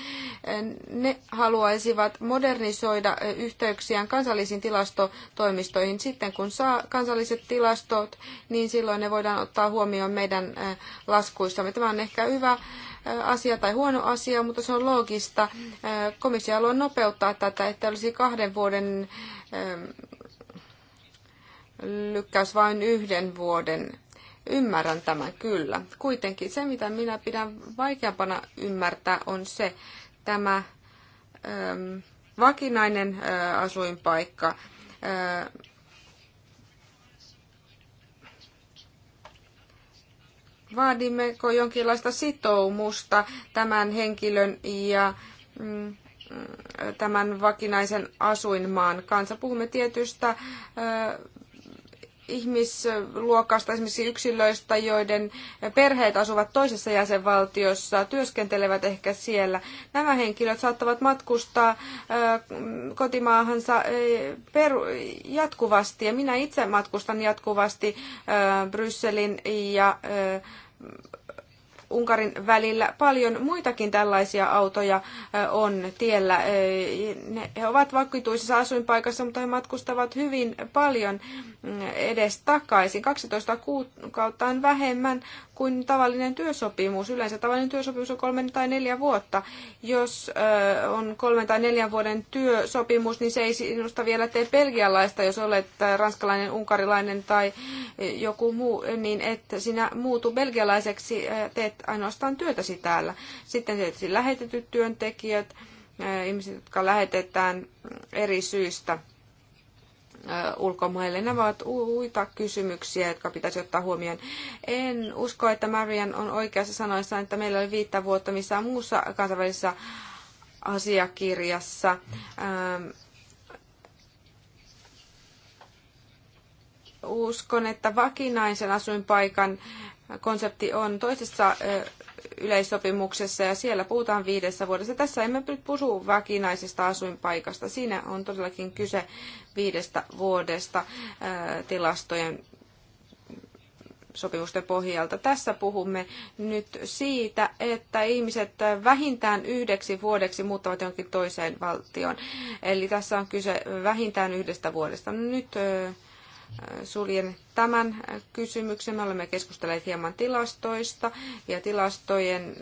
ne haluaisivat modernisoida yhteyksiään kansallisiin tilastotoimistoihin sitten, kun saa kansalliset tilastot niin silloin ne voidaan ottaa huomioon meidän laskuissamme. Tämä on ehkä hyvä asia tai huono asia, mutta se on loogista. Komissio haluaa nopeuttaa tätä, että olisi kahden vuoden lykkäys vain yhden vuoden. Ymmärrän tämän kyllä. Kuitenkin se, mitä minä pidän vaikeampana ymmärtää, on se tämä vakinainen asuinpaikka. Vaadimmeko jonkinlaista sitoumusta tämän henkilön ja mm, tämän vakinaisen asuinmaan kanssa? Puhumme tietystä ihmisluokasta, esimerkiksi yksilöistä, joiden perheet asuvat toisessa jäsenvaltiossa, työskentelevät ehkä siellä. Nämä henkilöt saattavat matkustaa kotimaahansa jatkuvasti ja minä itse matkustan jatkuvasti Brysselin ja Unkarin välillä paljon muitakin tällaisia autoja on tiellä. He ovat vakituisessa asuinpaikassa, mutta he matkustavat hyvin paljon mm, edes takaisin. 12 kuukautta on vähemmän kuin tavallinen työsopimus. Yleensä tavallinen työsopimus on kolme tai neljä vuotta. Jos ö, on kolmen tai neljän vuoden työsopimus, niin se ei sinusta vielä tee belgialaista, jos olet ranskalainen, unkarilainen tai joku muu, niin että sinä muutu belgialaiseksi, teet ainoastaan työtäsi täällä. Sitten teet siis lähetetyt työntekijät, ihmiset, jotka lähetetään eri syistä – ulkomaille. Nämä ovat uita kysymyksiä, jotka pitäisi ottaa huomioon. En usko, että Marian on oikeassa sanoissaan, että meillä oli viittä vuotta missään muussa kansainvälisessä asiakirjassa. Uskon, että vakinaisen asuinpaikan konsepti on toisessa yleissopimuksessa ja siellä puhutaan viidessä vuodessa. Tässä emme puhu vakinaisesta asuinpaikasta. Siinä on todellakin kyse viidestä vuodesta äh, tilastojen sopimusten pohjalta. Tässä puhumme nyt siitä, että ihmiset vähintään yhdeksi vuodeksi muuttavat jonkin toiseen valtioon. Eli tässä on kyse vähintään yhdestä vuodesta. Nyt äh, suljen tämän kysymyksen. Me olemme keskustelleet hieman tilastoista ja tilastojen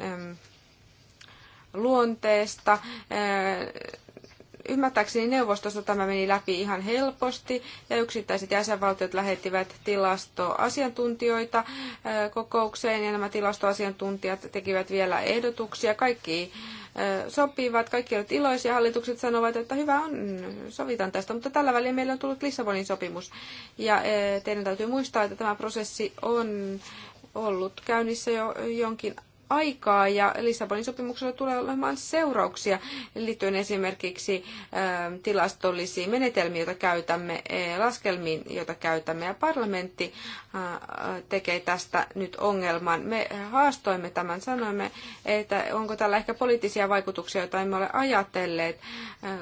luonteesta. Ymmärtääkseni neuvostossa tämä meni läpi ihan helposti ja yksittäiset jäsenvaltiot lähettivät tilastoasiantuntijoita eh, kokoukseen ja nämä tilastoasiantuntijat tekivät vielä ehdotuksia. Kaikki sopivat, kaikki ovat iloisia, hallitukset sanovat, että hyvä on, sovitaan tästä, mutta tällä välin meillä on tullut Lissabonin sopimus. Ja teidän täytyy muistaa, että tämä prosessi on ollut käynnissä jo jonkin aikaa ja Lissabonin sopimuksella tulee olemaan seurauksia liittyen esimerkiksi ähm, tilastollisiin menetelmiin, joita käytämme, äh, laskelmiin, joita käytämme ja parlamentti äh, tekee tästä nyt ongelman. Me haastoimme tämän, sanoimme, että onko tällä ehkä poliittisia vaikutuksia, joita emme ole ajatelleet äh,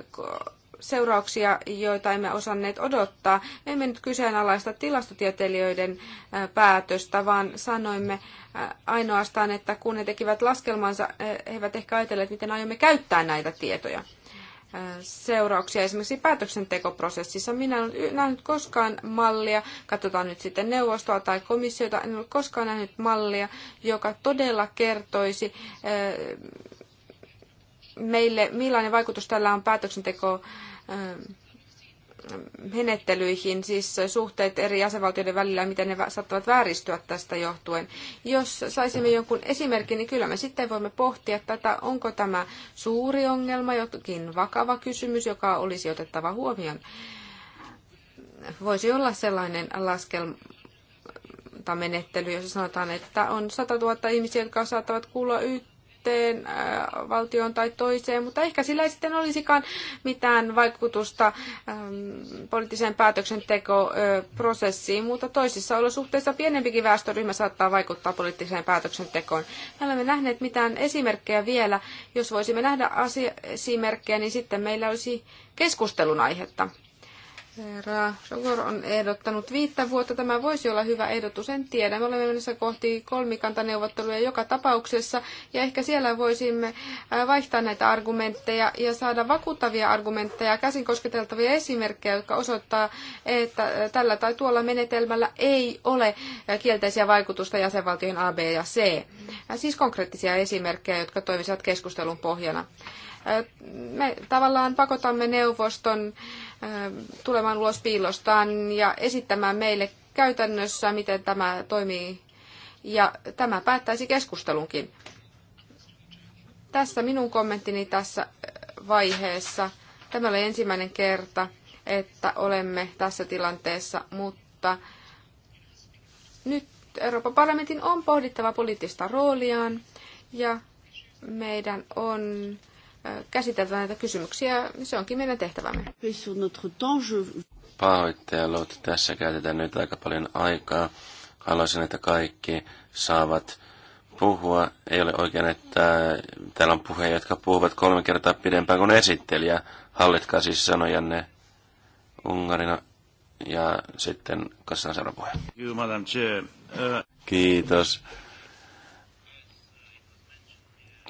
seurauksia, joita emme osanneet odottaa. Me emme nyt kyseenalaista tilastotieteilijöiden päätöstä, vaan sanoimme ainoastaan, että kun he tekivät laskelmansa, he eivät ehkä ajatelleet, miten aiomme käyttää näitä tietoja seurauksia esimerkiksi päätöksentekoprosessissa. Minä en ole nähnyt koskaan mallia, katsotaan nyt sitten neuvostoa tai komissiota, en ole koskaan nähnyt mallia, joka todella kertoisi meille, millainen vaikutus tällä on päätöksentekoon Ähm, menettelyihin, siis suhteet eri jäsenvaltioiden välillä, miten ne saattavat vääristyä tästä johtuen. Jos saisimme jonkun esimerkin, niin kyllä me sitten voimme pohtia tätä, onko tämä suuri ongelma, jokin vakava kysymys, joka olisi otettava huomioon. Voisi olla sellainen laskelma, menettely, jossa sanotaan, että on 100 000 ihmisiä, jotka saattavat kuulla yhteen ää, äh, valtioon tai toiseen, mutta ehkä sillä ei sitten olisikaan mitään vaikutusta ähm, poliittiseen päätöksentekoprosessiin, mutta toisissa olosuhteissa pienempikin väestöryhmä saattaa vaikuttaa poliittiseen päätöksentekoon. Me olemme nähneet mitään esimerkkejä vielä. Jos voisimme nähdä asia- esimerkkejä, niin sitten meillä olisi keskustelun aihetta. Herra Sogor on ehdottanut viittä vuotta. Tämä voisi olla hyvä ehdotus, en tiedä. Me olemme menossa kohti kolmikantaneuvotteluja joka tapauksessa, ja ehkä siellä voisimme äh, vaihtaa näitä argumentteja ja saada vakuuttavia argumentteja, käsin kosketeltavia esimerkkejä, jotka osoittaa, että äh, tällä tai tuolla menetelmällä ei ole äh, kielteisiä vaikutusta jäsenvaltioihin A, B ja C. Siis konkreettisia esimerkkejä, jotka toimisivat keskustelun pohjana. Me tavallaan pakotamme neuvoston äh, Ähm, tulemaan ulos piilostaan ja esittämään meille käytännössä, miten tämä toimii. Ja tämä päättäisi keskustelunkin. Tässä minun kommenttini tässä äh, vaiheessa. Tämä oli ensimmäinen kerta, että olemme tässä tilanteessa, mutta nyt Euroopan parlamentin on pohdittava poliittista rooliaan ja meidän on käsitellä näitä kysymyksiä. Se onkin meidän tehtävämme. Pahoittelut. Tässä käytetään nyt aika paljon aikaa. Haluaisin, että kaikki saavat puhua. Ei ole oikein, että täällä on puheja, jotka puhuvat kolme kertaa pidempään kuin esittelijä. Hallitkaa siis sanojanne Ungarina ja sitten kassan seuraava Kiitos.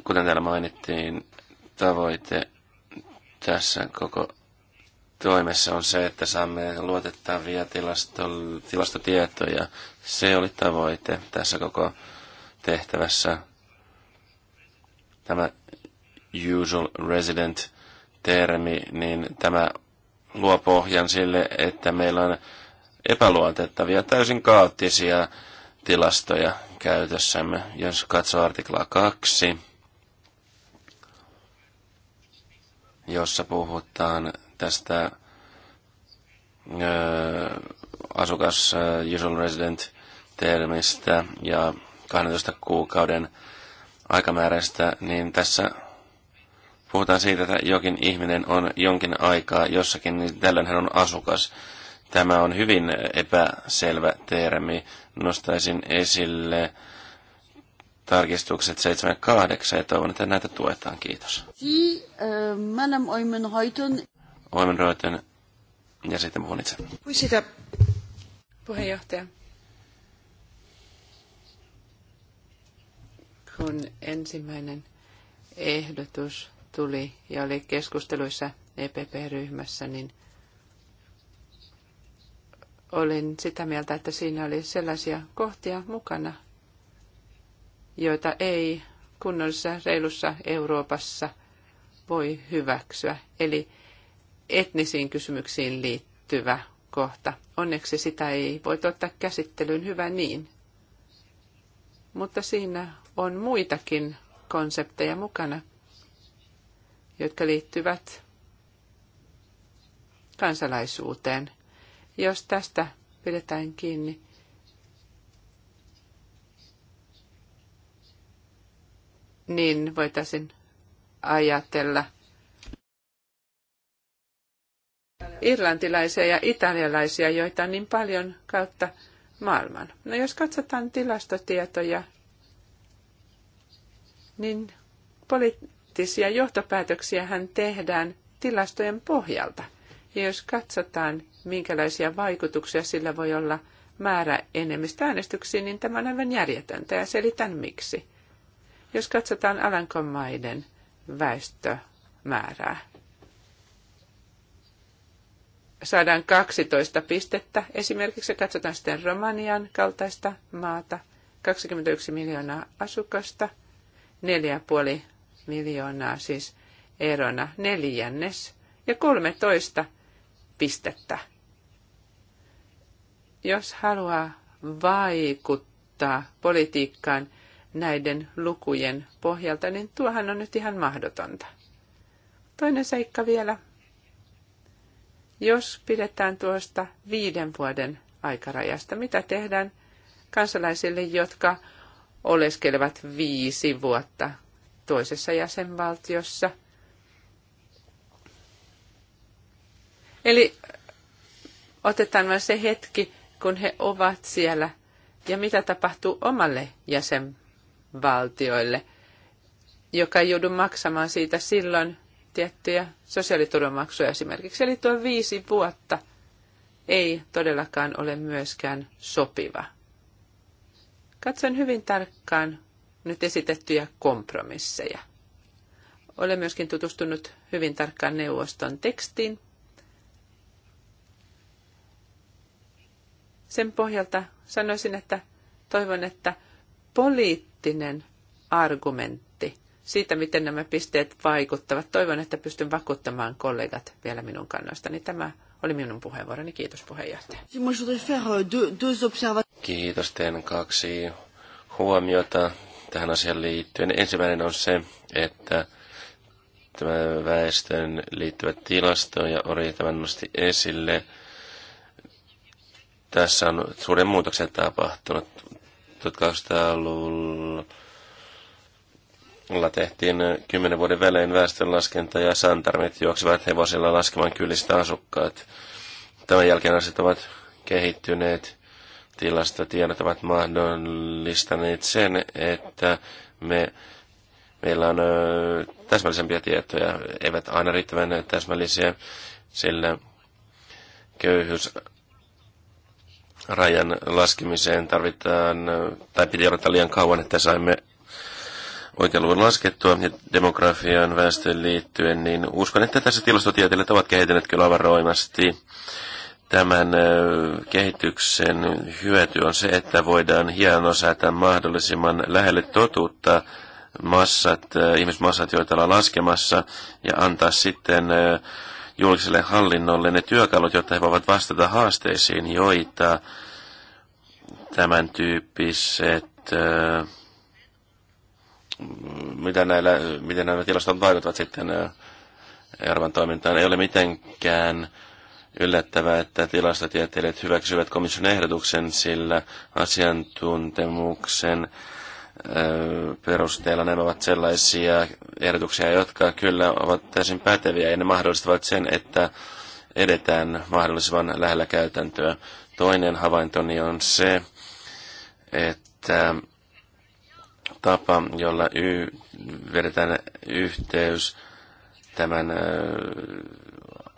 Kuten täällä mainittiin, tavoite tässä koko toimessa on se, että saamme luotettavia tilasto, tilastotietoja. Se oli tavoite tässä koko tehtävässä. Tämä usual resident termi, niin tämä luo pohjan sille, että meillä on epäluotettavia, täysin kaoottisia tilastoja käytössämme. Jos katsoo artiklaa 2, jossa puhutaan tästä äh, asukas äh, usual resident termistä ja 12 kuukauden aikamääräistä, niin tässä puhutaan siitä, että jokin ihminen on jonkin aikaa jossakin, niin tällöin hän on asukas. Tämä on hyvin epäselvä termi. Nostaisin esille tarkistukset 7 ja 8 ja toivon, että näitä tuetaan. Kiitos. Si, äh, Madame ja sitten puhun itse. Sitä puheenjohtaja. Kun ensimmäinen ehdotus tuli ja oli keskusteluissa EPP-ryhmässä, niin olin sitä mieltä, että siinä oli sellaisia kohtia mukana, joita ei kunnollisessa reilussa Euroopassa voi hyväksyä. Eli etnisiin kysymyksiin liittyvä kohta. Onneksi sitä ei voi ottaa käsittelyyn, hyvä niin. Mutta siinä on muitakin konsepteja mukana, jotka liittyvät kansalaisuuteen. Jos tästä pidetään kiinni, niin voitaisiin ajatella irlantilaisia ja italialaisia, joita on niin paljon kautta maailman. No jos katsotaan tilastotietoja, niin poliittisia johtopäätöksiä hän tehdään tilastojen pohjalta. Ja jos katsotaan, minkälaisia vaikutuksia sillä voi olla määrä enemmistä äänestyksiin, niin tämä on aivan järjetöntä ja selitän miksi. Jos katsotaan Alankomaiden väestömäärää, saadaan 12 pistettä. Esimerkiksi katsotaan sitten Romanian kaltaista maata, 21 miljoonaa asukasta, 4,5 miljoonaa siis erona neljännes ja 13 pistettä. Jos haluaa vaikuttaa politiikkaan, näiden lukujen pohjalta, niin tuohan on nyt ihan mahdotonta. Toinen seikka vielä. Jos pidetään tuosta viiden vuoden aikarajasta, mitä tehdään kansalaisille, jotka oleskelevat viisi vuotta toisessa jäsenvaltiossa? Eli otetaan vain se hetki, kun he ovat siellä, ja mitä tapahtuu omalle jäsenvaltiolle valtioille, joka ei joudu maksamaan siitä silloin tiettyjä sosiaaliturvamaksuja esimerkiksi. Eli tuo viisi vuotta ei todellakaan ole myöskään sopiva. Katson hyvin tarkkaan nyt esitettyjä kompromisseja. Olen myöskin tutustunut hyvin tarkkaan neuvoston tekstiin. Sen pohjalta sanoisin, että toivon, että poliittisesti poliittinen argumentti siitä, miten nämä pisteet vaikuttavat. Toivon, että pystyn vakuuttamaan kollegat vielä minun kannastani. Tämä oli minun puheenvuoroni. Kiitos puheenjohtaja. Kiitos teidän kaksi huomiota tähän asiaan liittyen. Ensimmäinen on se, että tämä väestön liittyvä tilasto ja Ori tämän nosti esille. Tässä on suuren muutoksen tapahtunut. 1800-luvulla tehtiin kymmenen vuoden välein väestönlaskenta ja santarmit juoksivat hevosilla laskemaan kylistä asukkaat. Tämän jälkeen asiat ovat kehittyneet. Tilastotiedot ovat mahdollistaneet sen, että me, meillä on ö, täsmällisempiä tietoja, eivät aina riittävän täsmällisiä, sillä köyhyys rajan laskemiseen tarvitaan, tai piti odottaa liian kauan, että saimme oikean luvun laskettua ja demografian väestöön liittyen, niin uskon, että tässä tilastotieteilijät ovat kehittyneet kyllä avaroimasti. Tämän kehityksen hyöty on se, että voidaan hieno säätää mahdollisimman lähelle totuutta massat, ihmismassat, joita ollaan laskemassa, ja antaa sitten julkiselle hallinnolle ne työkalut, jotta he voivat vastata haasteisiin, joita tämän tyyppiset, mitä näillä, miten nämä tilastot vaikuttavat sitten Ervan toimintaan. Ei ole mitenkään yllättävää, että tilastotieteilijät hyväksyvät komission ehdotuksen, sillä asiantuntemuksen perusteella nämä ovat sellaisia ehdotuksia, jotka kyllä ovat täysin päteviä ja ne mahdollistavat sen, että edetään mahdollisimman lähellä käytäntöä. Toinen havaintoni on se, että tapa, jolla y- vedetään yhteys tämän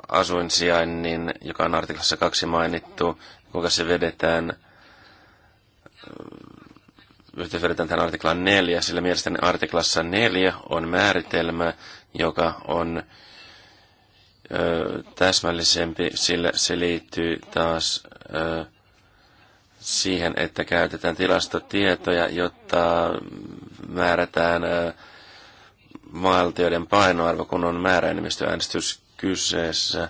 asuinsijainnin, joka on artiklassa kaksi mainittu, kuinka se vedetään yhteenvedetään tähän artiklaan neljä, sillä mielestäni artiklassa neljä on määritelmä, joka on ö, täsmällisempi, sillä se liittyy taas ö, siihen, että käytetään tilastotietoja, jotta määrätään ö, maaltioiden painoarvo, kun on määräenemmistöäänestys kyseessä.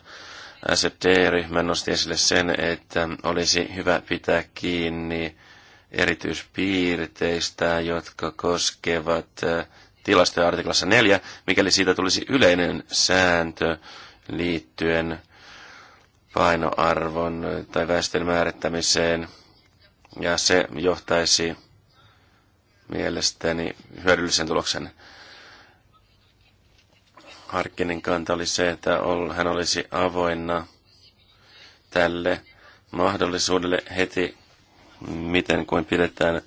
SFD-ryhmä nosti esille sen, että olisi hyvä pitää kiinni erityispiirteistä, jotka koskevat äh, tilastoja artiklassa 4, mikäli siitä tulisi yleinen sääntö liittyen painoarvon äh, tai väestön määrittämiseen, ja se johtaisi mielestäni hyödyllisen tuloksen. Harkkinen kanta oli se, että hän olisi avoinna tälle mahdollisuudelle heti, miten kuin pidetään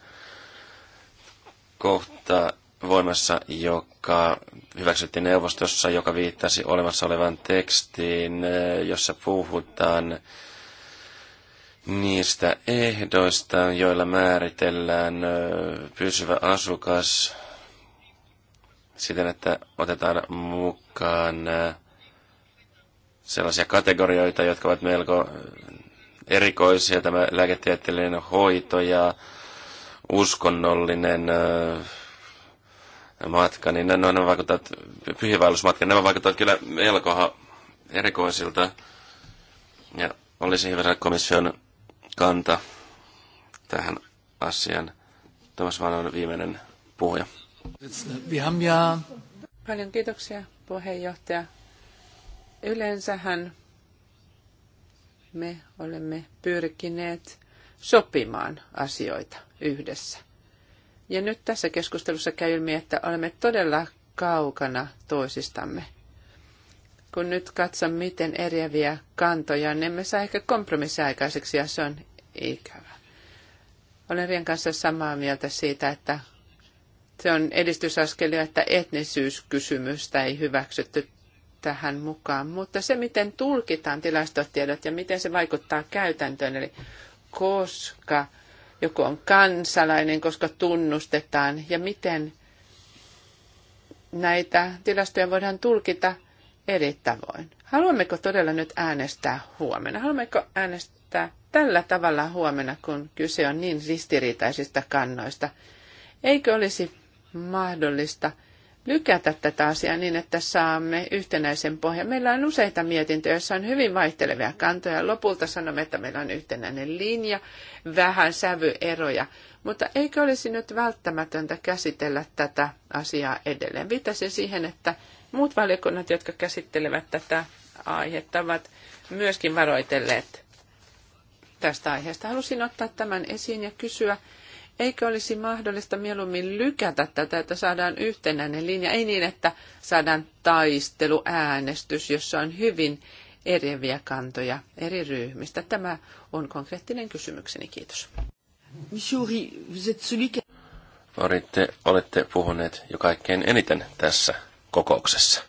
kohta voimassa, joka hyväksyttiin neuvostossa, joka viittasi olemassa olevaan tekstiin, jossa puhutaan niistä ehdoista, joilla määritellään pysyvä asukas siten, että otetaan mukaan sellaisia kategorioita, jotka ovat melko erikoisia, tämä lääketieteellinen hoito ja uskonnollinen matka, niin nämä, ne vaikuttavat, pyhiväellysmatka, nämä vaikuttavat kyllä melko erikoisilta. Ja olisi hyvä komission kanta tähän asiaan. Tomas Vaan on viimeinen puhuja. Paljon kiitoksia puheenjohtaja. Yleensähän me olemme pyrkineet sopimaan asioita yhdessä. Ja nyt tässä keskustelussa käy ilmi, että olemme todella kaukana toisistamme. Kun nyt katson, miten eriäviä kantoja, niin emme saa ehkä kompromissiaikaiseksi ja se on ikävä. Olen Rian kanssa samaa mieltä siitä, että se on edistysaskelia, että etnisyyskysymystä ei hyväksytty tähän mukaan, mutta se, miten tulkitaan tilastotiedot ja miten se vaikuttaa käytäntöön, eli koska joku on kansalainen, koska tunnustetaan ja miten näitä tilastoja voidaan tulkita eri tavoin. Haluammeko todella nyt äänestää huomenna? Haluammeko äänestää tällä tavalla huomenna, kun kyse on niin ristiriitaisista kannoista? Eikö olisi mahdollista – lykätä tätä asiaa niin, että saamme yhtenäisen pohjan. Meillä on useita mietintöjä, joissa on hyvin vaihtelevia kantoja. Lopulta sanomme, että meillä on yhtenäinen linja, vähän sävyeroja. Mutta eikö olisi nyt välttämätöntä käsitellä tätä asiaa edelleen? Viittasin siihen, että muut valiokunnat, jotka käsittelevät tätä aihetta, ovat myöskin varoitelleet tästä aiheesta. Halusin ottaa tämän esiin ja kysyä, Eikö olisi mahdollista mieluummin lykätä tätä, että saadaan yhtenäinen linja? Ei niin, että saadaan taisteluäänestys, jossa on hyvin eriäviä kantoja eri ryhmistä. Tämä on konkreettinen kysymykseni. Kiitos. Olette, olette puhuneet jo kaikkein eniten tässä kokouksessa.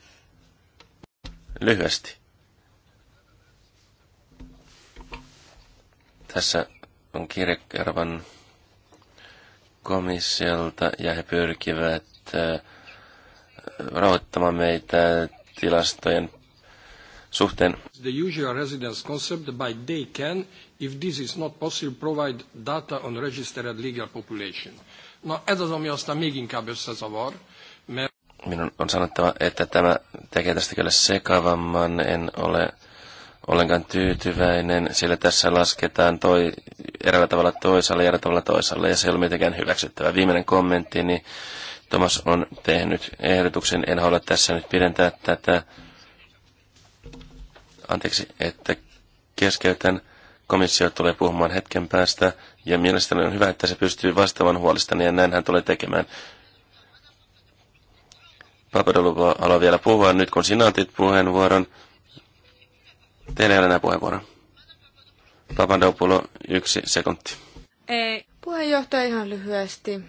Lyhyesti. Tässä on kirjekervan komissiolta ja he pyrkivät rahoittamaan meitä tilastojen suhteen. The usual residence concept by they can, if this is not possible, provide data on registered legal population. No, ez az, ami aztán még inkább összezavar, mert... Minun on sanottava, että tämä tekee tästä kyllä sekavamman. En ole ollenkaan tyytyväinen, sillä tässä lasketaan toi, erällä tavalla toisella ja erällä tavalla toisella, ja se ei ole mitenkään hyväksyttävä. Viimeinen kommentti, niin Thomas on tehnyt ehdotuksen, en halua tässä nyt pidentää tätä, anteeksi, että keskeytän, komissio tulee puhumaan hetken päästä, ja mielestäni on hyvä, että se pystyy vastaamaan huolistani, ja näin hän tulee tekemään. Papadolupo haluaa vielä puhua, nyt kun sinä otit puheenvuoron, Teillä ei ole enää puheenvuoroa. Papandopulo, yksi sekunti. Ei. Puheenjohtaja ihan lyhyesti.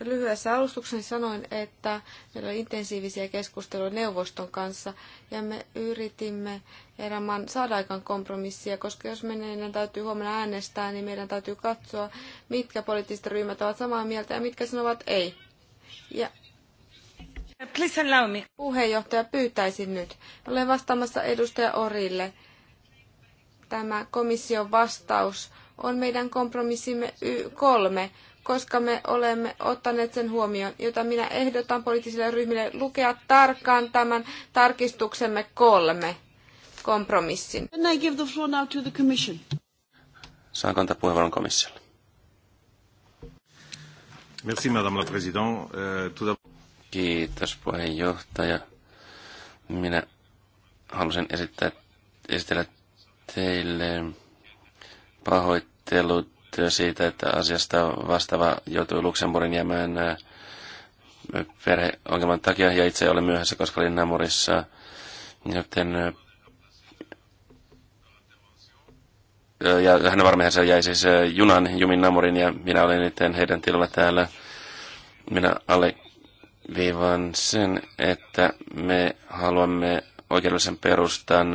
Lyhyessä alustuksen sanoin, että meillä oli intensiivisiä keskusteluja neuvoston kanssa ja me yritimme erämaan saada aikaan kompromissia, koska jos meidän täytyy huomenna äänestää, niin meidän täytyy katsoa, mitkä poliittiset ryhmät ovat samaa mieltä ja mitkä sanovat ei. Ja Please allow me. Puheenjohtaja, pyytäisin nyt. Olen vastaamassa edustaja Orille. Tämä komission vastaus on meidän kompromissimme y- kolme, koska me olemme ottaneet sen huomioon, jota minä ehdotan poliittisille ryhmille lukea tarkkaan tämän tarkistuksemme kolme kompromissin. And I give the floor now to the commission. puheenvuoron komissiolle. Merci, madame la présidente. Euh, tout Kiitos puheenjohtaja. Minä halusin esittää, esitellä teille pahoittelut siitä, että asiasta vastaava joutui Luxemburgin jäämään äh, perheongelman takia ja itse olen myöhässä, koska olin Namurissa. Joten äh, ja hän varmaan jäi siis äh, junan Jumin Namurin ja minä olin nyt heidän tilalla täällä. Minä alle viivan sen, että me haluamme oikeudellisen perustan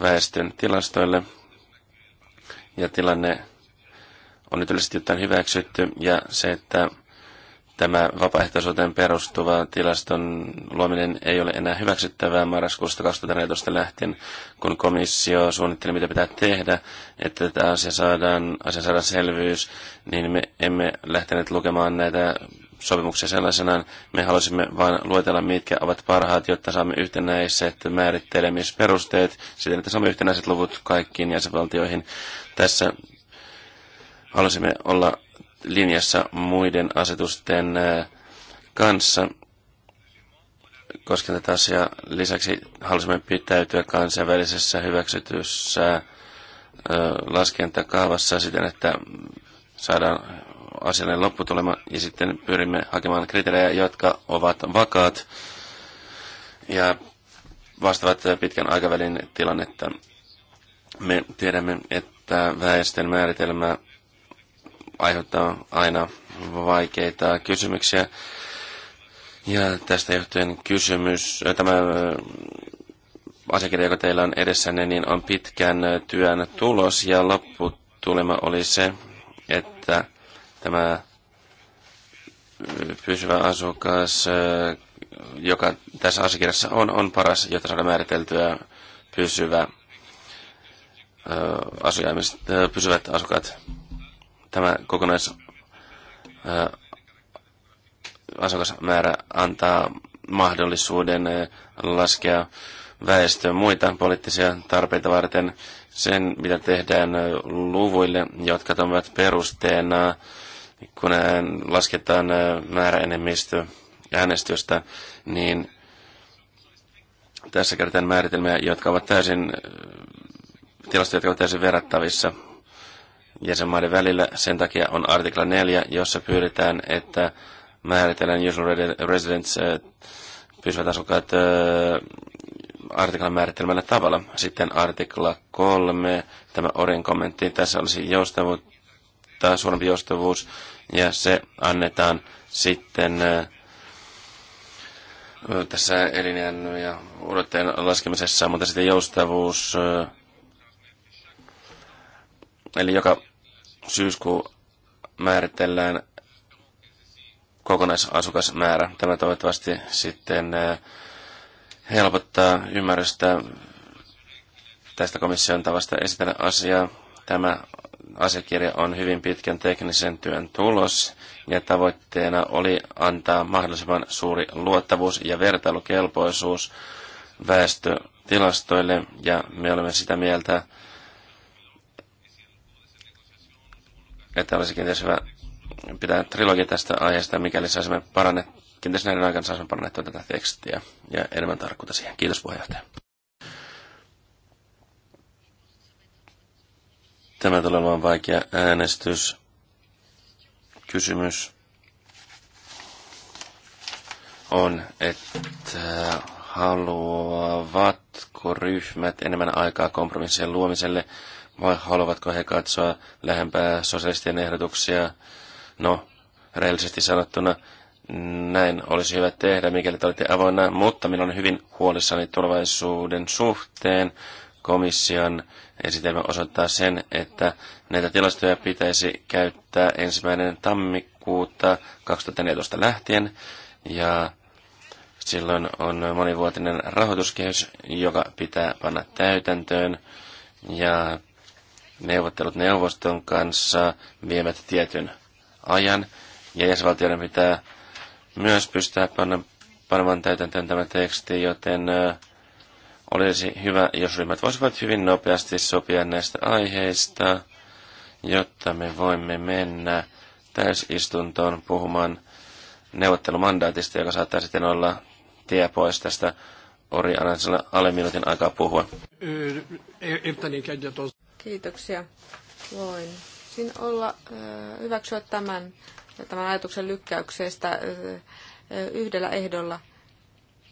väestön tilastoille. Ja tilanne on nyt yleisesti jotain hyväksytty. Ja se, että tämä vapaaehtoisuuteen perustuva tilaston luominen ei ole enää hyväksyttävää marraskuusta 2014 lähtien, kun komissio suunnitteli, mitä pitää tehdä, että tämä asia saadaan, asia saadaan selvyys, niin me emme lähteneet lukemaan näitä sopimuksen sellaisenaan. Me halusimme vain luetella, mitkä ovat parhaat, jotta saamme yhtenäiset määrittelemisperusteet, siten että saamme yhtenäiset luvut kaikkiin jäsenvaltioihin. Tässä halusimme olla linjassa muiden asetusten äh, kanssa. Koskien tätä asiaa lisäksi halusimme pitäytyä kansainvälisessä hyväksytyssä äh, laskentakaavassa siten, että saadaan asialle lopputulema ja sitten pyrimme hakemaan kriteerejä, jotka ovat vakaat ja vastaavat pitkän aikavälin tilannetta. Me tiedämme, että väestön määritelmä aiheuttaa aina vaikeita kysymyksiä. Ja tästä johtuen kysymys, tämä äh, asiakirja, joka teillä on edessänne, niin on pitkän työn tulos ja lopputulema oli se, että Tämä pysyvä asukas, joka tässä asiakirjassa on, on paras, jotta saada määriteltyä pysyvä asujaimiset, pysyvät asukat. Tämä kokonais asukasmäärä antaa mahdollisuuden laskea väestön muita poliittisia tarpeita varten sen, mitä tehdään luvuille, jotka ovat perusteena kun lasketaan äh, määräenemmistö äänestystä, niin tässä käytetään määritelmiä, jotka ovat täysin, äh, tilastoja, jotka ovat täysin verrattavissa jäsenmaiden välillä. Sen takia on artikla 4, jossa pyydetään, että määritellään usual residents äh, pysyvät asukkaat artiklan määrittelemällä tavalla. Sitten artikla 3, tämä Orin kommentti, tässä olisi joustavuutta, suurempi joustavuus ja se annetaan sitten tässä elinjään ja odotteen laskemisessa, mutta sitten joustavuus, eli joka syyskuu määritellään kokonaisasukasmäärä. Tämä toivottavasti sitten helpottaa ymmärrystä tästä komission tavasta esitellä asiaa. Tämä asiakirja on hyvin pitkän teknisen työn tulos ja tavoitteena oli antaa mahdollisimman suuri luottavuus ja vertailukelpoisuus väestötilastoille ja me olemme sitä mieltä, että olisi kenties hyvä pitää trilogi tästä aiheesta, mikäli saisimme parannettua, kenties näiden aikana saisimme parannettua tätä tekstiä ja enemmän tarkkuutta siihen. Kiitos puheenjohtaja. Tämä tulee olemaan vaikea äänestys. Kysymys on, että haluavatko ryhmät enemmän aikaa kompromissien luomiselle vai haluavatko he katsoa lähempää sosialistien ehdotuksia? No, rehellisesti sanottuna näin olisi hyvä tehdä, mikäli te olette avoinna, mutta minä olen hyvin huolissani tulevaisuuden suhteen, komission esitelmä osoittaa sen, että näitä tilastoja pitäisi käyttää ensimmäinen tammikuuta 2014 lähtien, ja silloin on monivuotinen rahoituskehys, joka pitää panna täytäntöön, ja neuvottelut neuvoston kanssa vievät tietyn ajan, ja jäsenvaltioiden pitää myös pystyä panna, panemaan täytäntöön tämä teksti, joten olisi hyvä, jos ryhmät voisivat hyvin nopeasti sopia näistä aiheista, jotta me voimme mennä täysistuntoon puhumaan neuvottelumandaatista, joka saattaa sitten olla tie pois tästä Ori alle minuutin aikaa puhua. Kiitoksia. Voin sin olla hyväksyä tämän, tämän ajatuksen lykkäyksestä yhdellä ehdolla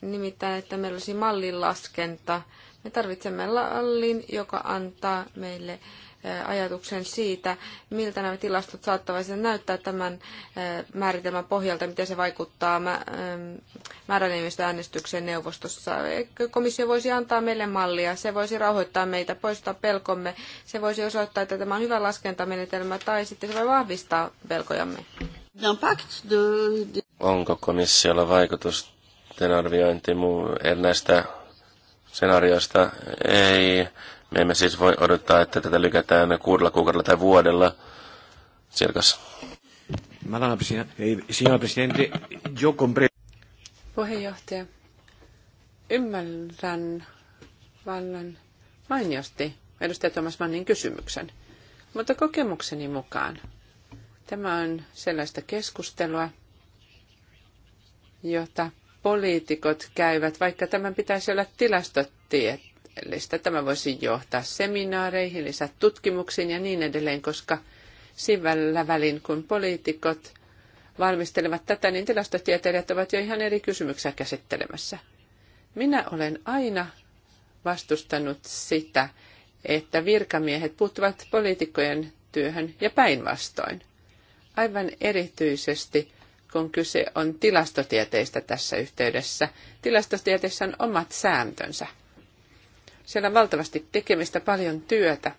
nimittäin, että meillä olisi mallinlaskenta. Me tarvitsemme mallin, joka antaa meille ajatuksen siitä, miltä nämä tilastot saattavat näyttää tämän määritelmän pohjalta, miten se vaikuttaa määräenemmistö äänestykseen neuvostossa. Komissio voisi antaa meille mallia, se voisi rauhoittaa meitä, poistaa pelkomme, se voisi osoittaa, että tämä on hyvä laskentamenetelmä, tai sitten se voi vahvistaa pelkojamme. Onko komissiolla vaikutusta? arviointi näistä skenaarioista ei. Me emme siis voi odottaa, että tätä lykätään kuudella kuukaudella tai vuodella. Sirkas. Signora Presidente, Puheenjohtaja, ymmärrän vallan mainiosti edustaja Thomas Mannin kysymyksen, mutta kokemukseni mukaan tämä on sellaista keskustelua, jota poliitikot käyvät, vaikka tämän pitäisi olla tilastotieteellistä. Tämä voisi johtaa seminaareihin, lisätutkimuksiin ja niin edelleen, koska sillä välin, kun poliitikot valmistelevat tätä, niin tilastotieteilijät ovat jo ihan eri kysymyksiä käsittelemässä. Minä olen aina vastustanut sitä, että virkamiehet puuttuvat poliitikkojen työhön ja päinvastoin. Aivan erityisesti kun kyse on tilastotieteistä tässä yhteydessä. Tilastotieteissä on omat sääntönsä. Siellä on valtavasti tekemistä, paljon työtä.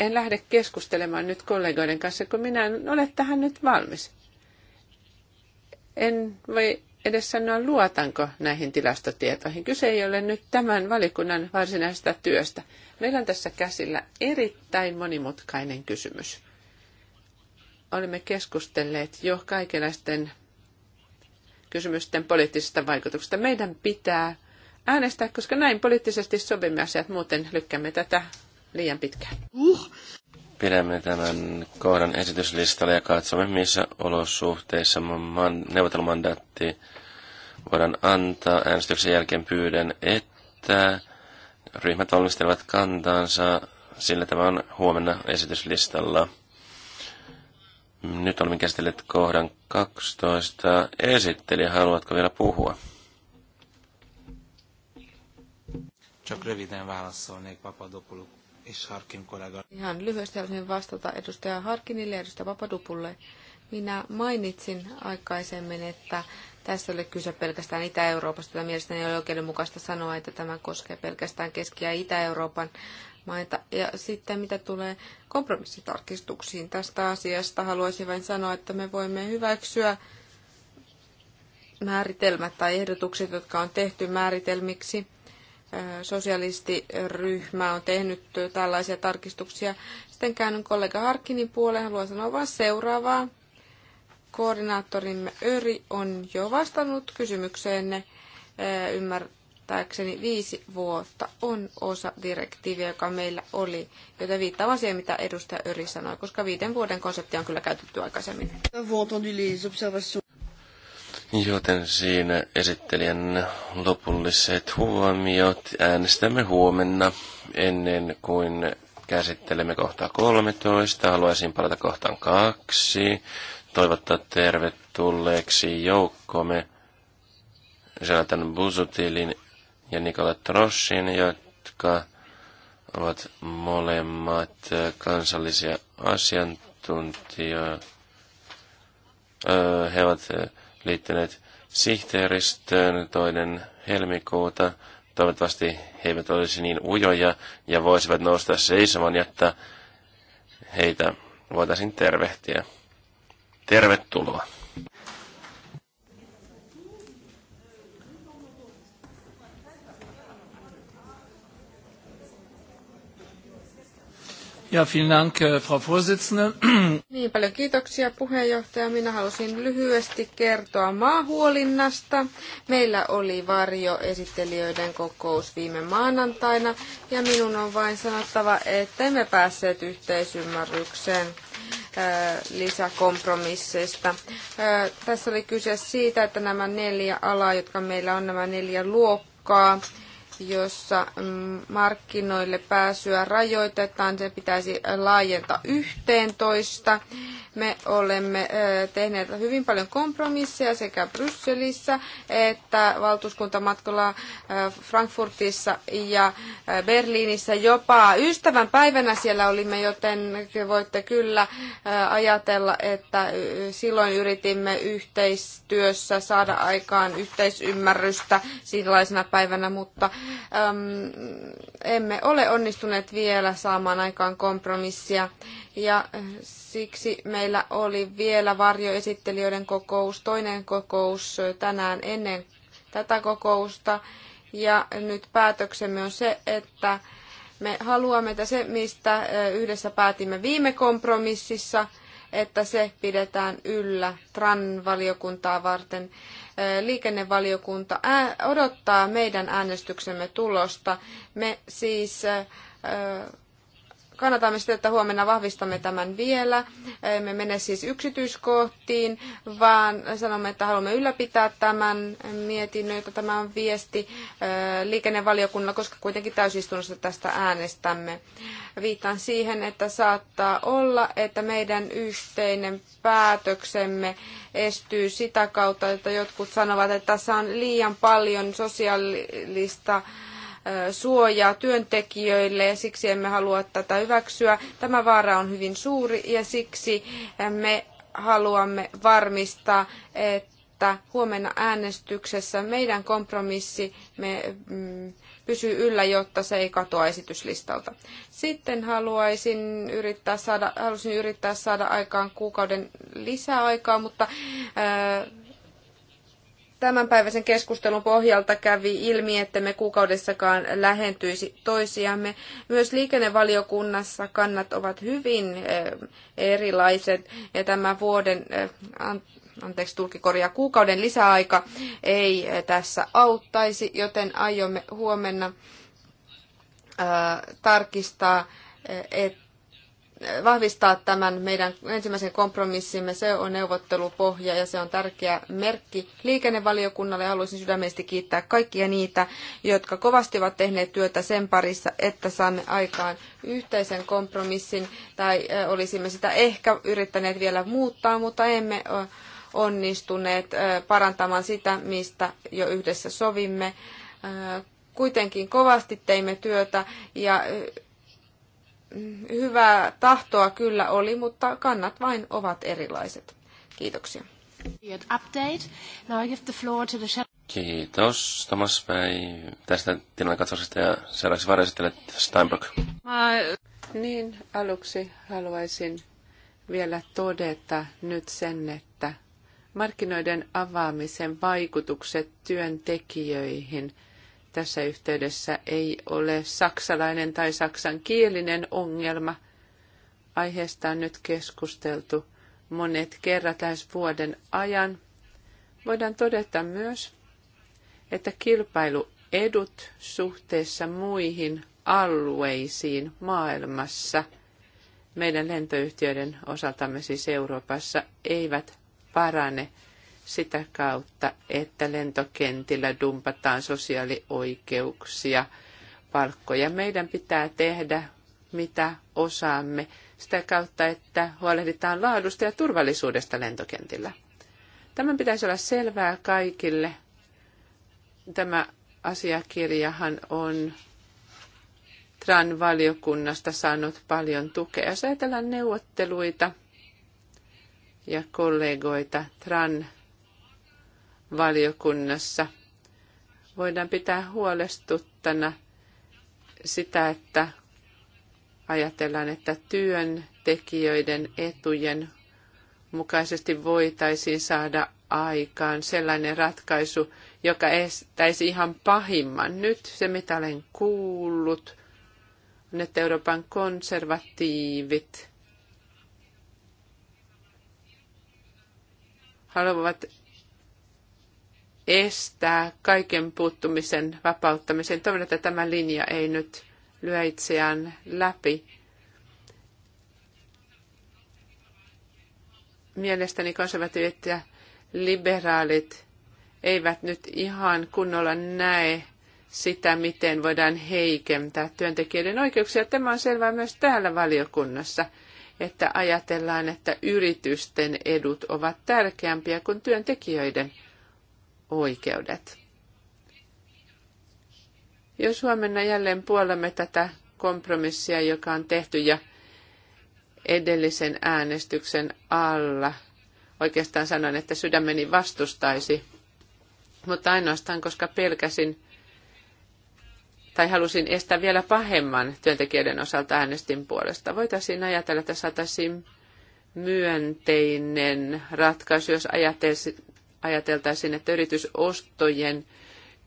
En lähde keskustelemaan nyt kollegoiden kanssa, kun minä en ole tähän nyt valmis. En voi edes sanoa, luotanko näihin tilastotietoihin. Kyse ei ole nyt tämän valikunnan varsinaisesta työstä. Meillä on tässä käsillä erittäin monimutkainen kysymys olimme keskustelleet jo kaikenlaisten kysymysten poliittisista vaikutuksista. Meidän pitää äänestää, koska näin poliittisesti sovimme asiat, muuten lykkäämme tätä liian pitkään. Uh. Pidämme tämän kohdan esityslistalla ja katsomme, missä olosuhteissa man, neuvottelumandaatti voidaan antaa. Äänestyksen jälkeen pyydän, että ryhmät valmistelevat kantaansa, sillä tämä on huomenna esityslistalla. Nyt olemme käsitelleet kohdan 12. Esittelijä, haluatko vielä puhua? Harkin kollega. Ihan lyhyesti haluaisin vastata edustaja Harkinille ja edustaja Papadopulle. Minä mainitsin aikaisemmin, että tässä oli kyse pelkästään Itä-Euroopasta. Mielestäni ei ole oikeudenmukaista sanoa, että tämä koskee pelkästään Keski- ja Itä-Euroopan maita. Ja sitten mitä tulee kompromissitarkistuksiin tästä asiasta, haluaisin vain sanoa, että me voimme hyväksyä määritelmät tai ehdotukset, jotka on tehty määritelmiksi. Sosialistiryhmä on tehnyt tällaisia tarkistuksia. Sitten käännyn kollega Harkinin puoleen. Haluan sanoa vain seuraavaa. Koordinaattorimme Öri on jo vastannut kysymykseenne. Ymmärrän käsittääkseni viisi vuotta on osa direktiiviä, joka meillä oli, joten viittaa siihen, mitä edustaja Öri sanoi, koska viiden vuoden konseptia on kyllä käytetty aikaisemmin. Joten siinä esittelijän lopulliset huomiot äänestämme huomenna ennen kuin käsittelemme kohtaa 13. Haluaisin palata kohtaan kaksi. Toivottaa tervetulleeksi joukkomme Jonathan Buzutilin ja Nikola Troshin, jotka ovat molemmat kansallisia asiantuntijoita. He ovat liittyneet sihteeristöön toinen helmikuuta. Toivottavasti he eivät olisi niin ujoja ja voisivat nousta seisomaan, jotta heitä voitaisiin tervehtiä. Tervetuloa! Ja, äh, Niin paljon kiitoksia puheenjohtaja. Minä halusin lyhyesti kertoa maahuolinnasta. Meillä oli varjoesittelijöiden kokous viime maanantaina ja minun on vain sanottava, että emme päässeet yhteisymmärrykseen äh, lisäkompromisseista. Äh, tässä oli kyse siitä, että nämä neljä alaa, jotka meillä on, nämä neljä luokkaa, jossa mm, markkinoille pääsyä rajoitetaan, se pitäisi laajentaa yhteentoista. Me olemme tehneet hyvin paljon kompromisseja sekä Brysselissä että valtuuskuntamatkalla Frankfurtissa ja Berliinissä jopa ystävän päivänä siellä olimme, joten voitte kyllä ajatella, että silloin yritimme yhteistyössä saada aikaan yhteisymmärrystä sellaisena päivänä, mutta emme ole onnistuneet vielä saamaan aikaan kompromissia ja siksi meillä oli vielä varjoesittelijöiden kokous, toinen kokous tänään ennen tätä kokousta ja nyt päätöksemme on se, että me haluamme, että se, mistä yhdessä päätimme viime kompromississa, että se pidetään yllä TRAN-valiokuntaa varten liikennevaliokunta odottaa meidän äänestyksemme tulosta. Me siis kannatamme sitä, että huomenna vahvistamme tämän vielä. Me mene siis yksityiskohtiin, vaan sanomme, että haluamme ylläpitää tämän mietinnön, jota tämä on viesti liikennevaliokunnalla, koska kuitenkin täysistunnossa tästä äänestämme. Viittaan siihen, että saattaa olla, että meidän yhteinen päätöksemme estyy sitä kautta, että jotkut sanovat, että tässä on liian paljon sosiaalista suojaa työntekijöille ja siksi emme halua tätä hyväksyä. Tämä vaara on hyvin suuri ja siksi me haluamme varmistaa, että huomenna äänestyksessä meidän kompromissi me, mm, pysyy yllä, jotta se ei katoa esityslistalta. Sitten haluaisin yrittää saada, halusin yrittää saada aikaan kuukauden lisäaikaa, mutta tämänpäiväisen keskustelun pohjalta kävi ilmi, että me kuukaudessakaan lähentyisi toisiamme. Myös liikennevaliokunnassa kannat ovat hyvin eh, erilaiset ja tämä vuoden, eh, anteeksi tulkikorjaa, kuukauden lisäaika ei eh, tässä auttaisi, joten aiomme huomenna tarkistaa, että vahvistaa tämän meidän ensimmäisen kompromissimme. Se on neuvottelupohja ja se on tärkeä merkki liikennevaliokunnalle. Haluaisin sydämesti kiittää kaikkia niitä, jotka kovasti ovat tehneet työtä sen parissa, että saamme aikaan yhteisen kompromissin tai olisimme sitä ehkä yrittäneet vielä muuttaa, mutta emme onnistuneet parantamaan sitä, mistä jo yhdessä sovimme. Kuitenkin kovasti teimme työtä ja hyvää tahtoa kyllä oli, mutta kannat vain ovat erilaiset. Kiitoksia. Kiitos Thomas Päi tästä tilannekatsauksesta ja seuraavaksi varjoisettelet Steinbrück. Niin, aluksi haluaisin vielä todeta nyt sen, että markkinoiden avaamisen vaikutukset työntekijöihin – tässä yhteydessä ei ole saksalainen tai saksankielinen ongelma. Aiheesta on nyt keskusteltu monet kerrat lähes vuoden ajan. Voidaan todeta myös, että kilpailuedut suhteessa muihin alueisiin maailmassa meidän lentoyhtiöiden osaltamme siis Euroopassa eivät parane – sitä kautta, että lentokentillä dumpataan sosiaalioikeuksia, palkkoja. Meidän pitää tehdä, mitä osaamme, sitä kautta, että huolehditaan laadusta ja turvallisuudesta lentokentillä. Tämän pitäisi olla selvää kaikille. Tämä asiakirjahan on TRAN-valiokunnasta saanut paljon tukea. Jos ajatellaan neuvotteluita ja kollegoita TRAN-valiokunnasta, valiokunnassa voidaan pitää huolestuttana sitä, että ajatellaan, että työntekijöiden etujen mukaisesti voitaisiin saada aikaan sellainen ratkaisu, joka estäisi ihan pahimman. Nyt se, mitä olen kuullut, on, että Euroopan konservatiivit haluavat estää kaiken puuttumisen vapauttamisen. Toivon, että tämä linja ei nyt lyö itseään läpi. Mielestäni konservatiivit ja liberaalit eivät nyt ihan kunnolla näe sitä, miten voidaan heikentää työntekijöiden oikeuksia. Tämä on selvää myös täällä valiokunnassa, että ajatellaan, että yritysten edut ovat tärkeämpiä kuin työntekijöiden – oikeudet. Jos huomenna jälleen puolemme tätä kompromissia, joka on tehty ja edellisen äänestyksen alla, oikeastaan sanon, että sydämeni vastustaisi, mutta ainoastaan koska pelkäsin tai halusin estää vielä pahemman työntekijöiden osalta äänestin puolesta. Voitaisiin ajatella, että saataisiin myönteinen ratkaisu, jos ajateltaisiin, että yritysostojen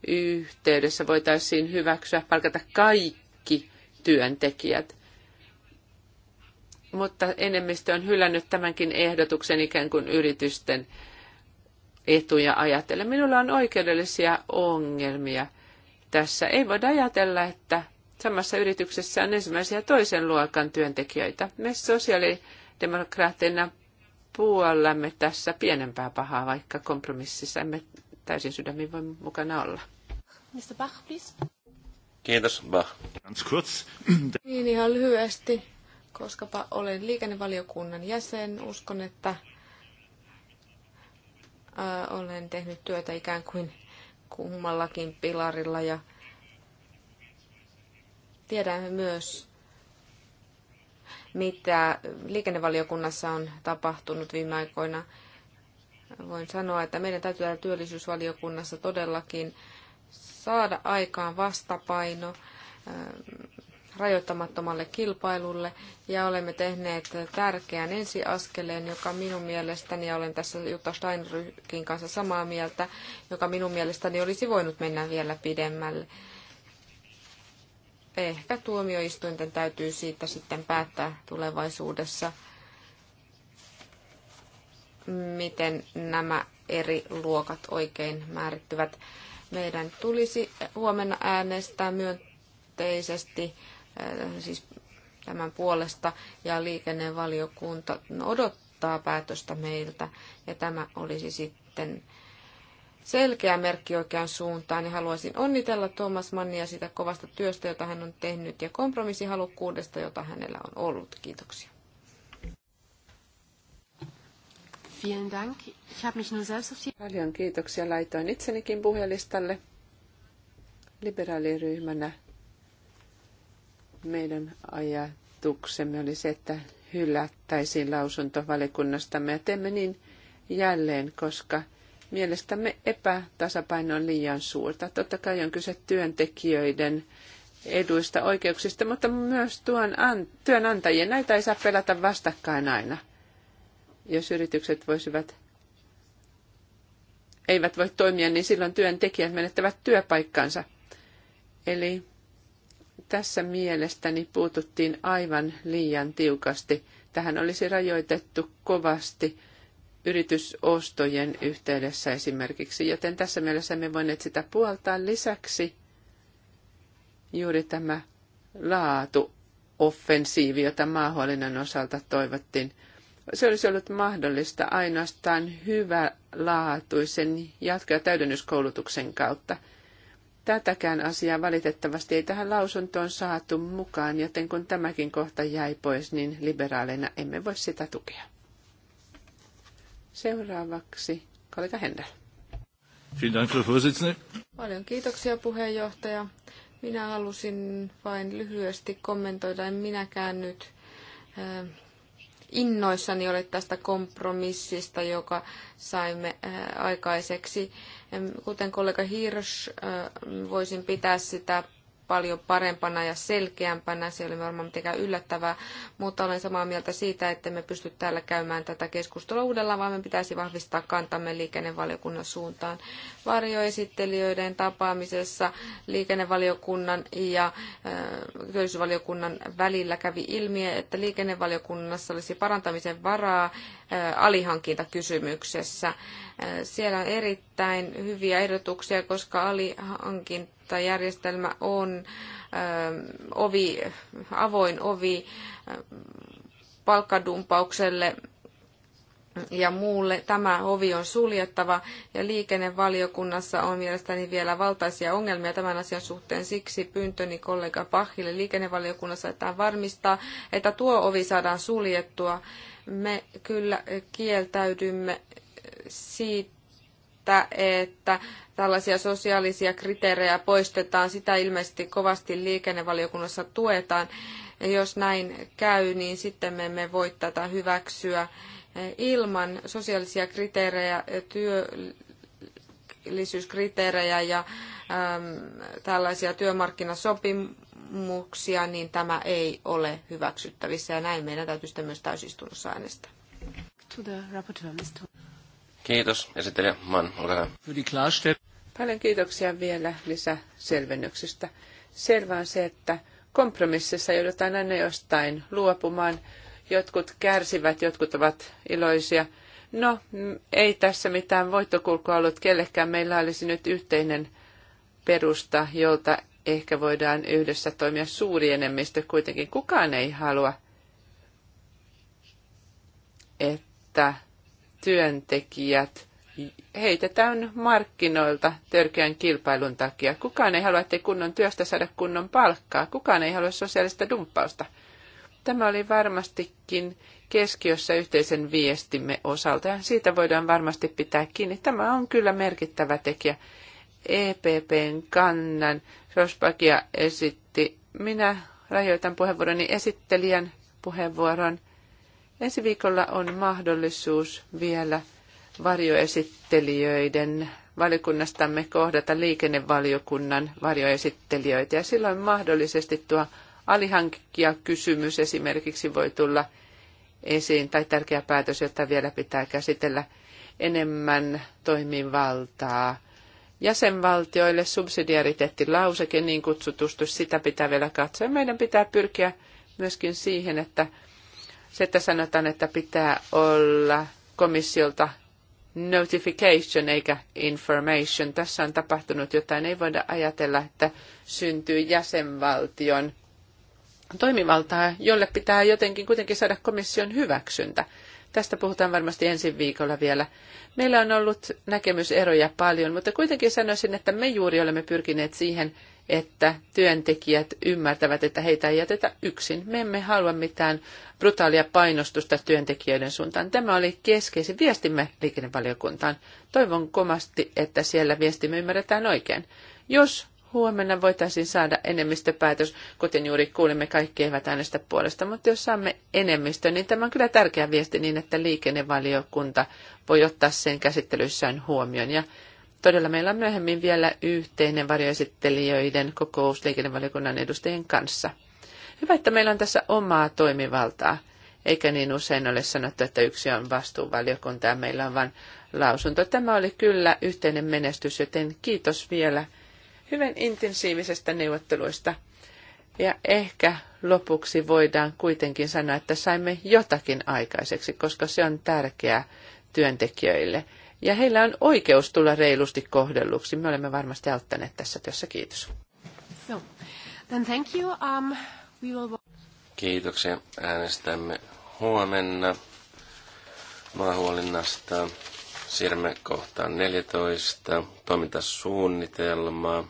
yhteydessä voitaisiin hyväksyä palkata kaikki työntekijät. Mutta enemmistö on hylännyt tämänkin ehdotuksen ikään kuin yritysten etuja ajatellen. Minulla on oikeudellisia ongelmia tässä. Ei voida ajatella, että samassa yrityksessä on ensimmäisiä ja toisen luokan työntekijöitä. Me sosiaalidemokraatteina puolellamme tässä pienempää pahaa, vaikka kompromississa emme täysin sydämin voi mukana olla. Mr. Bach, please. Kiitos, Bach. Ganz kurz. Niin ihan lyhyesti, koska olen liikennevaliokunnan jäsen. Uskon, että ää, äh, olen tehnyt työtä ikään kuin kummallakin pilarilla ja tiedämme myös, mitä liikennevaliokunnassa on tapahtunut viime aikoina. Voin sanoa, että meidän täytyy täällä työllisyysvaliokunnassa todellakin saada aikaan vastapaino ähm, rajoittamattomalle kilpailulle ja olemme tehneet tärkeän ensiaskeleen, joka minun mielestäni, ja olen tässä Jutta Steinrykin kanssa samaa mieltä, joka minun mielestäni olisi voinut mennä vielä pidemmälle ehkä tuomioistuinten täytyy siitä sitten päättää tulevaisuudessa, miten nämä eri luokat oikein määrittyvät. Meidän tulisi huomenna äänestää myönteisesti, äh, siis tämän puolesta, ja liikennevaliokunta odottaa päätöstä meiltä, ja tämä olisi sitten selkeä merkki oikeaan suuntaan ja niin haluaisin onnitella Thomas Mannia siitä kovasta työstä, jota hän on tehnyt ja kompromissihalukkuudesta, jota hänellä on ollut. Kiitoksia. Vielen Dank. Ich habe mich nur selbst auf die... Paljon kiitoksia. Laitoin itsenikin puhelistalle liberaaliryhmänä. Meidän ajatuksemme oli se, että hylättäisiin lausuntovalikunnastamme ja teemme niin jälleen, koska – Mielestämme epätasapaino on liian suurta. Totta kai on kyse työntekijöiden eduista, oikeuksista, mutta myös tuon an, työnantajien. Näitä ei saa pelata vastakkain aina. Jos yritykset voisivat, eivät voi toimia, niin silloin työntekijät menettävät työpaikkansa. Eli tässä mielestäni puututtiin aivan liian tiukasti. Tähän olisi rajoitettu kovasti yritysostojen yhteydessä esimerkiksi, joten tässä mielessä me voineet sitä puoltaa lisäksi juuri tämä laatuoffensiivi, jota maahuolinnan osalta toivottiin. Se olisi ollut mahdollista ainoastaan hyvälaatuisen jatko- ja täydennyskoulutuksen kautta. Tätäkään asiaa valitettavasti ei tähän lausuntoon saatu mukaan, joten kun tämäkin kohta jäi pois, niin liberaaleina emme voi sitä tukea. Seuraavaksi kollega Händel. Paljon kiitoksia puheenjohtaja. Minä halusin vain lyhyesti kommentoida, en minäkään nyt ähm, innoissani ole tästä kompromissista, joka saimme äh, aikaiseksi. Kuten kollega Hirsch, äh, voisin pitää sitä paljon parempana ja selkeämpänä. Se ei ole varmaan mitenkään yllättävää, mutta olen samaa mieltä siitä, että me pysty täällä käymään tätä keskustelua uudellaan, vaan me pitäisi vahvistaa kantamme liikennevaliokunnan suuntaan. Varjoesittelijöiden tapaamisessa liikennevaliokunnan ja äh, työllisyysvaliokunnan välillä kävi ilmi, että liikennevaliokunnassa olisi parantamisen varaa äh, alihankintakysymyksessä. Äh, siellä on erittäin hyviä ehdotuksia, koska alihankinta että järjestelmä on ähm, ovi, avoin ovi ähm, palkkadumpaukselle ja muulle. Tämä ovi on suljettava ja liikennevaliokunnassa on mielestäni vielä valtaisia ongelmia tämän asian suhteen. Siksi pyyntöni kollega Pahille liikennevaliokunnassa, että varmistaa, että tuo ovi saadaan suljettua. Me kyllä kieltäydymme siitä, että, että tällaisia sosiaalisia kriteerejä poistetaan. Sitä ilmeisesti kovasti liikennevaliokunnassa tuetaan. Ja jos näin käy, niin sitten me emme voi tätä hyväksyä. Ilman sosiaalisia kriteerejä, työllisyyskriteerejä ja äm, tällaisia työmarkkinasopimuksia, niin tämä ei ole hyväksyttävissä. Ja näin meidän täytyy sitten myös täysistunnossa äänestää. Kiitos, esittelijä Mann, olkaa hyvä. Paljon kiitoksia vielä lisäselvennyksestä. Selvä on se, että kompromississa joudutaan aina jostain luopumaan. Jotkut kärsivät, jotkut ovat iloisia. No, ei tässä mitään voittokulkua ollut kellekään. Meillä olisi nyt yhteinen perusta, jolta ehkä voidaan yhdessä toimia suuri enemmistö. Kuitenkin kukaan ei halua, että työntekijät heitetään markkinoilta törkeän kilpailun takia. Kukaan ei halua, ettei kunnon työstä saada kunnon palkkaa. Kukaan ei halua sosiaalista dumppausta. Tämä oli varmastikin keskiössä yhteisen viestimme osalta ja siitä voidaan varmasti pitää kiinni. Tämä on kyllä merkittävä tekijä. EPPn kannan Rosbakia esitti. Minä rajoitan puheenvuoroni esittelijän puheenvuoron. Ensi viikolla on mahdollisuus vielä varjoesittelijöiden valiokunnastamme kohdata liikennevaliokunnan varjoesittelijöitä. Ja silloin mahdollisesti tuo alihankkijakysymys esimerkiksi voi tulla esiin tai tärkeä päätös, jota vielä pitää käsitellä enemmän toimivaltaa. Jäsenvaltioille subsidiariteettilauseke niin kutsutusti, sitä pitää vielä katsoa. Meidän pitää pyrkiä myöskin siihen, että se, että sanotaan, että pitää olla komissiolta notification eikä information. Tässä on tapahtunut jotain. Ei voida ajatella, että syntyy jäsenvaltion toimivaltaa, jolle pitää jotenkin kuitenkin saada komission hyväksyntä. Tästä puhutaan varmasti ensi viikolla vielä. Meillä on ollut näkemyseroja paljon, mutta kuitenkin sanoisin, että me juuri olemme pyrkineet siihen, että työntekijät ymmärtävät, että heitä ei jätetä yksin. Me emme halua mitään brutaalia painostusta työntekijöiden suuntaan. Tämä oli keskeisin viestimme liikennevaliokuntaan. Toivon komasti, että siellä viestimme ymmärretään oikein. Jos huomenna voitaisiin saada enemmistöpäätös, kuten juuri kuulimme, kaikki eivät äänestä puolesta, mutta jos saamme enemmistön, niin tämä on kyllä tärkeä viesti niin, että liikennevaliokunta voi ottaa sen käsittelyssään huomioon. Ja todella meillä on myöhemmin vielä yhteinen varjoesittelijöiden kokous liikennevaliokunnan edustajien kanssa. Hyvä, että meillä on tässä omaa toimivaltaa, eikä niin usein ole sanottu, että yksi on vastuuvaliokunta ja meillä on vain lausunto. Tämä oli kyllä yhteinen menestys, joten kiitos vielä hyvin intensiivisestä neuvotteluista. Ja ehkä lopuksi voidaan kuitenkin sanoa, että saimme jotakin aikaiseksi, koska se on tärkeää työntekijöille – ja heillä on oikeus tulla reilusti kohdelluksi. Me olemme varmasti auttaneet tässä työssä. Kiitos. So, then thank you. Um, we will... Kiitoksia. Äänestämme huomenna maahuolinnasta. Siirrymme kohtaan 14. Toimintasuunnitelmaa.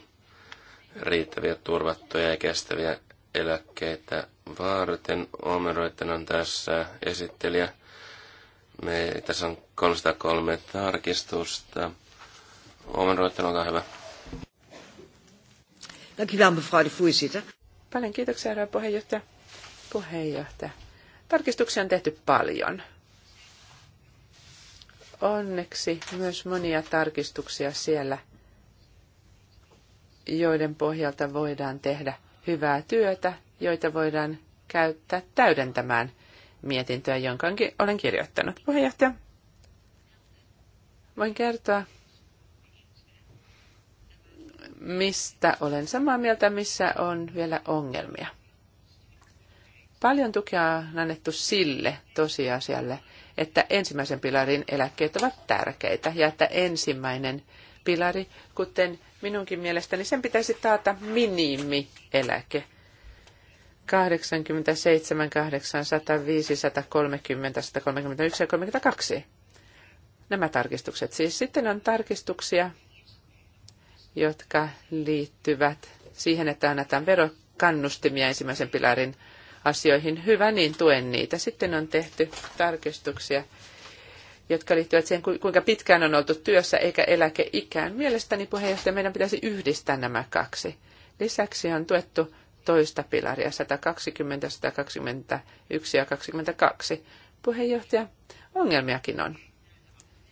Riittäviä, turvattuja ja kestäviä eläkkeitä varten. Omeroitten on tässä esittelijä. Me, tässä on 303 tarkistusta. Omen Ruotten, olkaa hyvä. Dankjewel, mevrouw de voorzitter. Paljon kiitoksia, herra puheenjohtaja. Puheenjohtaja. Tarkistuksia on tehty paljon. Onneksi myös monia tarkistuksia siellä, joiden pohjalta voidaan tehdä hyvää työtä, joita voidaan käyttää täydentämään mietintöä, jonka olen kirjoittanut. Puheenjohtaja, Voin kertoa, mistä olen samaa mieltä, missä on vielä ongelmia. Paljon tukea on annettu sille tosiasialle, että ensimmäisen pilarin eläkkeet ovat tärkeitä ja että ensimmäinen pilari, kuten minunkin mielestäni, sen pitäisi taata minimieläke. 87, 800, 500, 131 ja 32. Nämä tarkistukset siis. Sitten on tarkistuksia, jotka liittyvät siihen, että annetaan verokannustimia ensimmäisen pilarin asioihin. Hyvä, niin tuen niitä. Sitten on tehty tarkistuksia, jotka liittyvät siihen, kuinka pitkään on oltu työssä eikä eläkeikään. Mielestäni puheenjohtaja meidän pitäisi yhdistää nämä kaksi. Lisäksi on tuettu toista pilaria 120, 121 ja 22. Puheenjohtaja, ongelmiakin on.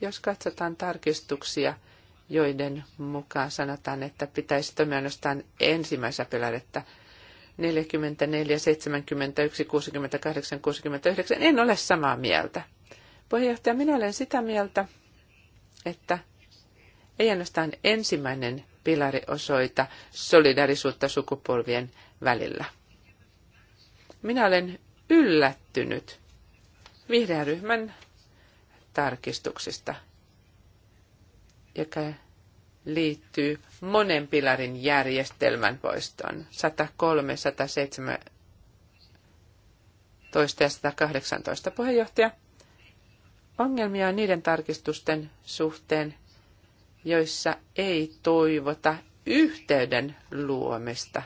Jos katsotaan tarkistuksia, joiden mukaan sanotaan, että pitäisi toimia ainoastaan ensimmäisessä pelätettä 44, 71, 68, 69, en ole samaa mieltä. Puheenjohtaja, minä olen sitä mieltä, että ei ainoastaan ensimmäinen pilari osoita solidarisuutta sukupolvien välillä. Minä olen yllättynyt vihreän ryhmän tarkistuksista, joka liittyy monen pilarin järjestelmän poistoon. 103, 107, ja 118 puheenjohtaja. Ongelmia on niiden tarkistusten suhteen, joissa ei toivota yhteyden luomista,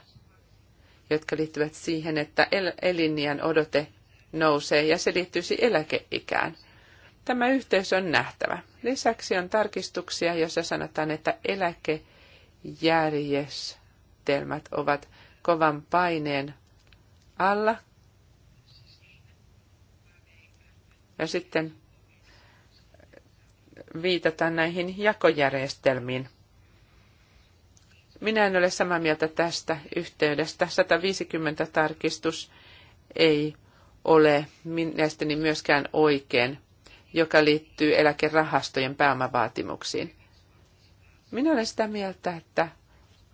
jotka liittyvät siihen, että elinjään odote nousee ja se liittyisi eläkeikään. Tämä yhteys on nähtävä. Lisäksi on tarkistuksia, joissa sanotaan, että eläkejärjestelmät ovat kovan paineen alla. Ja sitten viitataan näihin jakojärjestelmiin. Minä en ole samaa mieltä tästä yhteydestä. 150 tarkistus ei ole mielestäni myöskään oikein joka liittyy eläkerahastojen pääomavaatimuksiin. Minä olen sitä mieltä, että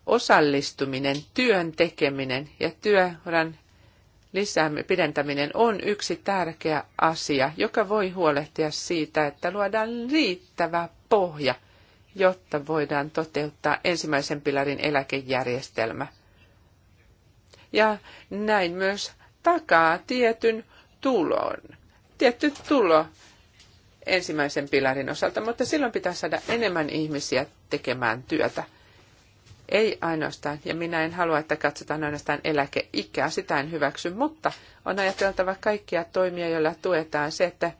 osallistuminen, työn tekeminen ja työuran lisäämme, pidentäminen on yksi tärkeä asia, joka voi huolehtia siitä, että luodaan riittävä pohja, jotta voidaan toteuttaa ensimmäisen pilarin eläkejärjestelmä. Ja näin myös takaa tietyn tulon. Tietty tulo, ensimmäisen pilarin osalta, mutta silloin pitää saada enemmän ihmisiä tekemään työtä. Ei ainoastaan, ja minä en halua, että katsotaan ainoastaan eläkeikää, sitä en hyväksy, mutta on ajateltava kaikkia toimia, joilla tuetaan se, että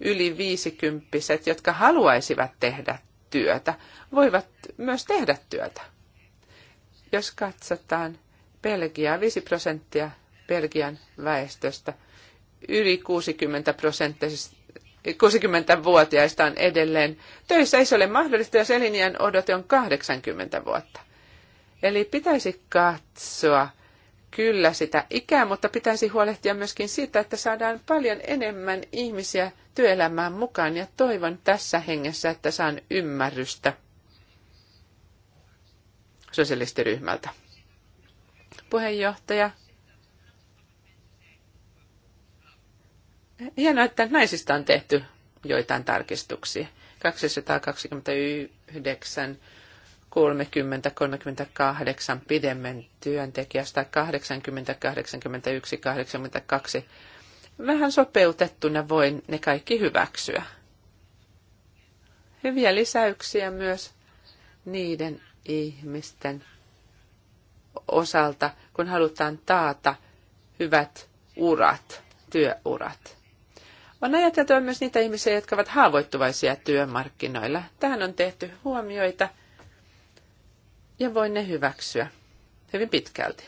yli viisikymppiset, jotka haluaisivat tehdä työtä, voivat myös tehdä työtä. Jos katsotaan Belgiaa, 5 prosenttia Belgian väestöstä, yli 60 prosenttisesti 60-vuotiaista on edelleen töissä. Ei se ole mahdollista, jos elinjään odote on 80 vuotta. Eli pitäisi katsoa kyllä sitä ikää, mutta pitäisi huolehtia myöskin siitä, että saadaan paljon enemmän ihmisiä työelämään mukaan. Ja toivon tässä hengessä, että saan ymmärrystä sosialistiryhmältä. Puheenjohtaja Hienoa, että naisista on tehty joitain tarkistuksia. 229, 30, 38 pidemmän työntekijästä, 80, 81, 82. Vähän sopeutettuna voin ne kaikki hyväksyä. Hyviä lisäyksiä myös niiden ihmisten osalta, kun halutaan taata hyvät urat, työurat on ajateltava myös niitä ihmisiä, jotka ovat haavoittuvaisia työmarkkinoilla. Tähän on tehty huomioita ja voin ne hyväksyä hyvin pitkälti.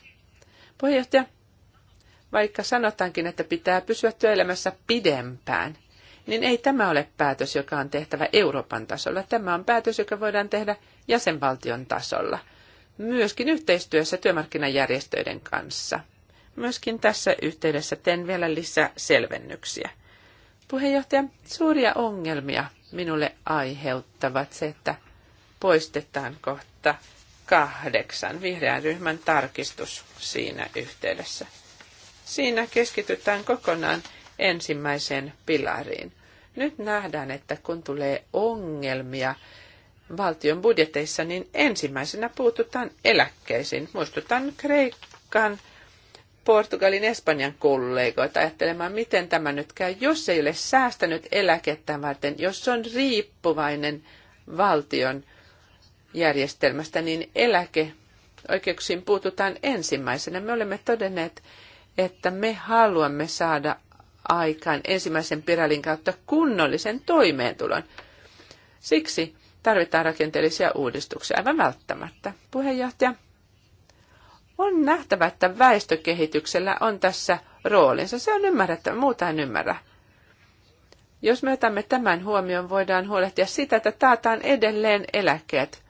Puheenjohtaja, vaikka sanotaankin, että pitää pysyä työelämässä pidempään, niin ei tämä ole päätös, joka on tehtävä Euroopan tasolla. Tämä on päätös, joka voidaan tehdä jäsenvaltion tasolla, myöskin yhteistyössä työmarkkinajärjestöiden kanssa. Myöskin tässä yhteydessä teen vielä lisää selvennyksiä. Puheenjohtaja, suuria ongelmia minulle aiheuttavat se, että poistetaan kohta kahdeksan vihreän ryhmän tarkistus siinä yhteydessä. Siinä keskitytään kokonaan ensimmäiseen pilariin. Nyt nähdään, että kun tulee ongelmia valtion budjeteissa, niin ensimmäisenä puututaan eläkkeisiin. Muistutan Kreikan Portugalin Espanjan kollegoita ajattelemaan, miten tämä nyt käy, jos ei ole säästänyt eläkettä varten, jos on riippuvainen valtion järjestelmästä, niin eläkeoikeuksiin puututaan ensimmäisenä. Me olemme todenneet, että me haluamme saada aikaan ensimmäisen piralin kautta kunnollisen toimeentulon. Siksi tarvitaan rakenteellisia uudistuksia aivan välttämättä. Puheenjohtaja, on nähtävä, että väestökehityksellä on tässä roolinsa. Se on ymmärrettävä, muuta en ymmärrä. Jos me otamme tämän huomioon, voidaan huolehtia sitä, että taataan edelleen eläkkeet.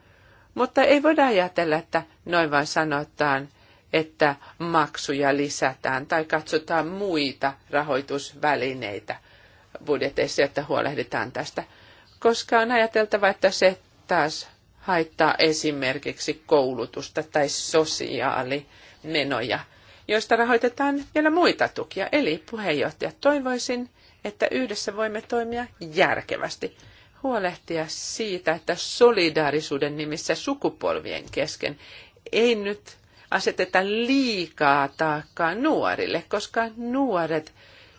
Mutta ei voida ajatella, että noin vain sanotaan, että maksuja lisätään tai katsotaan muita rahoitusvälineitä budjeteissa, että huolehditaan tästä. Koska on ajateltava, että se taas haittaa esimerkiksi koulutusta tai sosiaalimenoja, joista rahoitetaan vielä muita tukia. Eli puheenjohtaja, toivoisin, että yhdessä voimme toimia järkevästi, huolehtia siitä, että solidaarisuuden nimissä sukupolvien kesken ei nyt aseteta liikaa taakkaa nuorille, koska nuoret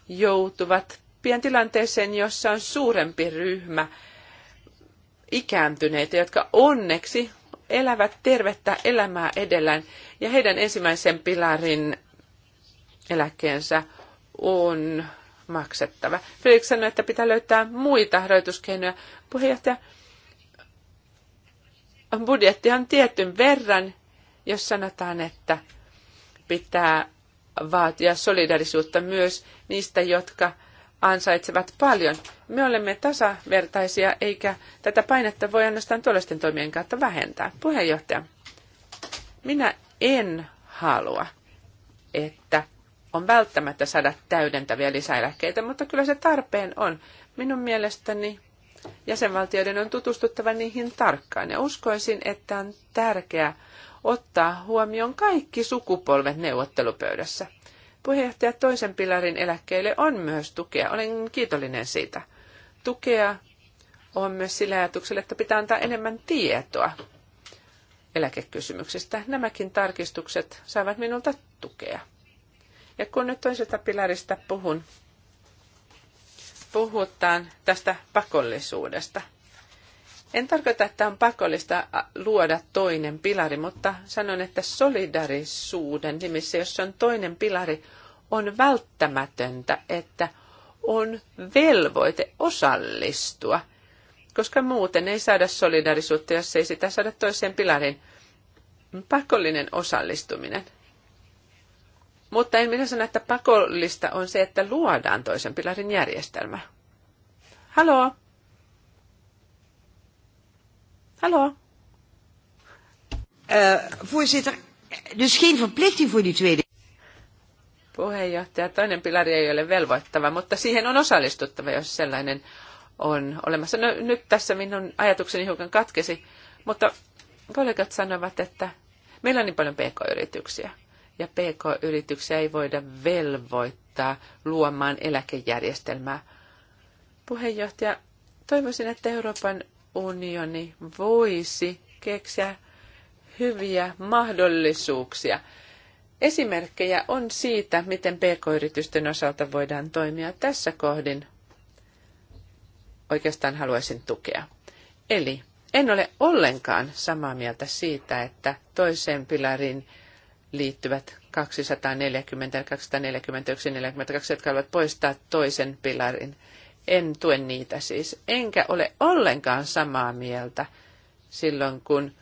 joutuvat pian tilanteeseen, jossa on suurempi ryhmä ikääntyneitä, jotka onneksi elävät tervettä elämää edellään. Ja heidän ensimmäisen pilarin eläkkeensä on maksettava. Felix sanoi, että pitää löytää muita rahoituskeinoja. Puheenjohtaja, budjetti on tietyn verran, jos sanotaan, että pitää vaatia solidarisuutta myös niistä, jotka ansaitsevat paljon. Me olemme tasavertaisia, eikä tätä painetta voi ainoastaan tuollaisten toimien kautta vähentää. Puheenjohtaja, minä en halua, että on välttämättä saada täydentäviä lisäeläkkeitä, mutta kyllä se tarpeen on. Minun mielestäni jäsenvaltioiden on tutustuttava niihin tarkkaan ja uskoisin, että on tärkeää ottaa huomioon kaikki sukupolvet neuvottelupöydässä. Puheenjohtaja toisen pilarin eläkkeelle on myös tukea. Olen kiitollinen siitä. Tukea on myös sillä ajatuksella, että pitää antaa enemmän tietoa eläkekysymyksistä. Nämäkin tarkistukset saavat minulta tukea. Ja kun nyt toisesta pilarista puhun, puhutaan tästä pakollisuudesta – en tarkoita, että on pakollista äh, luoda toinen pilari, mutta sanon, että solidarisuuden nimissä, jos on toinen pilari, on välttämätöntä, että on velvoite osallistua, koska muuten ei saada solidarisuutta, jos ei sitä saada toiseen pilarin. Pakollinen osallistuminen. Mutta en minä sano, että pakollista on se, että luodaan toisen pilarin järjestelmä. Haloo! Hallo. Uh, voorzitter, dus geen verplichting voor die tweede. Puheenjohtaja, toinen pilari ei ole velvoittava, mutta siihen on osallistuttava, jos sellainen on olemassa. No, nyt tässä minun ajatukseni hiukan katkesi, mutta kollegat sanovat, että meillä on niin paljon pk-yrityksiä ja pk-yrityksiä ei voida velvoittaa luomaan eläkejärjestelmää. Puheenjohtaja, toivoisin, että Euroopan unioni voisi keksiä hyviä mahdollisuuksia. Esimerkkejä on siitä, miten pk-yritysten osalta voidaan toimia tässä kohdin. Oikeastaan haluaisin tukea. Eli en ole ollenkaan samaa mieltä siitä, että toiseen pilariin liittyvät 240, 241, 42, jotka haluavat poistaa toisen pilarin en tue niitä siis, enkä ole ollenkaan samaa mieltä silloin, kun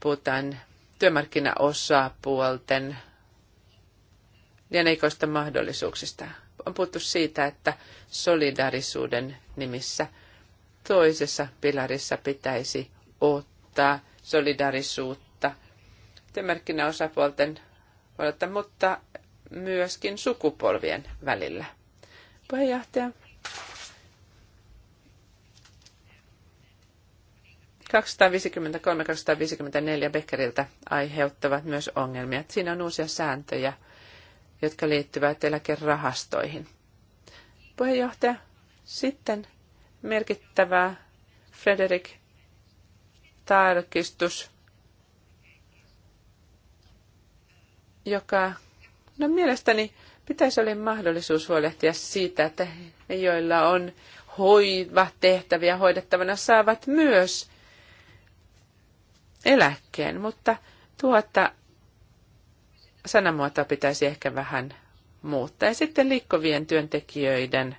puhutaan työmarkkinaosapuolten lieneikoista mahdollisuuksista. On puhuttu siitä, että solidarisuuden nimissä toisessa pilarissa pitäisi ottaa solidarisuutta työmarkkinaosapuolten puolelta, mutta myöskin sukupolvien välillä. Puheenjohtaja, 253-254 Beckeriltä aiheuttavat myös ongelmia. Siinä on uusia sääntöjä, jotka liittyvät eläkerahastoihin. Puheenjohtaja, sitten merkittävä Frederik tarkistus, joka no mielestäni pitäisi olla mahdollisuus huolehtia siitä, että ne, joilla on hoivatehtäviä hoidettavana, saavat myös eläkkeen, mutta tuota sanamuotoa pitäisi ehkä vähän muuttaa. Ja sitten liikkuvien työntekijöiden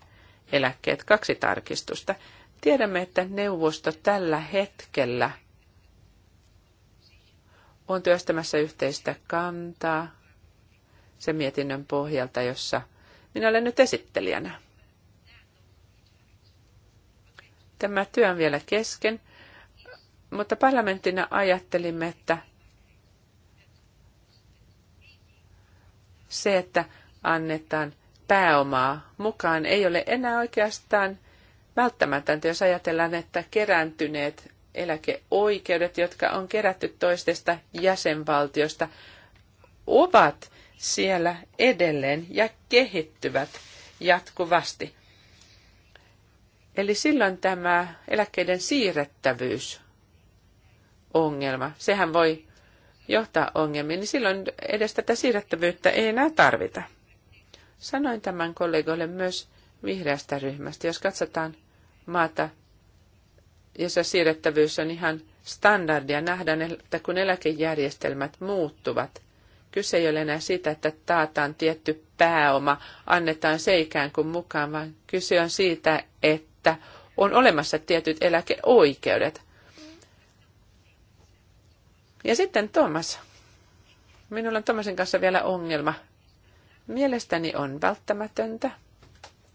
eläkkeet, kaksi tarkistusta. Tiedämme, että neuvosto tällä hetkellä on työstämässä yhteistä kantaa sen mietinnön pohjalta, jossa minä olen nyt esittelijänä. Tämä työ on vielä kesken. Mutta parlamenttina ajattelimme, että se, että annetaan pääomaa mukaan, ei ole enää oikeastaan välttämätöntä, jos ajatellaan, että kerääntyneet eläkeoikeudet, jotka on kerätty toistesta jäsenvaltiosta, ovat siellä edelleen ja kehittyvät jatkuvasti. Eli silloin tämä eläkkeiden siirrettävyys ongelma, sehän voi johtaa ongelmiin, niin silloin edes tätä siirrettävyyttä ei enää tarvita. Sanoin tämän kollegoille myös vihreästä ryhmästä. Jos katsotaan maata, jossa siirrettävyys on ihan standardia, nähdään, että kun eläkejärjestelmät muuttuvat, kyse ei ole enää siitä, että taataan tietty pääoma, annetaan se ikään kuin mukaan, vaan kyse on siitä, että on olemassa tietyt eläkeoikeudet. Ja sitten Thomas. Minulla on Thomasin kanssa vielä ongelma. Mielestäni on välttämätöntä,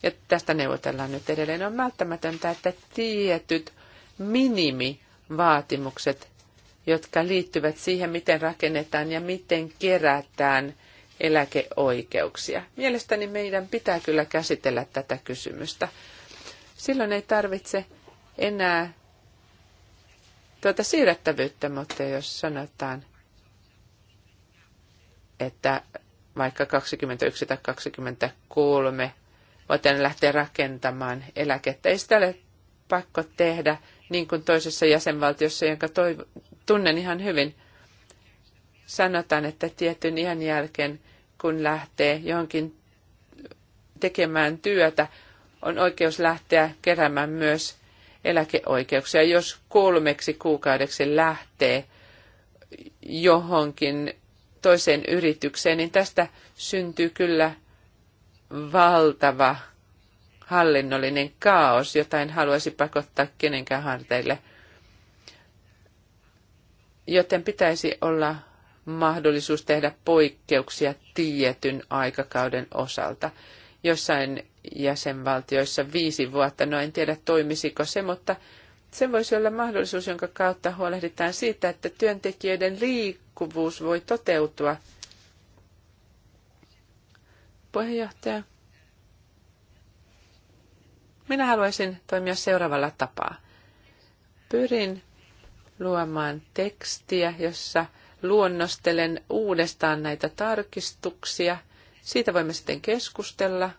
ja tästä neuvotellaan nyt edelleen, on välttämätöntä, että tietyt minimivaatimukset, jotka liittyvät siihen, miten rakennetaan ja miten kerätään eläkeoikeuksia. Mielestäni meidän pitää kyllä käsitellä tätä kysymystä. Silloin ei tarvitse enää tuota siirrettävyyttä, mutta jos sanotaan, että vaikka 21 tai 23 voidaan lähteä rakentamaan eläkettä, ei sitä ole pakko tehdä niin kuin toisessa jäsenvaltiossa, jonka toiv- tunnen ihan hyvin. Sanotaan, että tietyn iän jälkeen, kun lähtee johonkin tekemään työtä, on oikeus lähteä keräämään myös eläkeoikeuksia, jos kolmeksi kuukaudeksi lähtee johonkin toiseen yritykseen, niin tästä syntyy kyllä valtava hallinnollinen kaos, jota en haluaisi pakottaa kenenkään harteille. Joten pitäisi olla mahdollisuus tehdä poikkeuksia tietyn aikakauden osalta. Jossain jäsenvaltioissa viisi vuotta. No en tiedä toimisiko se, mutta se voisi olla mahdollisuus, jonka kautta huolehditaan siitä, että työntekijöiden liikkuvuus voi toteutua. Puheenjohtaja. Minä haluaisin toimia seuraavalla tapaa. Pyrin luomaan tekstiä, jossa luonnostelen uudestaan näitä tarkistuksia. Siitä voimme sitten keskustella –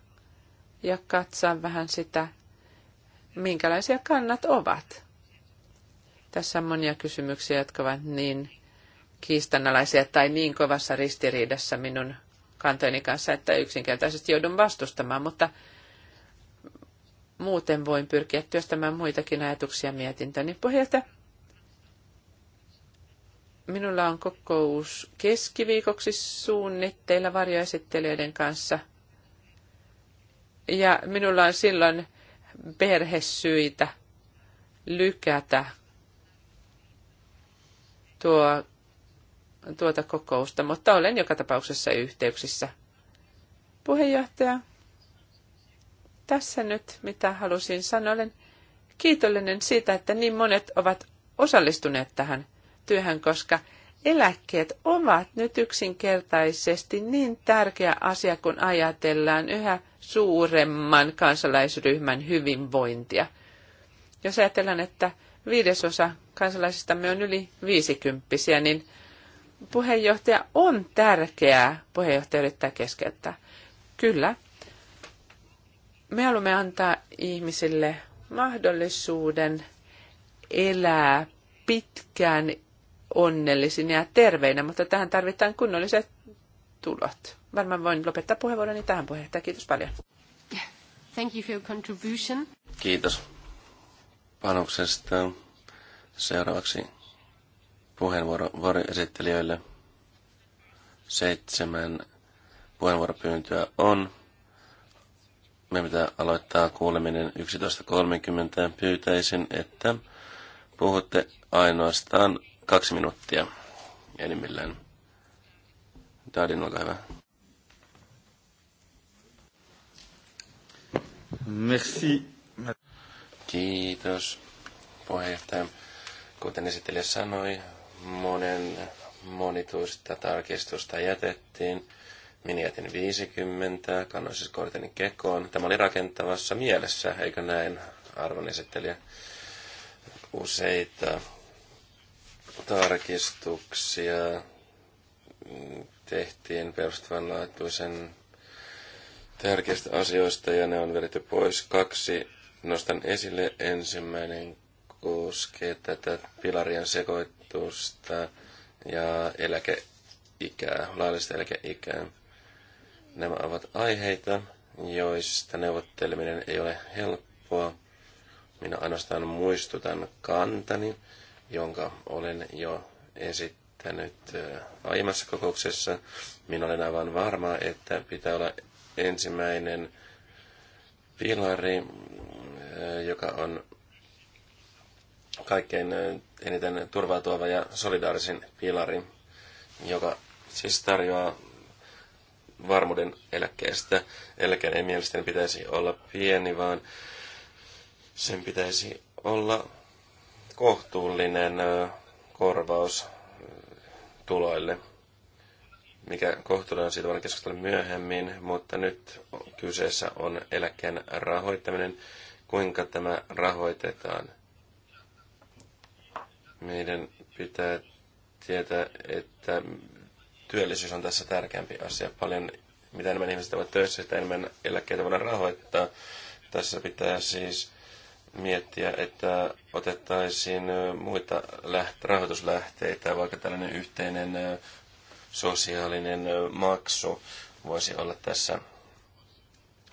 ja katsoa vähän sitä, minkälaisia kannat ovat. Tässä on monia kysymyksiä, jotka ovat niin kiistanalaisia tai niin kovassa ristiriidassa minun kantojeni kanssa, että yksinkertaisesti joudun vastustamaan, mutta muuten voin pyrkiä työstämään muitakin ajatuksia mietintöni pohjalta. Minulla on kokous keskiviikoksi suunnitteilla varjoesittelijöiden kanssa – ja minulla on silloin perhesyitä lykätä tuo, tuota kokousta, mutta olen joka tapauksessa yhteyksissä. Puheenjohtaja, tässä nyt mitä halusin sanoa. Olen kiitollinen siitä, että niin monet ovat osallistuneet tähän työhön, koska eläkkeet ovat nyt yksinkertaisesti niin tärkeä asia, kun ajatellaan yhä suuremman kansalaisryhmän hyvinvointia. Jos ajatellaan, että viidesosa kansalaisistamme on yli viisikymppisiä, niin puheenjohtaja on tärkeää, puheenjohtaja yrittää keskeyttää. Kyllä, me haluamme antaa ihmisille mahdollisuuden elää pitkään onnellisina ja terveinä, mutta tähän tarvitaan kunnolliset tulot. Varmaan voin lopettaa puheenvuoroni tähän puheenjohtaja. Kiitos paljon. Thank you for your contribution. Kiitos panoksesta. Seuraavaksi puheenvuoro varjoesittelijöille. Seitsemän puheenvuoropyyntöä on. Me pitää aloittaa kuuleminen 11.30. Pyytäisin, että puhutte ainoastaan Kaksi minuuttia enimmillään. Dadin, olkaa hyvä. Merci. Kiitos, puheenjohtaja. Kuten esittelijä sanoi, monen monituista tarkistusta jätettiin. Minä jätin 50, kannoin siis korteni kekoon. Tämä oli rakentavassa mielessä, eikö näin, arvon esittelijä? Useita tarkistuksia tehtiin perustavanlaatuisen tärkeistä asioista ja ne on vedetty pois. Kaksi nostan esille. Ensimmäinen koskee tätä pilarien sekoitusta ja eläkeikää, laillista eläkeikää. Nämä ovat aiheita, joista neuvotteleminen ei ole helppoa. Minä ainoastaan muistutan kantani jonka olen jo esittänyt aiemmassa kokouksessa. Minä olen aivan varma, että pitää olla ensimmäinen pilari, joka on kaikkein eniten turvautuva ja solidaarisin pilari, joka siis tarjoaa varmuuden eläkkeestä. Eläkkeen ei mielestäni pitäisi olla pieni, vaan sen pitäisi olla kohtuullinen korvaus tuloille. Mikä kohtuullinen on, siitä voidaan keskustella myöhemmin, mutta nyt kyseessä on eläkkeen rahoittaminen. Kuinka tämä rahoitetaan? Meidän pitää tietää, että työllisyys on tässä tärkeämpi asia. Paljon, mitä enemmän ihmiset ovat töissä, sitä enemmän eläkkeitä voidaan rahoittaa. Tässä pitää siis miettiä, että otettaisiin muita läht- rahoituslähteitä, vaikka tällainen yhteinen sosiaalinen maksu voisi olla tässä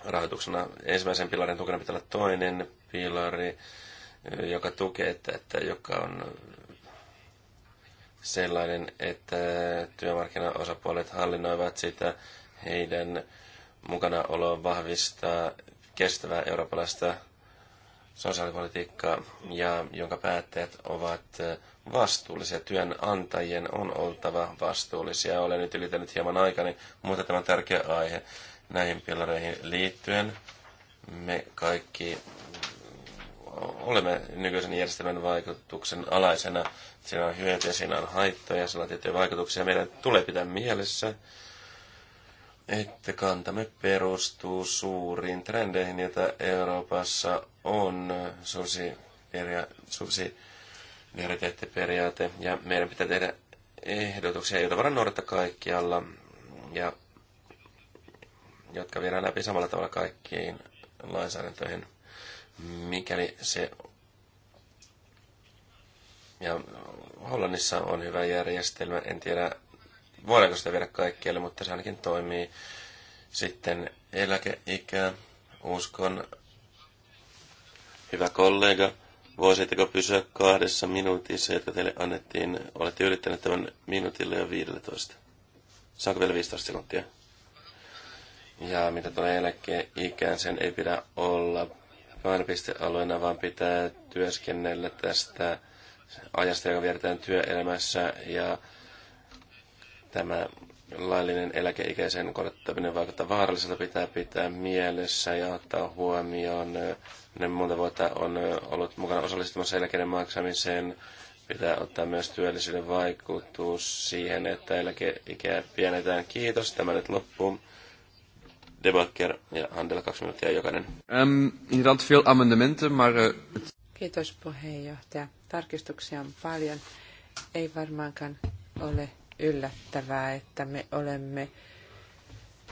rahoituksena. Ensimmäisen pilarin tukena pitää olla toinen pilari, joka tukee, että, että joka on sellainen, että työmarkkinaosapuolet hallinnoivat sitä heidän mukanaoloa vahvistaa kestävää eurooppalaista sosiaalipolitiikkaa ja jonka päättäjät ovat vastuullisia. Työnantajien on oltava vastuullisia. Olen nyt ylitänyt hieman aikani, mutta tämä on tärkeä aihe näihin pilareihin liittyen. Me kaikki mm, olemme nykyisen järjestelmän vaikutuksen alaisena. Siinä on hyötyjä, siinä on haittoja, sillä on tiettyjä vaikutuksia. Meidän tulee pitää mielessä, että kantamme perustuu suuriin trendeihin, joita Euroopassa on subsidiariteettiperiaate. Ja meidän pitää tehdä ehdotuksia, joita voidaan noudattaa kaikkialla ja jotka viedään läpi samalla tavalla kaikkiin lainsäädäntöihin, mikäli se ja Hollannissa on hyvä järjestelmä. En tiedä, voidaanko sitä viedä kaikkialle, mutta se ainakin toimii. Sitten eläkeikä, uskon, hyvä kollega, voisitteko pysyä kahdessa minuutissa, jotka teille annettiin, olette ylittäneet tämän minuutille jo 15. Saanko vielä 15 sekuntia? Ja mitä tulee eläkeikään, sen ei pidä olla painopistealueena, vaan pitää työskennellä tästä ajasta, joka vietetään työelämässä ja Tämä laillinen eläkeikäisen korottaminen vaikuttaa vaaralliselta, pitää pitää mielessä ja ottaa huomioon. Ne monta vuotta on ollut mukana osallistumassa eläkeiden maksamiseen. Pitää ottaa myös työllisyyden vaikutus siihen, että eläkeikää pienetään. Kiitos, tämä nyt loppuu. Debakker ja Handel kaksi minuuttia jokainen. Um, veel amendementen, maar... Eh, Kiitos puheenjohtaja. Tarkistuksia on paljon. Ei varmaankaan ole yllättävää, että me olemme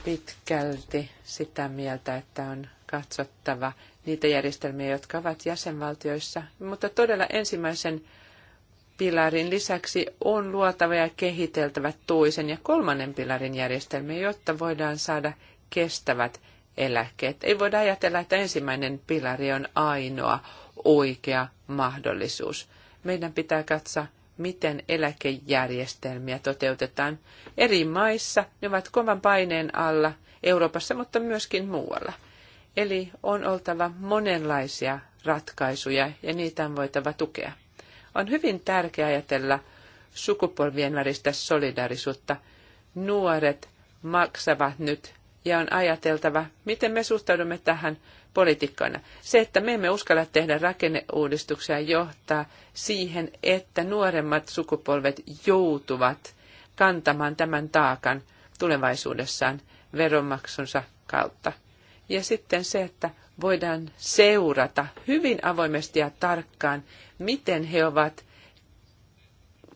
pitkälti sitä mieltä, että on katsottava niitä järjestelmiä, jotka ovat jäsenvaltioissa, mutta todella ensimmäisen pilarin lisäksi on luotava ja kehiteltävä toisen ja kolmannen pilarin järjestelmiä, jotta voidaan saada kestävät eläkkeet. Ei voida ajatella, että ensimmäinen pilari on ainoa oikea mahdollisuus. Meidän pitää katsoa miten eläkejärjestelmiä toteutetaan eri maissa. Ne ovat kovan paineen alla Euroopassa, mutta myöskin muualla. Eli on oltava monenlaisia ratkaisuja ja niitä on voitava tukea. On hyvin tärkeää ajatella sukupolvien välistä solidarisuutta. Nuoret maksavat nyt ja on ajateltava, miten me suhtaudumme tähän poliitikkoina. Se, että me emme uskalla tehdä rakenneuudistuksia, johtaa siihen, että nuoremmat sukupolvet joutuvat kantamaan tämän taakan tulevaisuudessaan veronmaksunsa kautta. Ja sitten se, että voidaan seurata hyvin avoimesti ja tarkkaan, miten he ovat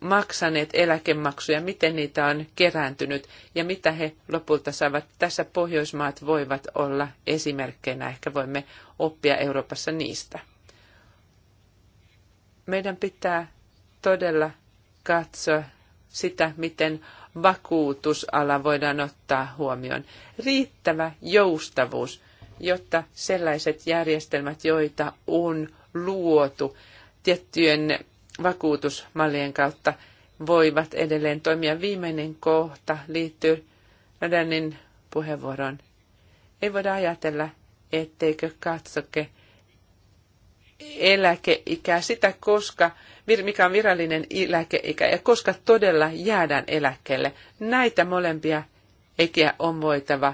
maksaneet eläkemaksuja, miten niitä on kerääntynyt ja mitä he lopulta saavat. Tässä Pohjoismaat voivat olla esimerkkeinä, ehkä voimme oppia Euroopassa niistä. Meidän pitää todella katsoa sitä, miten vakuutusala voidaan ottaa huomioon. Riittävä joustavuus, jotta sellaiset järjestelmät, joita on luotu tiettyjen vakuutusmallien kautta voivat edelleen toimia. Viimeinen kohta liittyy Radanin puheenvuoroon. Ei voida ajatella, etteikö katsoke eläkeikää, sitä koska, mikä on virallinen eläkeikä ja koska todella jäädään eläkkeelle. Näitä molempia ikiä on voitava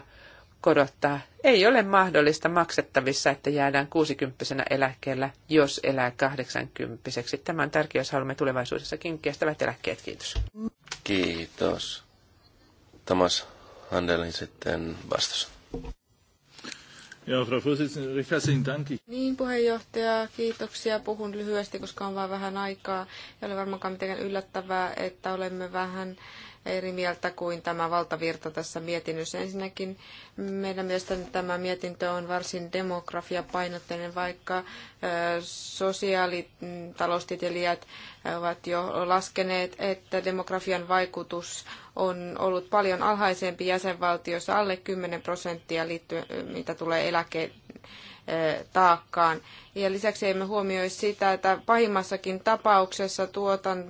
korottaa ei ole mahdollista maksettavissa, että jäädään 60 eläkkeellä, jos elää 80 Tämä on tärkeää, jos haluamme tulevaisuudessakin kestävät eläkkeet. Kiitos. Kiitos. Thomas Handelin sitten vastus. Niin, puheenjohtaja, kiitoksia. Puhun lyhyesti, koska on vain vähän aikaa. Ei ole varmaankaan mitenkään yllättävää, että olemme vähän eri mieltä kuin tämä valtavirta tässä mietinnössä. Ensinnäkin meidän mielestämme tämä mietintö on varsin demografiapainotteinen, vaikka sosiaalitaloustieteilijät ovat jo laskeneet, että demografian vaikutus on ollut paljon alhaisempi jäsenvaltiossa, alle 10 prosenttia liittyen, mitä tulee eläke taakkaan. Ja lisäksi emme huomioi sitä, että pahimmassakin tapauksessa tuotan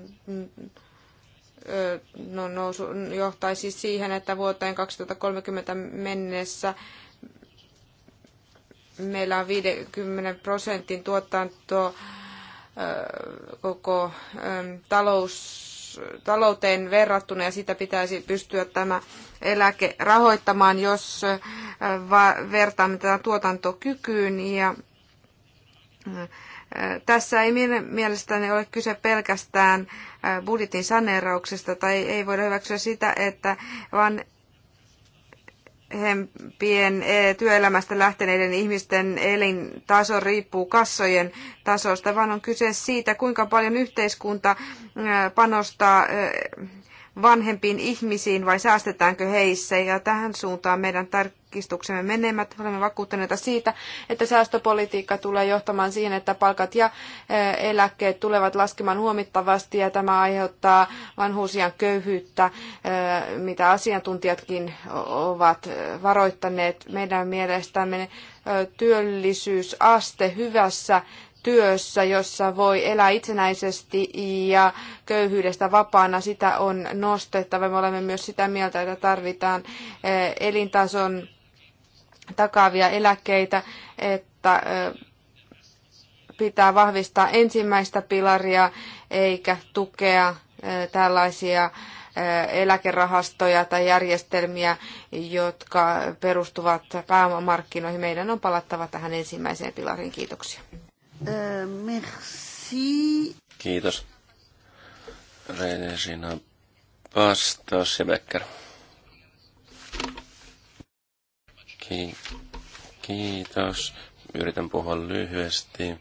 no, nousu johtaisi siihen, että vuoteen 2030 mennessä meillä on 50 prosentin tuotanto koko talous, talouteen verrattuna ja sitä pitäisi pystyä tämä eläke rahoittamaan, jos vertaamme tätä tuotantokykyyn ja tässä ei mielestäni ole kyse pelkästään budjetin saneerauksesta tai ei voida hyväksyä sitä, että vaan vanhempien työelämästä lähteneiden ihmisten elintaso riippuu kassojen tasosta, vaan on kyse siitä, kuinka paljon yhteiskunta panostaa vanhempiin ihmisiin vai säästetäänkö heissä. Ja tähän suuntaan meidän tarkistuksemme menemät. Olemme vakuuttuneita siitä, että säästöpolitiikka tulee johtamaan siihen, että palkat ja eläkkeet tulevat laskemaan huomattavasti ja tämä aiheuttaa vanhuusian köyhyyttä, mitä asiantuntijatkin ovat varoittaneet. Meidän mielestämme työllisyysaste hyvässä työssä, jossa voi elää itsenäisesti ja köyhyydestä vapaana, sitä on nostettava. Me olemme myös sitä mieltä, että tarvitaan eh, elintason takaavia eläkkeitä, että eh, pitää vahvistaa ensimmäistä pilaria eikä tukea eh, tällaisia eläkerahastoja tai järjestelmiä, jotka perustuvat pääomamarkkinoihin. Meidän on palattava tähän ensimmäiseen pilariin. Kiitoksia. Euh, merci. Kiitos. Regina Bastos ja Becker. Ki- kiitos. Yritän puhua lyhyesti.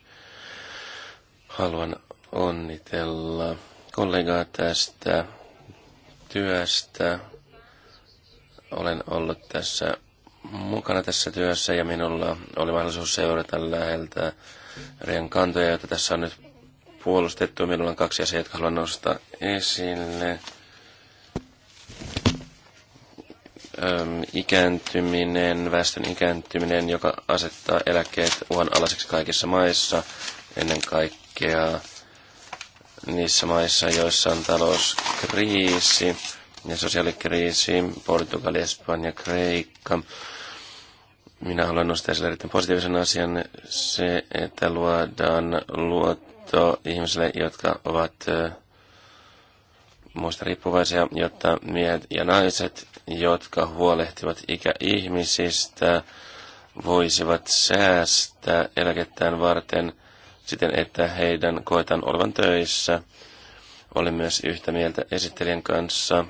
Haluan onnitella kollegaa tästä työstä. Olen ollut tässä mukana tässä työssä ja minulla oli mahdollisuus seurata läheltä Rean kantoja, joita tässä on nyt puolustettu. Minulla on kaksi asiaa, jotka haluan nostaa esille. Öm, ikääntyminen, väestön ikääntyminen, joka asettaa eläkkeet uhanalaiseksi kaikissa maissa, ennen kaikkea niissä maissa, joissa on talouskriisi ja sosiaalikriisi, Portugali, Espanja, Kreikka. Minä haluan nostaa esille erittäin positiivisen asian se, että luodaan luotto ihmisille, jotka ovat muista riippuvaisia, jotta miehet ja naiset, jotka huolehtivat ikäihmisistä, voisivat säästää eläkettään varten siten, että heidän koetaan olevan töissä. Olen myös yhtä mieltä esittelijän kanssa.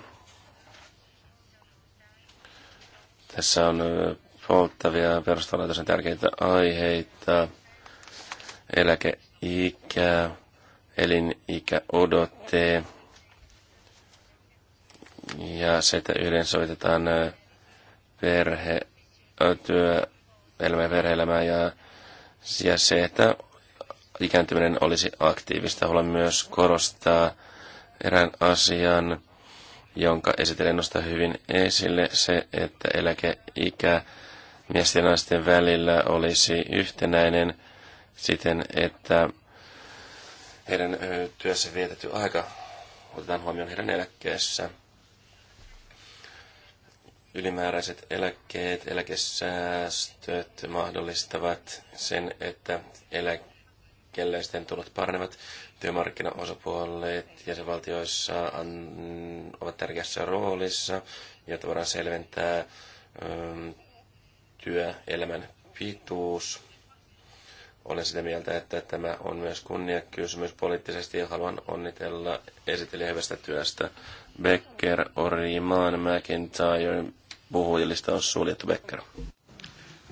Tässä on polttavia perustavanlaatuisen tärkeitä aiheita, eläkeikä, elinikä odotte ja se, että yhden soitetaan perhe, työ, elämä ja perhe elämä ja, ja se, että ikääntyminen olisi aktiivista. Haluan myös korostaa erään asian, jonka esittelen nostaa hyvin esille, se, että eläkeikä miesten ja naisten välillä olisi yhtenäinen siten, että heidän työssä vietetty aika otetaan huomioon heidän eläkkeessä. Ylimääräiset eläkkeet, eläkesäästöt mahdollistavat sen, että eläkeläisten tulot parnevat. Työmarkkinaosapuolet jäsenvaltioissa on, ovat tärkeässä roolissa, jotta voidaan selventää työelämän pituus. Olen sitä mieltä, että tämä on myös kunniakysymys poliittisesti ja haluan onnitella esittelijä hyvästä työstä. Becker, Orimaan, McIntyre, puhujilista on suljettu Becker.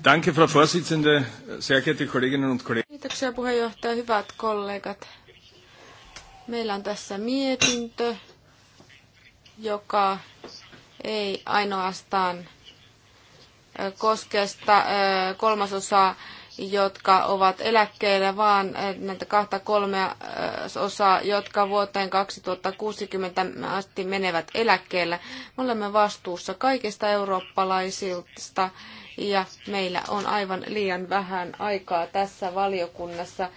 Danke, Frau Vorsitzende, sehr geehrte Kolleginnen und Kollegen. Kiitoksia puheenjohtaja, hyvät kollegat. Meillä on tässä mietintö, joka ei ainoastaan koskesta kolmasosaa, jotka ovat eläkkeellä, vaan näitä kahta kolmea osaa, jotka vuoteen 2060 asti menevät eläkkeelle. Me olemme vastuussa kaikista eurooppalaisilta ja meillä on aivan liian vähän aikaa tässä valiokunnassa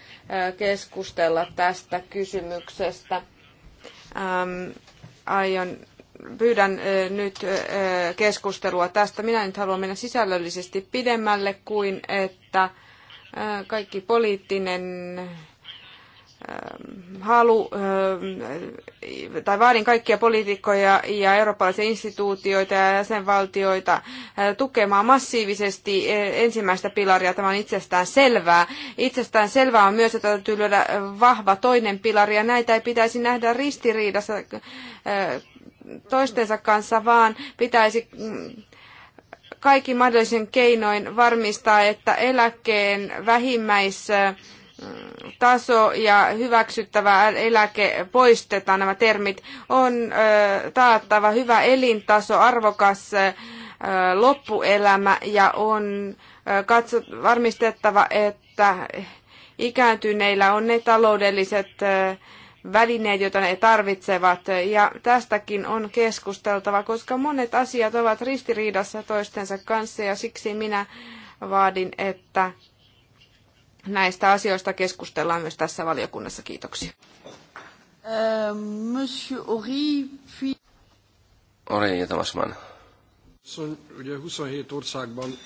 keskustella tästä kysymyksestä. aion pyydän nyt keskustelua tästä. Minä nyt haluan mennä sisällöllisesti pidemmälle kuin, että kaikki poliittinen halu, tai vaadin kaikkia poliitikkoja ja eurooppalaisia instituutioita ja jäsenvaltioita tukemaan massiivisesti ensimmäistä pilaria. Tämä on itsestään selvää. Itsestään selvää on myös, että täytyy lyödä vahva toinen pilari, ja näitä ei pitäisi nähdä ristiriidassa toistensa kanssa, vaan pitäisi mm, kaikki mahdollisen keinoin varmistaa, että eläkkeen vähimmäis taso ja hyväksyttävä eläke poistetaan nämä termit, on taattava hyvä elintaso, arvokas loppuelämä ja on katsot, varmistettava, että ikääntyneillä on ne taloudelliset välineet, joita ne tarvitsevat. Ja tästäkin on keskusteltava, koska monet asiat ovat ristiriidassa toistensa kanssa ja siksi minä vaadin, että näistä asioista keskustellaan myös tässä valiokunnassa. Kiitoksia. Euh, monsieur Ori, puis... Ori ja Tamasman. 27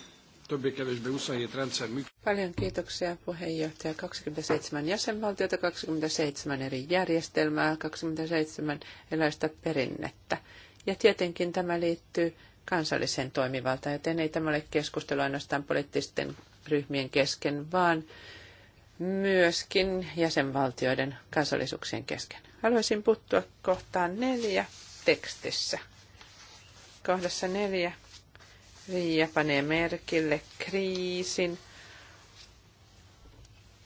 többé-kevésbé 27 rendszer működik. Paljon kiitoksia puheenjohtaja. 27 jäsenvaltiota, 27 eri järjestelmää, 27 erilaista perinnettä. Ja tietenkin tämä liittyy kansalliseen toimivaltaan, joten ei tämä ole keskustelu ainoastaan poliittisten ryhmien kesken, vaan myöskin jäsenvaltioiden kansallisuuksien kesken. Haluaisin puuttua kohtaan neljä tekstissä. Kohdassa neljä Riia panee merkille kriisin.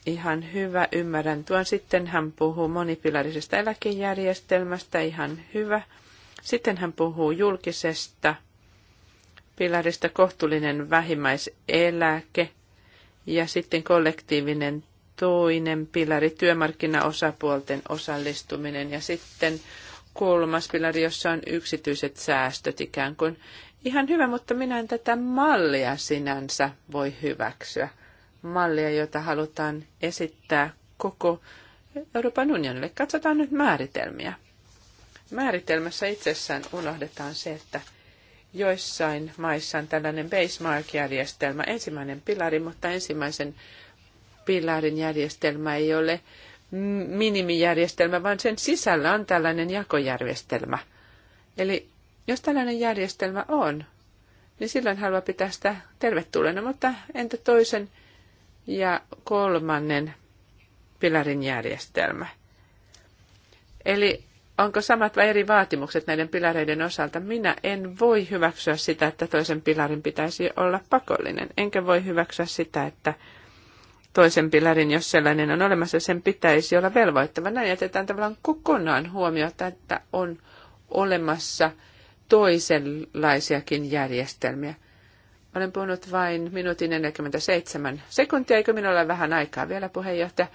Ihan hyvä, ymmärrän tuon. Sitten hän puhuu monipilarisesta eläkejärjestelmästä, ihan hyvä. Sitten hän puhuu julkisesta pilarista kohtuullinen vähimmäiseläke ja sitten kollektiivinen toinen pilari, työmarkkinaosapuolten osallistuminen ja sitten kolmas pilari, jossa on yksityiset säästöt ikään kuin ihan hyvä, mutta minä en tätä mallia sinänsä voi hyväksyä. Mallia, jota halutaan esittää koko Euroopan unionille. Katsotaan nyt määritelmiä. Määritelmässä itsessään unohdetaan se, että joissain maissa on tällainen basemark-järjestelmä, ensimmäinen pilari, mutta ensimmäisen pilarin järjestelmä ei ole minimijärjestelmä, vaan sen sisällä on tällainen jakojärjestelmä. Eli jos tällainen järjestelmä on, niin silloin haluaa pitää sitä tervetulleena, mutta entä toisen ja kolmannen pilarin järjestelmä? Eli onko samat vai eri vaatimukset näiden pilareiden osalta? Minä en voi hyväksyä sitä, että toisen pilarin pitäisi olla pakollinen. Enkä voi hyväksyä sitä, että toisen pilarin, jos sellainen on olemassa, sen pitäisi olla velvoittava. Näin jätetään tavallaan kokonaan huomiota, että on olemassa – toisenlaisiakin järjestelmiä. Olen puhunut vain minuutin 47 sekuntia, eikö minulla ole vähän aikaa vielä, puheenjohtaja.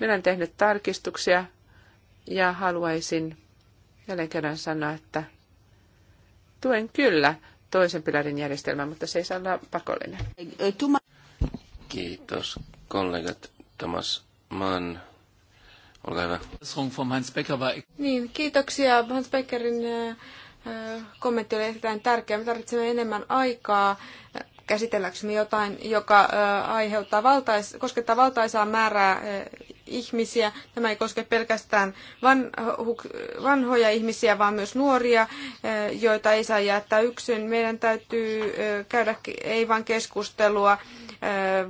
Minä olen tehnyt tarkistuksia ja haluaisin jälleen kerran sanoa, että tuen kyllä toisen pilarin järjestelmää, mutta se ei saa olla pakollinen. Kiitos kollegat Thomas Mann. Olkaa hyvä. Niin, kiitoksia Hans Beckerin äh, kommentti oli erittäin tärkeä. Me tarvitsemme enemmän aikaa käsitelläksemme jotain, joka aiheuttaa valtais, koskettaa valtaisaa määrää ihmisiä. Tämä ei koske pelkästään vanhoja ihmisiä, vaan myös nuoria, joita ei saa jättää yksin. Meidän täytyy käydä ei vain keskustelua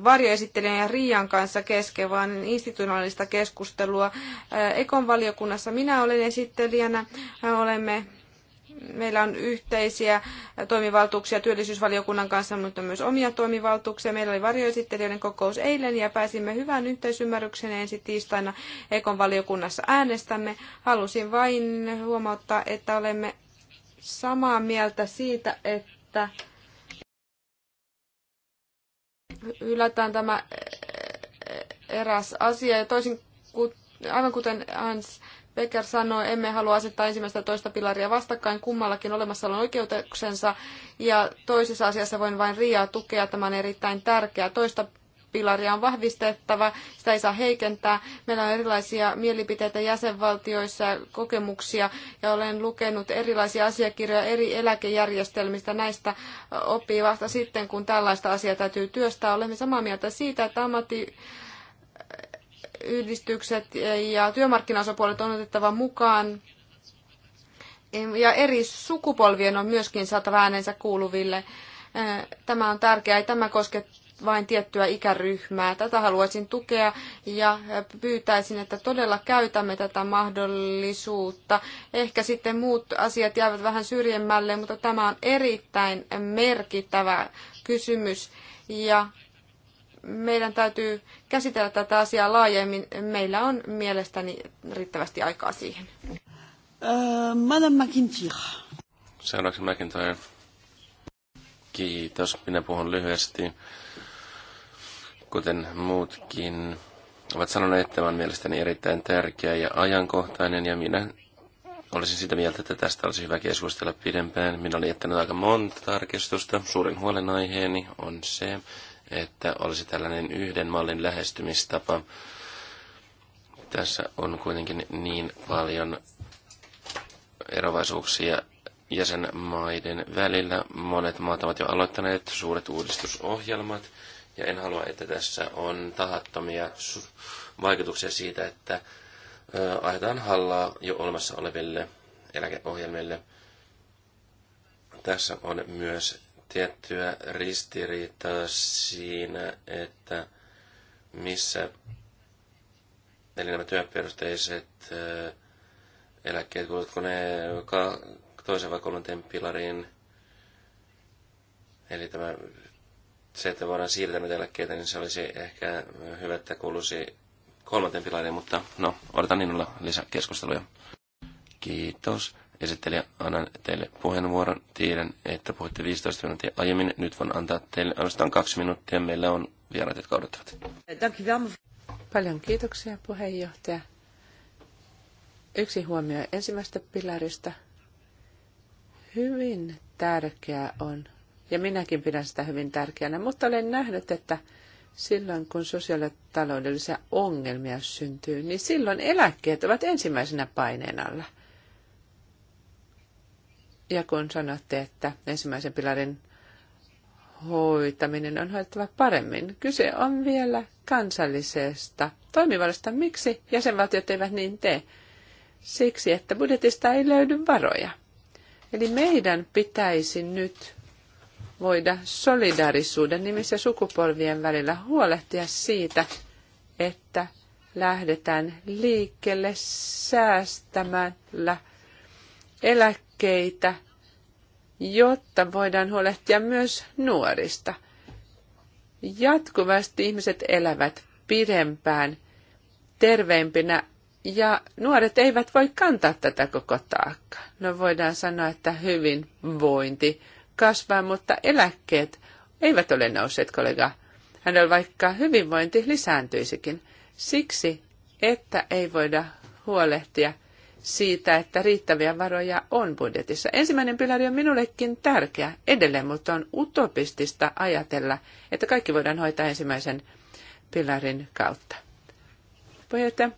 varjoesittelijän ja Riian kanssa kesken, vaan institutionaalista keskustelua. Ekon valiokunnassa minä olen esittelijänä. Olemme meillä on yhteisiä toimivaltuuksia työllisyysvaliokunnan kanssa, mutta myös omia toimivaltuuksia. Meillä oli varjoesittelijöiden kokous eilen ja pääsimme hyvään yhteisymmärrykseen ensi tiistaina Ekon valiokunnassa äänestämme. Halusin vain huomauttaa, että olemme samaa mieltä siitä, että hylätään tämä eräs asia. Ja toisin, aivan kuten Hans Becker sanoi, emme halua asettaa ensimmäistä toista pilaria vastakkain, kummallakin olemassa on oikeutuksensa, ja toisessa asiassa voin vain Riaa tukea, tämä on erittäin tärkeää. Toista pilaria on vahvistettava, sitä ei saa heikentää. Meillä on erilaisia mielipiteitä jäsenvaltioissa ja kokemuksia, ja olen lukenut erilaisia asiakirjoja eri eläkejärjestelmistä. Näistä oppii vasta sitten, kun tällaista asiaa täytyy työstää. Olemme samaa mieltä siitä, että ammatti yhdistykset ja työmarkkinaosapuolet on otettava mukaan. Ja eri sukupolvien on myöskin saatava äänensä kuuluville. Tämä on tärkeää. Ei tämä koske vain tiettyä ikäryhmää. Tätä haluaisin tukea ja pyytäisin, että todella käytämme tätä mahdollisuutta. Ehkä sitten muut asiat jäävät vähän syrjemmälle, mutta tämä on erittäin merkittävä kysymys ja meidän täytyy käsitellä tätä asiaa laajemmin. Meillä on mielestäni riittävästi aikaa siihen. Öö, Madame McIntyre. Seuraavaksi McIntyre. Kiitos. Minä puhun lyhyesti. Kuten muutkin ovat sanoneet, että tämä on mielestäni erittäin tärkeä ja ajankohtainen, ja minä olisin sitä mieltä, että tästä olisi hyvä keskustella pidempään. Minä olen jättänyt aika monta tarkistusta. Suurin huolenaiheeni on se, että olisi tällainen yhden mallin lähestymistapa. Tässä on kuitenkin niin paljon erovaisuuksia jäsenmaiden välillä. Monet maat ovat jo aloittaneet suuret uudistusohjelmat, ja en halua, että tässä on tahattomia vaikutuksia siitä, että ajetaan hallaa jo olemassa oleville eläkeohjelmille. Tässä on myös tiettyä ristiriitaa siinä, että missä, eli nämä työperusteiset eläkkeet, kuulutko ne toisen vai kolmanteen pilariin, eli tämä, se, että voidaan siirtää näitä eläkkeitä, niin se olisi ehkä hyvä, että kuuluisi kolmanteen pilariin, mutta no, odotan innolla lisäkeskusteluja. Kiitos esittelijä, annan teille puheenvuoron. Tiedän, että puhutte 15 minuuttia aiemmin. Nyt voin antaa teille ainoastaan kaksi minuuttia. Meillä on vieraat, jotka odottavat. Paljon kiitoksia puheenjohtaja. Yksi huomio ensimmäistä pilarista. Hyvin tärkeää on, ja minäkin pidän sitä hyvin tärkeänä, mutta olen nähnyt, että silloin kun sosiaalitaloudellisia ongelmia syntyy, niin silloin eläkkeet ovat ensimmäisenä paineen alla – ja kun sanotte, että ensimmäisen pilarin hoitaminen on hoidettava paremmin, kyse on vielä kansallisesta toimivallasta. Miksi jäsenvaltiot eivät niin tee? Siksi, että budjetista ei löydy varoja. Eli meidän pitäisi nyt voida solidaarisuuden nimissä sukupolvien välillä huolehtia siitä, että lähdetään liikkeelle säästämällä eläkkeelle tärkeitä, jotta voidaan huolehtia myös nuorista. Jatkuvasti ihmiset elävät pidempään, terveempinä ja nuoret eivät voi kantaa tätä koko taakkaa. No voidaan sanoa, että hyvinvointi kasvaa, mutta eläkkeet eivät ole nousseet, kollega. Hänellä vaikka hyvinvointi lisääntyisikin. Siksi, että ei voida huolehtia siitä, että riittäviä varoja on budjetissa. Ensimmäinen pilari on minullekin tärkeä edelleen, mutta on utopistista ajatella, että kaikki voidaan hoitaa ensimmäisen pilarin kautta. Puheenjohtaja,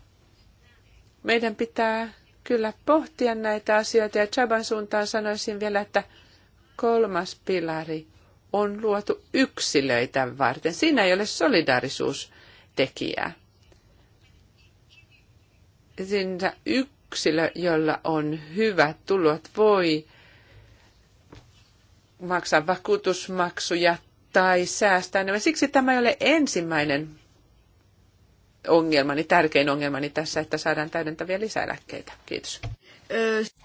meidän pitää kyllä pohtia näitä asioita ja Chaban suuntaan sanoisin vielä, että kolmas pilari on luotu yksilöitä varten. Siinä ei ole solidaarisuustekijää. Siinä yksi yksilö, jolla on hyvät tulot, voi maksaa vakuutusmaksuja tai säästää enemmän. Siksi tämä ei ole ensimmäinen ongelmani, tärkein ongelmani tässä, että saadaan täydentäviä lisäeläkkeitä. Kiitos.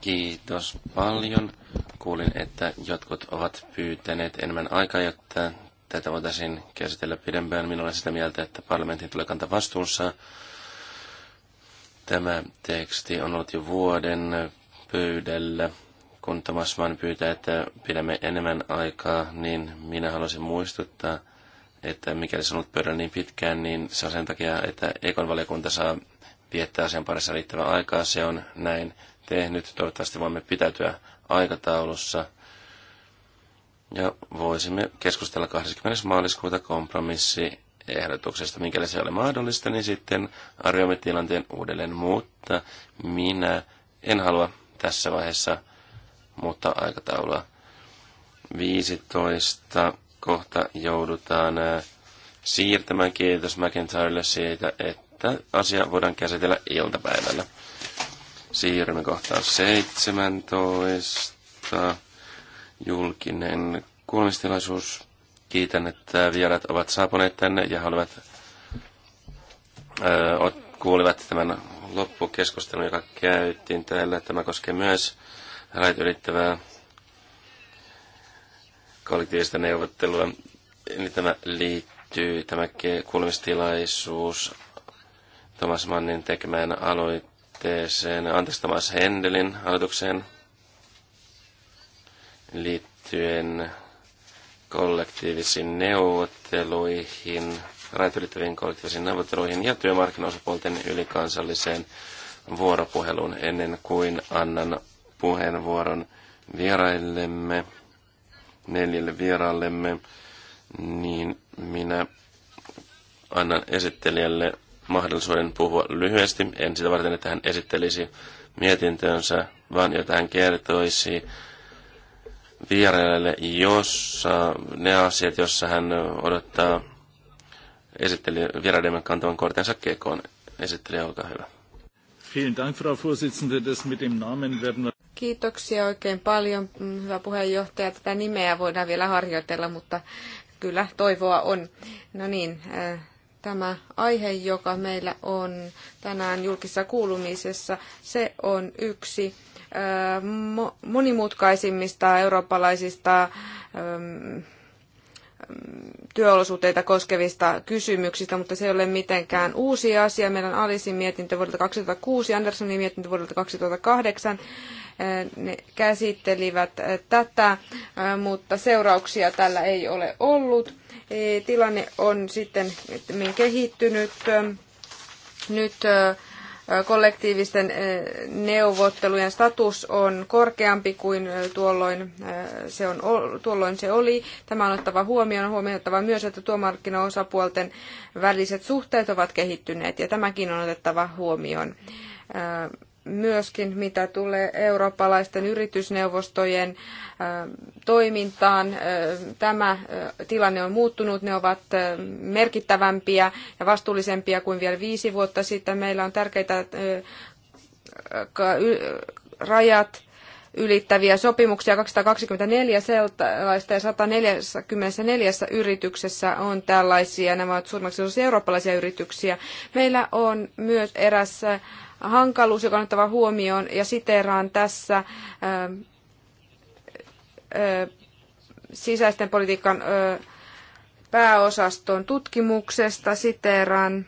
Kiitos paljon. Kuulin, että jotkut ovat pyytäneet enemmän aikaa, jotta tätä voitaisiin käsitellä pidempään. Minulla olen sitä mieltä, että parlamentin tulee kantaa vastuunsa Tämä teksti on ollut jo vuoden pöydällä. Kun Thomas Mann pyytää, että pidämme enemmän aikaa, niin minä haluaisin muistuttaa, että mikäli se on ollut pöydällä niin pitkään, niin se on sen takia, että Ekon valiokunta saa viettää asian parissa riittävän aikaa. Se on näin tehnyt. Toivottavasti voimme pitäytyä aikataulussa. Ja voisimme keskustella 20. maaliskuuta kompromissi ehdotuksesta. Mikäli se oli mahdollista, niin sitten arvioimme tilanteen uudelleen. Mutta minä en halua tässä vaiheessa muuttaa aikataulua. 15 kohta joudutaan äh, siirtämään. Kiitos McIntyrelle siitä, että asia voidaan käsitellä iltapäivällä. Siirrymme kohtaan 17. Julkinen kuulemistilaisuus Kiitän, että vierat ovat saapuneet tänne ja haluavat ö, kuulivat tämän loppukeskustelun, joka käytiin täällä. Tämä koskee myös rajat ylittävää kollektiivista neuvottelua. Eli tämä liittyy, tämä kuulemistilaisuus Thomas Mannin tekemään aloitteeseen, anteeksi Thomas Hendelin aloitukseen liittyen kollektiivisiin neuvotteluihin, rajat ylittäviin kollektiivisiin neuvotteluihin ja työmarkkinaosapuolten ylikansalliseen vuoropuheluun ennen kuin annan puheenvuoron vieraillemme, neljälle vieraillemme, niin minä annan esittelijälle mahdollisuuden puhua lyhyesti. En sitä varten, että hän esittelisi mietintönsä, vaan jotain kertoisi vierailijalle, jossa äh, ne asiat, jossa hän odottaa esitteli vieraiden kantavan kortensa kekoon. Esittelijä, olkaa hyvä. Kiitoksia oikein paljon, hyvä puheenjohtaja. Tätä nimeä voidaan vielä harjoitella, mutta kyllä toivoa on. No niin, äh, tämä aihe, joka meillä on tänään julkisessa kuulumisessa, se on yksi monimutkaisimmista eurooppalaisista työolosuhteita koskevista kysymyksistä, mutta se ei ole mitenkään uusi asia. Meillä on Alisin mietintö vuodelta 2006 ja Anderssonin mietintö vuodelta 2008. Ne käsittelivät tätä, mutta seurauksia tällä ei ole ollut. E, tilanne on sitten kehittynyt. Nyt kollektiivisten eh, neuvottelujen status on korkeampi kuin eh, tuolloin eh, se, on, tuolloin se oli. Tämä on ottava huomioon. On huomioitava myös, että työmarkkinaosapuolten väliset suhteet ovat kehittyneet ja tämäkin on otettava huomioon myöskin mitä tulee eurooppalaisten yritysneuvostojen toimintaan. Tämä tilanne on muuttunut, ne ovat merkittävämpiä ja vastuullisempia kuin vielä viisi vuotta sitten. Meillä on tärkeitä rajat ylittäviä sopimuksia 224 sellaista ja 144 yrityksessä on tällaisia. Nämä ovat suurimmaksi eurooppalaisia yrityksiä. Meillä on myös eräs hankaluus, joka on otettava huomioon, ja siteraan tässä sisäisten politiikan pääosaston tutkimuksesta, siteraan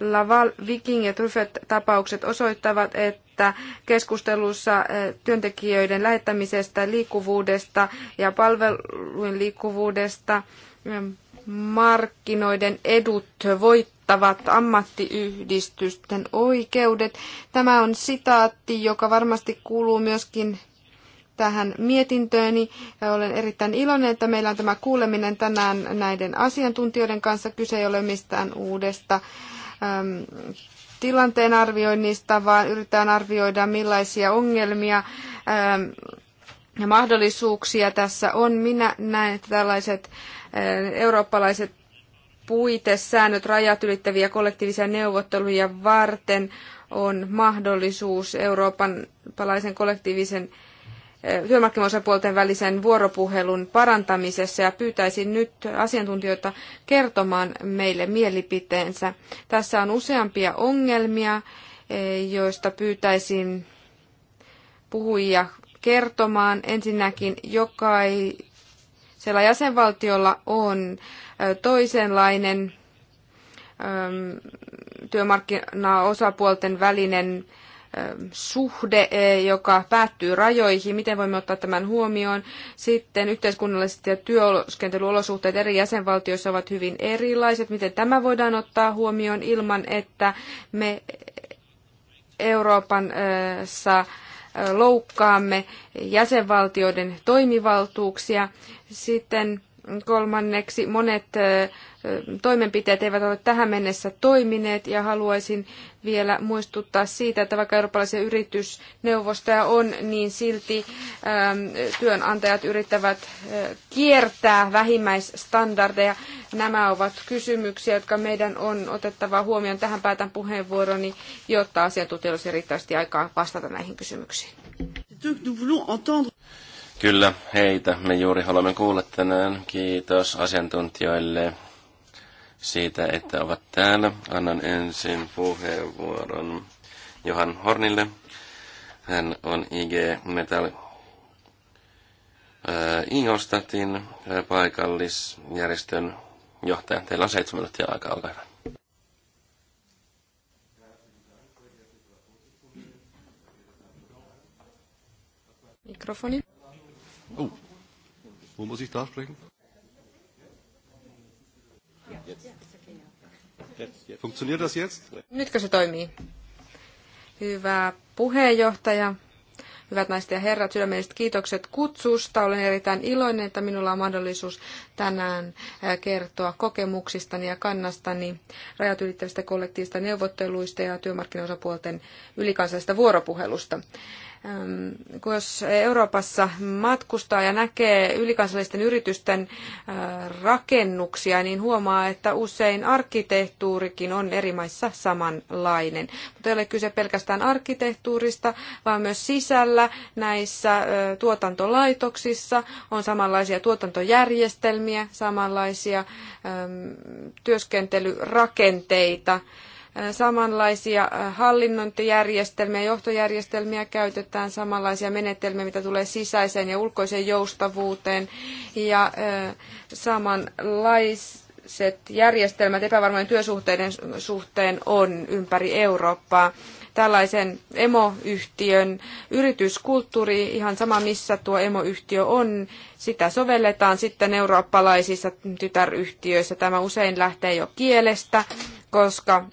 Laval, Viking ja Truffet-tapaukset osoittavat, että keskustelussa työntekijöiden lähettämisestä, liikkuvuudesta ja palvelujen liikkuvuudesta markkinoiden edut voittavat ammattiyhdistysten oikeudet. Tämä on sitaatti, joka varmasti kuuluu myöskin tähän mietintööni. Olen erittäin iloinen, että meillä on tämä kuuleminen tänään näiden asiantuntijoiden kanssa. Kyse ei ole mistään uudesta äm, tilanteen arvioinnista, vaan yritetään arvioida millaisia ongelmia äm, ja mahdollisuuksia tässä on. Minä näen, että tällaiset eurooppalaiset puitesäännöt rajat ylittäviä kollektiivisia neuvotteluja varten on mahdollisuus Euroopan kollektiivisen eh, työmarkkinaosapuolten välisen vuoropuhelun parantamisessa ja pyytäisin nyt asiantuntijoita kertomaan meille mielipiteensä. Tässä on useampia ongelmia, eh, joista pyytäisin puhujia kertomaan. Ensinnäkin jokainen siellä jäsenvaltiolla on toisenlainen työmarkkinaosapuolten välinen suhde, e, joka päättyy rajoihin, miten voimme ottaa tämän huomioon. Sitten yhteiskunnalliset ja työskentelyolosuhteet eri jäsenvaltioissa ovat hyvin erilaiset, miten tämä voidaan ottaa huomioon ilman, että me Euroopassa äh, loukkaamme jäsenvaltioiden toimivaltuuksia. Sitten kolmanneksi monet toimenpiteet eivät ole tähän mennessä toimineet ja haluaisin vielä muistuttaa siitä, että vaikka eurooppalaisia yritysneuvostoja on, niin silti ähm, työnantajat yrittävät äh, kiertää vähimmäisstandardeja. Nämä ovat kysymyksiä, jotka meidän on otettava huomioon. Tähän päätän puheenvuoroni, jotta asiantuntijoilla olisi riittävästi aikaa vastata näihin kysymyksiin. Kyllä, heitä me juuri haluamme kuulla tänään. Kiitos asiantuntijoille siitä, että ovat täällä. Annan ensin puheenvuoron Johan Hornille. Hän on IG Metal äh, Ingostatin äh, paikallisjärjestön johtaja. Teillä on seitsemän minuuttia aikaa, olkaa hyvä. Mikrofoni. Oh. Wo muss ich da sprechen? Funktioniert das jetzt? Nytkö se toimii? Hyvä puheenjohtaja, hyvät naiset ja herrat, sydämelliset kiitokset kutsusta. Olen erittäin iloinen, että minulla on mahdollisuus tänään kertoa kokemuksistani ja kannastani rajat ylittävistä kollektiivista neuvotteluista ja työmarkkinaosapuolten ylikansallisesta vuoropuhelusta kun ähm, jos Euroopassa matkustaa ja näkee ylikansallisten yritysten äh, rakennuksia, niin huomaa, että usein arkkitehtuurikin on eri maissa samanlainen. Mutta ei ole kyse pelkästään arkkitehtuurista, vaan myös sisällä näissä tuotantolaitoksissa on samanlaisia tuotantojärjestelmiä, samanlaisia työskentelyrakenteita samanlaisia hallinnointijärjestelmiä, johtojärjestelmiä käytetään, samanlaisia menetelmiä, mitä tulee sisäiseen ja ulkoiseen joustavuuteen ja samanlaiset järjestelmät epävarmojen työsuhteiden suhteen on ympäri Eurooppaa. Tällaisen emoyhtiön yrityskulttuuri, ihan sama missä tuo emoyhtiö on, sitä sovelletaan sitten eurooppalaisissa tytäryhtiöissä. Tämä usein lähtee jo kielestä, koska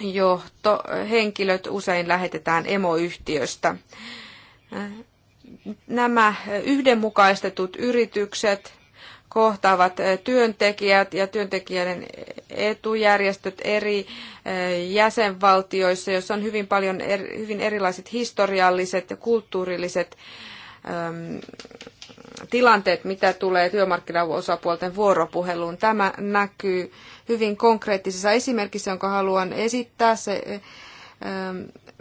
johtohenkilöt usein lähetetään emoyhtiöstä. Nämä yhdenmukaistetut yritykset kohtaavat työntekijät ja työntekijöiden etujärjestöt eri eh, jäsenvaltioissa, joissa on hyvin paljon er-, hyvin erilaiset historialliset ja kulttuurilliset tilanteet, mitä tulee työmarkkinaosapuolten vuoropuheluun. Tämä näkyy hyvin konkreettisessa esimerkissä, jonka haluan esittää. Se,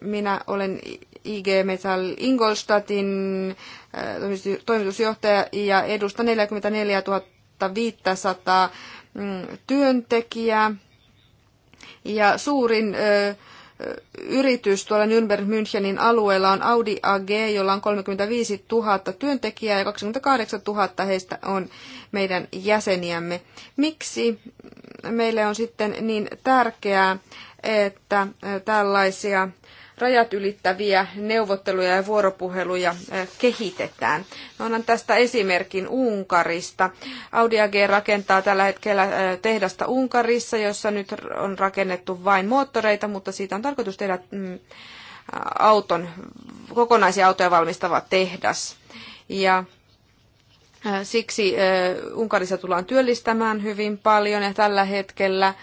minä olen IG Metall Ingolstadtin toimitusjohtaja ja edustan 44 500 mm, työntekijää. Ja suurin yritys tuolla Nürnberg Münchenin alueella on Audi AG, jolla on 35 000 työntekijää ja 28 000 heistä on meidän jäseniämme. Miksi meille on sitten niin tärkeää, että tällaisia rajat ylittäviä neuvotteluja ja vuoropuheluja äh, kehitetään. Onhan no, tästä esimerkin Unkarista. Audi AG rakentaa tällä hetkellä äh, tehdasta Unkarissa, jossa nyt on rakennettu vain moottoreita, mutta siitä on tarkoitus tehdä mm, äh, auton, kokonaisia autoja valmistava tehdas. Ja Siksi Unkarissa tullaan työllistämään hyvin paljon ja tällä hetkellä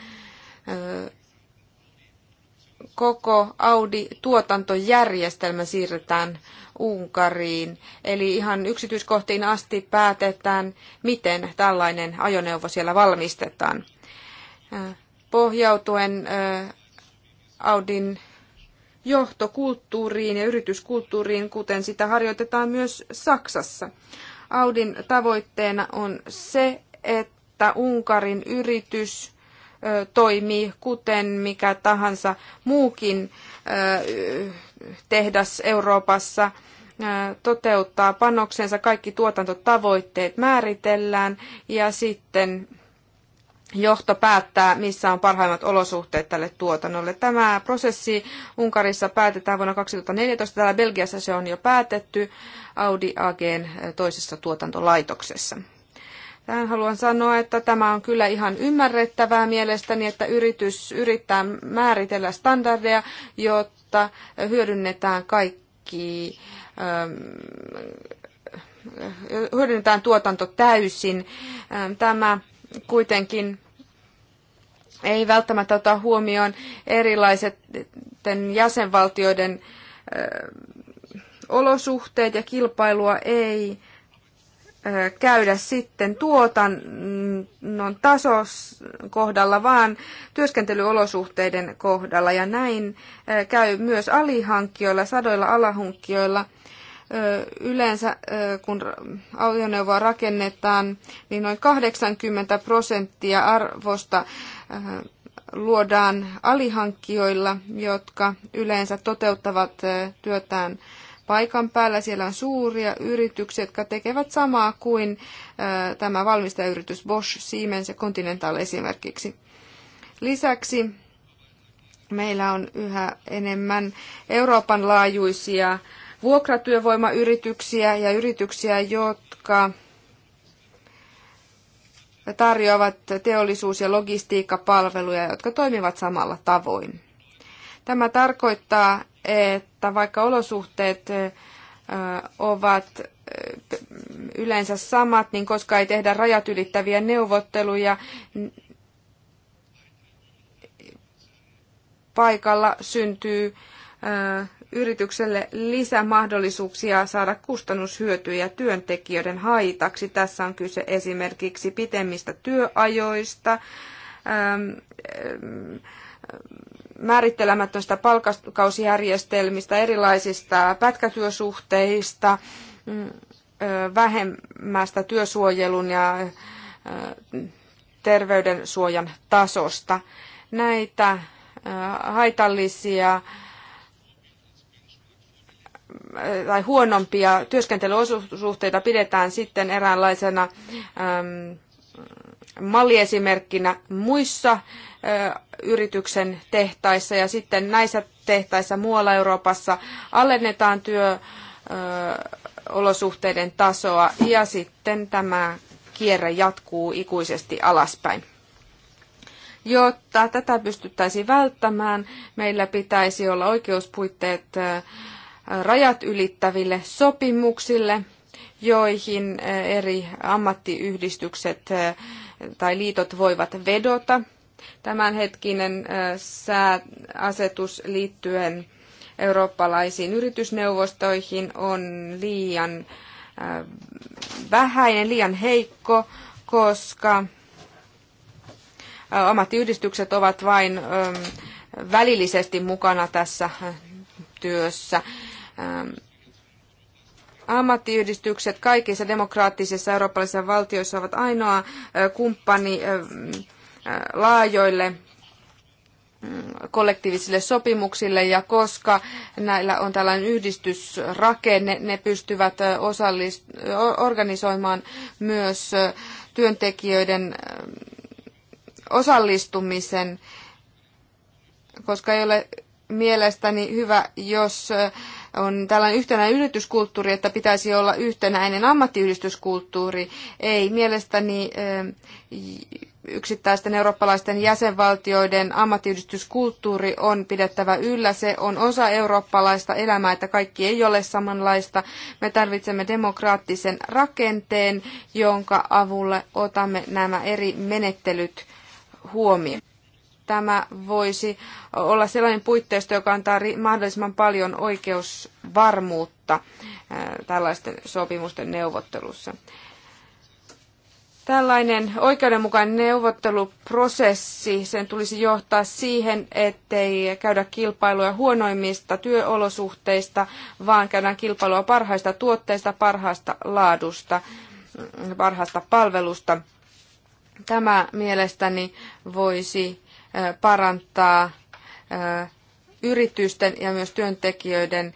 koko Audi-tuotantojärjestelmä siirretään Unkariin. Eli ihan yksityiskohtiin asti päätetään, miten tällainen ajoneuvo siellä valmistetaan. Pohjautuen Audin johtokulttuuriin ja yrityskulttuuriin, kuten sitä harjoitetaan myös Saksassa. Audin tavoitteena on se, että Unkarin yritys toimii kuten mikä tahansa muukin tehdas Euroopassa toteuttaa panoksensa, kaikki tuotantotavoitteet määritellään ja sitten johto päättää, missä on parhaimmat olosuhteet tälle tuotannolle. Tämä prosessi Unkarissa päätetään vuonna 2014. Täällä Belgiassa se on jo päätetty Audi AGn toisessa tuotantolaitoksessa. Tähän haluan sanoa, että tämä on kyllä ihan ymmärrettävää mielestäni, että yritys yrittää määritellä standardeja, jotta hyödynnetään kaikki ähm, hyödynnetään tuotanto täysin. Ähm, tämä kuitenkin ei välttämättä ota huomioon erilaiset jäsenvaltioiden äh, olosuhteet ja kilpailua ei käydä sitten tuotannon tasos kohdalla, vaan työskentelyolosuhteiden kohdalla. Ja näin käy myös alihankkijoilla, sadoilla alahunkkijoilla. Yleensä kun ajoneuvoa rakennetaan, niin noin 80 prosenttia arvosta luodaan alihankkijoilla, jotka yleensä toteuttavat työtään paikan päällä. Siellä on suuria yrityksiä, jotka tekevät samaa kuin tämä valmistajayritys Bosch, Siemens ja Continental esimerkiksi. Lisäksi meillä on yhä enemmän Euroopan laajuisia vuokratyövoimayrityksiä ja yrityksiä, jotka tarjoavat teollisuus- ja logistiikkapalveluja, jotka toimivat samalla tavoin. Tämä tarkoittaa, että vaikka olosuhteet ovat yleensä samat, niin koska ei tehdä rajat ylittäviä neuvotteluja, paikalla syntyy yritykselle lisämahdollisuuksia saada kustannushyötyjä työntekijöiden haitaksi. Tässä on kyse esimerkiksi pitemmistä työajoista, määrittelemättöistä palkkakausijärjestelmistä, erilaisista pätkätyösuhteista, mm, vähemmästä työsuojelun ja terveydensuojan tasosta. Näitä haitallisia tai huonompia työskentelyolosuhteita pidetään sitten eräänlaisena malliesimerkkinä muissa yrityksen tehtaissa ja sitten näissä tehtaissa muualla Euroopassa alennetaan työolosuhteiden tasoa ja sitten tämä kierre jatkuu ikuisesti alaspäin. Jotta tätä pystyttäisiin välttämään, meillä pitäisi olla oikeuspuitteet rajat ylittäville sopimuksille, joihin eri ammattiyhdistykset tai liitot voivat vedota. Tämänhetkinen asetus liittyen eurooppalaisiin yritysneuvostoihin on liian vähäinen, liian heikko, koska ammattiyhdistykset ovat vain välillisesti mukana tässä työssä. Ammattiyhdistykset kaikissa demokraattisissa eurooppalaisissa valtioissa ovat ainoa kumppani laajoille mm, kollektiivisille sopimuksille ja koska näillä on tällainen yhdistysrakenne, ne pystyvät osallist- organisoimaan myös työntekijöiden osallistumisen, koska ei ole mielestäni hyvä, jos on tällainen yhtenäinen yrityskulttuuri, että pitäisi olla yhtenäinen ammattiyhdistyskulttuuri. Ei mielestäni eh, yksittäisten eurooppalaisten jäsenvaltioiden ammattiyhdistyskulttuuri on pidettävä yllä. Se on osa eurooppalaista elämää, että kaikki ei ole samanlaista. Me tarvitsemme demokraattisen rakenteen, jonka avulla otamme nämä eri menettelyt huomioon tämä voisi olla sellainen puitteisto, joka antaa mahdollisimman paljon oikeusvarmuutta tällaisten sopimusten neuvottelussa. Tällainen oikeudenmukainen neuvotteluprosessi, sen tulisi johtaa siihen, ettei käydä kilpailua huonoimmista työolosuhteista, vaan käydään kilpailua parhaista tuotteista, parhaasta laadusta, mm, parhaasta palvelusta. Tämä mielestäni voisi parantaa yritysten ja myös työntekijöiden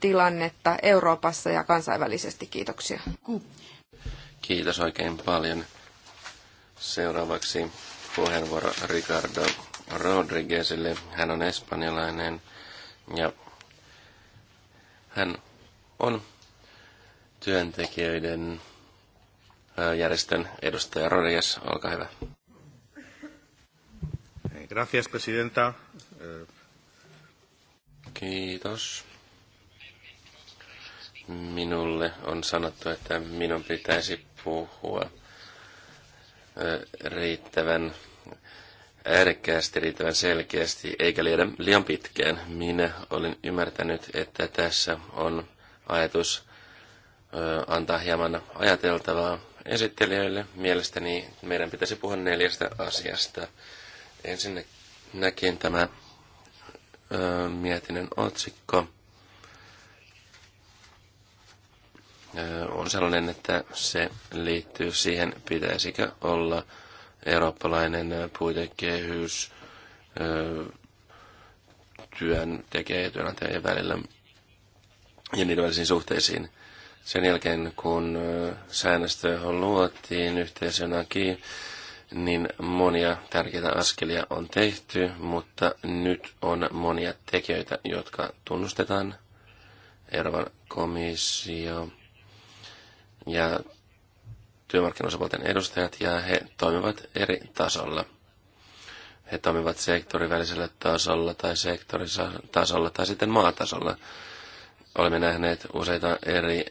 tilannetta Euroopassa ja kansainvälisesti. Kiitoksia. Kiitos oikein paljon. Seuraavaksi puheenvuoro Ricardo Rodriguezille. Hän on espanjalainen ja hän on työntekijöiden järjestön edustaja Rodriguez. Olkaa hyvä. Gracias, presidenta. Kiitos. Minulle on sanottu, että minun pitäisi puhua riittävän äärekkäästi, riittävän selkeästi, eikä liian, liian pitkään. Minä olin ymmärtänyt, että tässä on ajatus antaa hieman ajateltavaa esittelijöille. Mielestäni meidän pitäisi puhua neljästä asiasta. Ensinnäkin tämä ö, mietinnön otsikko ö, on sellainen, että se liittyy siihen, pitäisikö olla eurooppalainen puitekehys ö, tekee ja työnantajien välillä ja niiden välisiin suhteisiin. Sen jälkeen, kun säännöstö luotiin yhteisönäkin, niin monia tärkeitä askelia on tehty, mutta nyt on monia tekijöitä, jotka tunnustetaan. Euroopan komissio ja työmarkkinosapuolten edustajat, ja he toimivat eri tasolla. He toimivat sektorivälisellä tasolla tai sektoritasolla tai sitten maatasolla. Olemme nähneet useita eri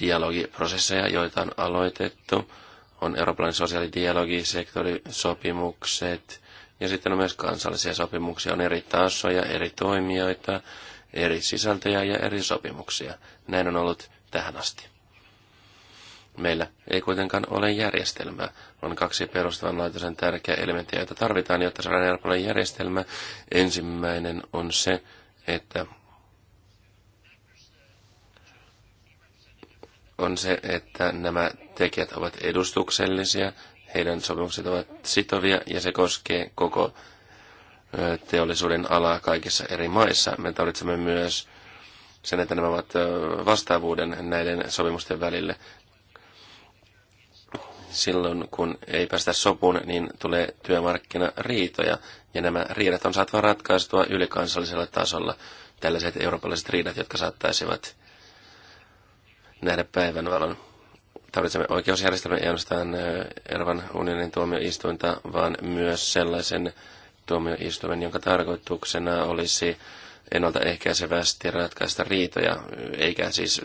dialogiprosesseja, joita on aloitettu – on Euroopan sosiaalidialogisektorisopimukset, ja sitten on myös kansallisia sopimuksia. On eri tasoja, eri toimijoita, eri sisältöjä ja eri sopimuksia. Näin on ollut tähän asti. Meillä ei kuitenkaan ole järjestelmää. On kaksi perustavanlaatuisen tärkeää elementtiä, joita tarvitaan, jotta saadaan Euroopan järjestelmä. Ensimmäinen on se, että on se, että nämä tekijät ovat edustuksellisia, heidän sopimukset ovat sitovia ja se koskee koko teollisuuden alaa kaikissa eri maissa. Me tarvitsemme myös sen, että nämä ovat vastaavuuden näiden sopimusten välille. Silloin kun ei päästä sopuun, niin tulee työmarkkinariitoja, ja nämä riidat on saatava ratkaistua ylikansallisella tasolla. Tällaiset eurooppalaiset riidat, jotka saattaisivat nähdä päivänvalon. Tarvitsemme oikeusjärjestelmän ei ainoastaan Euroopan unionin tuomioistuinta, vaan myös sellaisen tuomioistuimen, jonka tarkoituksena olisi ennaltaehkäisevästi ratkaista riitoja, eikä siis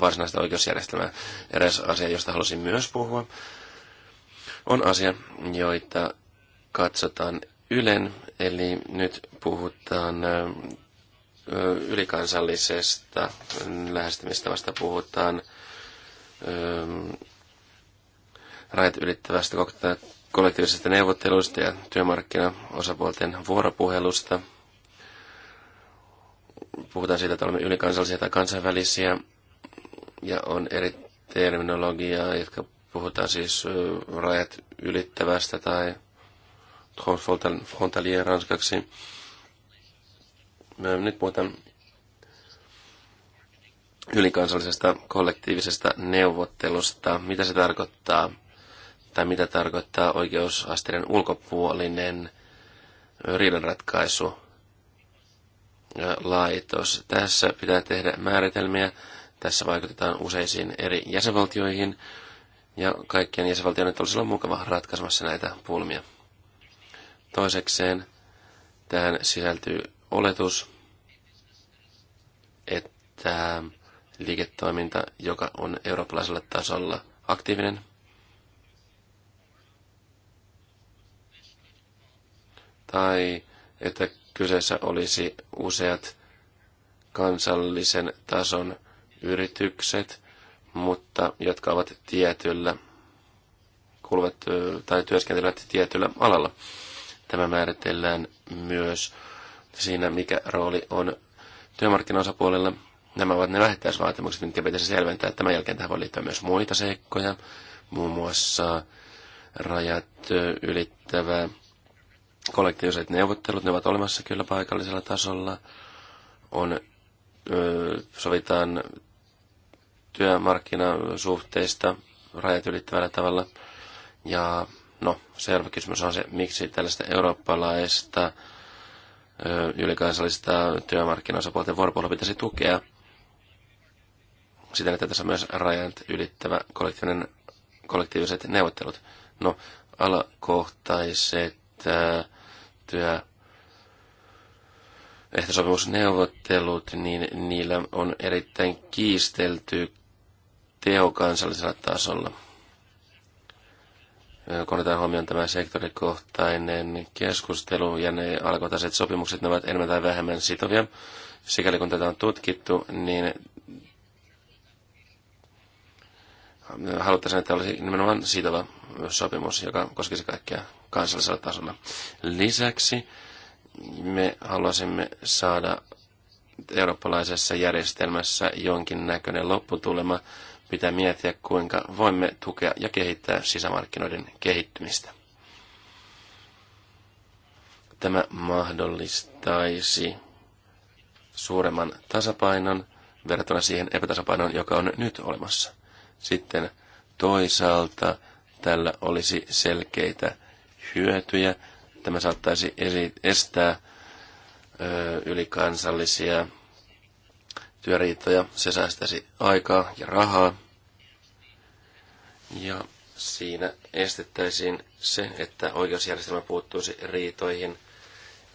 varsinaista oikeusjärjestelmää. Eräs asia, josta halusin myös puhua, on asia, joita katsotaan Ylen, eli nyt puhutaan ylikansallisesta lähestymistavasta puhutaan, rajat ylittävästä kollektiivisesta neuvottelusta ja työmarkkinaosapuolten vuoropuhelusta. Puhutaan siitä, että olemme ylikansallisia tai kansainvälisiä, ja on eri terminologiaa, jotka puhutaan siis rajat ylittävästä tai transfrontalien ranskaksi nyt puhutaan ylikansallisesta kollektiivisesta neuvottelusta. Mitä se tarkoittaa? Tai mitä tarkoittaa oikeusasteiden ulkopuolinen riidanratkaisu? laitos. Tässä pitää tehdä määritelmiä. Tässä vaikutetaan useisiin eri jäsenvaltioihin ja kaikkien jäsenvaltioiden olisi olla mukava ratkaisemassa näitä pulmia. Toisekseen tähän sisältyy oletus, että liiketoiminta, joka on eurooppalaisella tasolla aktiivinen, tai että kyseessä olisi useat kansallisen tason yritykset, mutta jotka ovat tietyllä, kuuluvat tai työskentelevät tietyllä alalla. Tämä määritellään myös siinä, mikä rooli on työmarkkinaosapuolella. Nämä ovat ne vähittäisvaatimukset, mitkä pitäisi selventää. Tämän jälkeen tähän voi liittyä myös muita seikkoja, muun muassa rajat ylittävä kollektiiviset neuvottelut, ne ovat olemassa kyllä paikallisella tasolla. On, ö, sovitaan työmarkkinasuhteista rajat ylittävällä tavalla. Ja no, selvä kysymys on se, miksi tällaista eurooppalaista ylikansallista työmarkkinaosapuolten vuoropuolella pitäisi tukea siten, että tässä on myös rajat ylittävä kollektiivinen, kollektiiviset neuvottelut. No, alakohtaiset ää, työ ehtosopimusneuvottelut, niin niillä on erittäin kiistelty teho kansallisella tasolla kun otetaan huomioon tämä sektorikohtainen keskustelu ja ne alkuotaiset sopimukset, ne ovat enemmän tai vähemmän sitovia. Sikäli kun tätä on tutkittu, niin haluttaisiin, että olisi nimenomaan sitova sopimus, joka koskisi kaikkia kansallisella tasolla. Lisäksi me haluaisimme saada eurooppalaisessa järjestelmässä jonkin näköinen lopputulema, pitää miettiä, kuinka voimme tukea ja kehittää sisämarkkinoiden kehittymistä. Tämä mahdollistaisi suuremman tasapainon verrattuna siihen epätasapainoon, joka on nyt olemassa. Sitten toisaalta tällä olisi selkeitä hyötyjä. Tämä saattaisi estää ö, ylikansallisia työriitoja. Se säästäisi aikaa ja rahaa. Ja siinä estettäisiin se, että oikeusjärjestelmä puuttuisi riitoihin.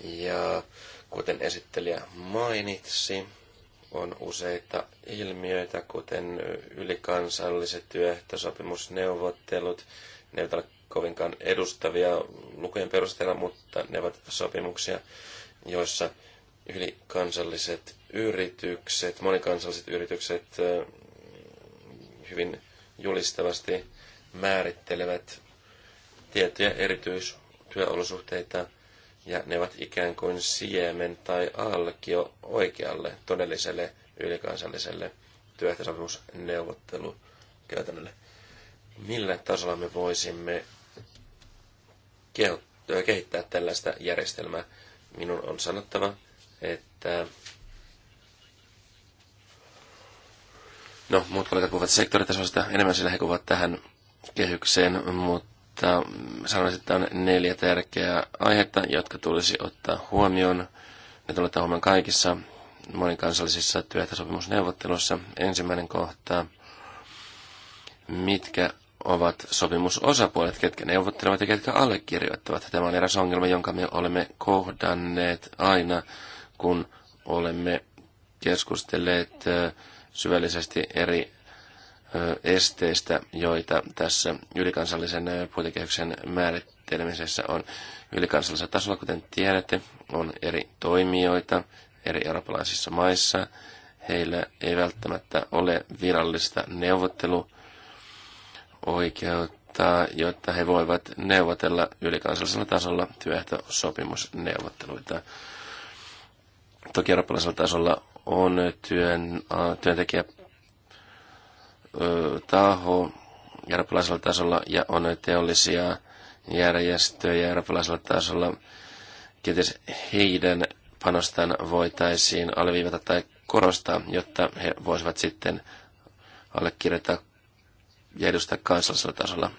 Ja kuten esittelijä mainitsi, on useita ilmiöitä, kuten ylikansalliset työehtosopimusneuvottelut. Ne eivät ole kovinkaan edustavia lukujen perusteella, mutta ne ovat sopimuksia, joissa ylikansalliset yritykset, monikansalliset yritykset hyvin julistavasti määrittelevät tiettyjä erityistyöolosuhteita ja ne ovat ikään kuin siemen tai alkio oikealle todelliselle ylikansalliselle työehtosopimusneuvottelukäytännölle. Millä tasolla me voisimme kehittää tällaista järjestelmää? Minun on sanottava, että No, muut kollegat puhuvat sektoritasosta enemmän, sillä he kuvat tähän kehykseen, mutta sanoisin, että on neljä tärkeää aihetta, jotka tulisi ottaa huomioon. Ne tulee ottaa huomioon kaikissa monikansallisissa työehtosopimusneuvotteluissa. Ensimmäinen kohta, mitkä ovat sopimusosapuolet, ketkä neuvottelevat ja ketkä allekirjoittavat. Tämä on eräs ongelma, jonka me olemme kohdanneet aina kun olemme keskustelleet syvällisesti eri esteistä, joita tässä ylikansallisen puolikehyksen määrittelemisessä on. Ylikansallisella tasolla, kuten tiedätte, on eri toimijoita eri eurooppalaisissa maissa. Heillä ei välttämättä ole virallista neuvotteluoikeutta, jotta he voivat neuvotella ylikansallisella tasolla työehtosopimusneuvotteluita. Toki eurooppalaisella tasolla on työn, työntekijä taho eurooppalaisella tasolla ja on teollisia järjestöjä eurooppalaisella tasolla. Kenties heidän panostaan voitaisiin alleviivata tai korostaa, jotta he voisivat sitten allekirjoittaa ja edustaa kansallisella tasolla.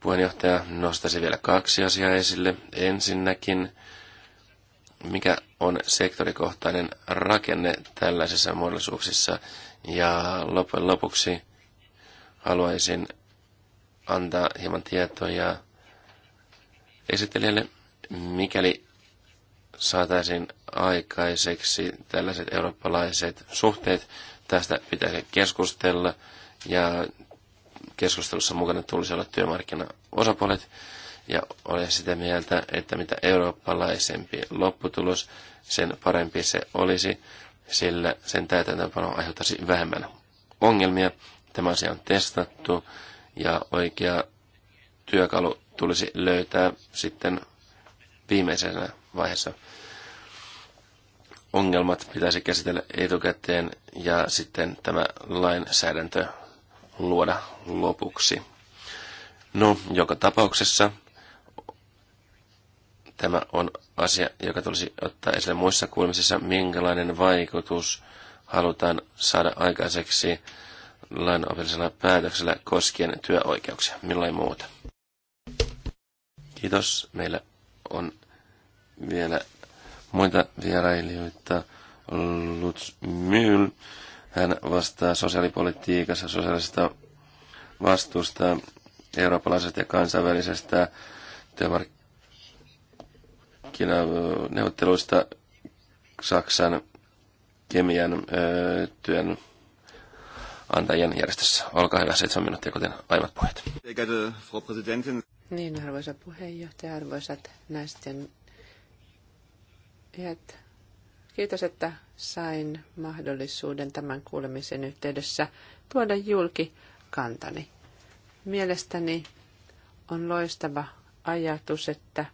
Puheenjohtaja nostaisi vielä kaksi asiaa esille. Ensinnäkin, mikä on sektorikohtainen rakenne tällaisissa mahdollisuuksissa. Ja loppujen lopuksi haluaisin antaa hieman tietoja esittelijälle, mikäli saataisiin aikaiseksi tällaiset eurooppalaiset suhteet. Tästä pitäisi keskustella ja keskustelussa mukana tulisi olla työmarkkinaosapuolet ja olen sitä mieltä, että mitä eurooppalaisempi lopputulos, sen parempi se olisi, sillä sen täytäntöönpano aiheuttaisi vähemmän ongelmia. Tämä asia on testattu ja oikea työkalu tulisi löytää sitten viimeisenä vaiheessa. Ongelmat pitäisi käsitellä etukäteen ja sitten tämä lainsäädäntö luoda lopuksi. No, joka tapauksessa Tämä on asia, joka tulisi ottaa esille muissa kuulemisissa, minkälainen vaikutus halutaan saada aikaiseksi lainopillisella päätöksellä koskien työoikeuksia. Milloin muuta? Kiitos. Meillä on vielä muita vierailijoita. Lutz Myhl. Hän vastaa sosiaalipolitiikassa, sosiaalisesta vastuusta, eurooppalaisesta ja kansainvälisestä työmarkkinoista työmarkkinaneuvotteluista Saksan kemian öö, työn antajien järjestössä. Olkaa hyvä, seitsemän minuuttia, kuten aivat puheet. Niin, arvoisa puheenjohtaja, arvoisat naisten iät. Kiitos, että sain mahdollisuuden tämän kuulemisen yhteydessä tuoda julki kantani. Mielestäni on loistava ajatus, että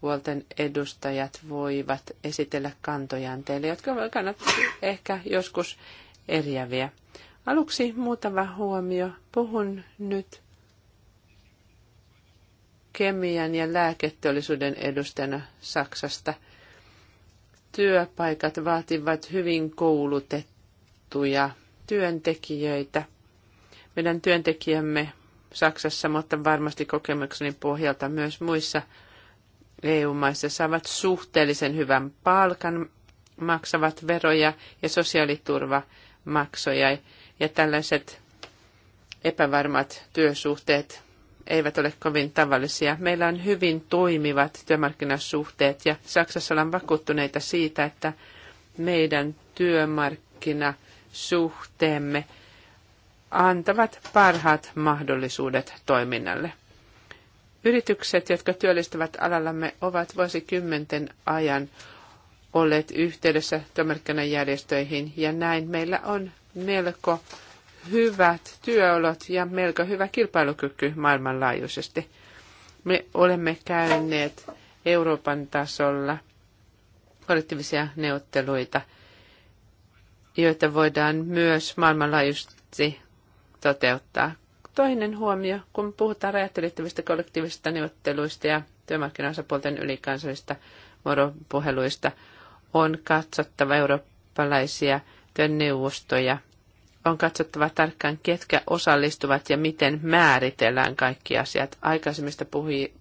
puolten edustajat voivat esitellä kantojaan teille, jotka kannattaa ehkä joskus eriäviä. Aluksi muutama huomio. Puhun nyt kemian ja lääketeollisuuden edustajana Saksasta. Työpaikat vaativat hyvin koulutettuja työntekijöitä. Meidän työntekijämme Saksassa, mutta varmasti kokemukseni pohjalta myös muissa EU-maissa saavat suhteellisen hyvän palkan, maksavat veroja ja sosiaaliturvamaksoja. Ja tällaiset epävarmat työsuhteet eivät ole kovin tavallisia. Meillä on hyvin toimivat työmarkkinasuhteet ja Saksassa ollaan vakuuttuneita siitä, että meidän työmarkkinasuhteemme – antavat parhaat mahdollisuudet toiminnalle. Yritykset, jotka työllistävät alallamme, ovat vuosikymmenten ajan olleet yhteydessä työmarkkinajärjestöihin ja näin meillä on melko hyvät työolot ja melko hyvä kilpailukyky maailmanlaajuisesti. Me olemme käyneet Euroopan tasolla kollektiivisia neuvotteluita, joita voidaan myös maailmanlaajuisesti toteuttaa. Toinen huomio, kun puhutaan rajat ylittävistä kollektiivisista neuvotteluista ja työmarkkinaosapuolten ylikansallisista vuoropuheluista, on katsottava eurooppalaisia työneuvostoja. On katsottava tarkkaan, ketkä osallistuvat ja miten määritellään kaikki asiat. Aikaisemmista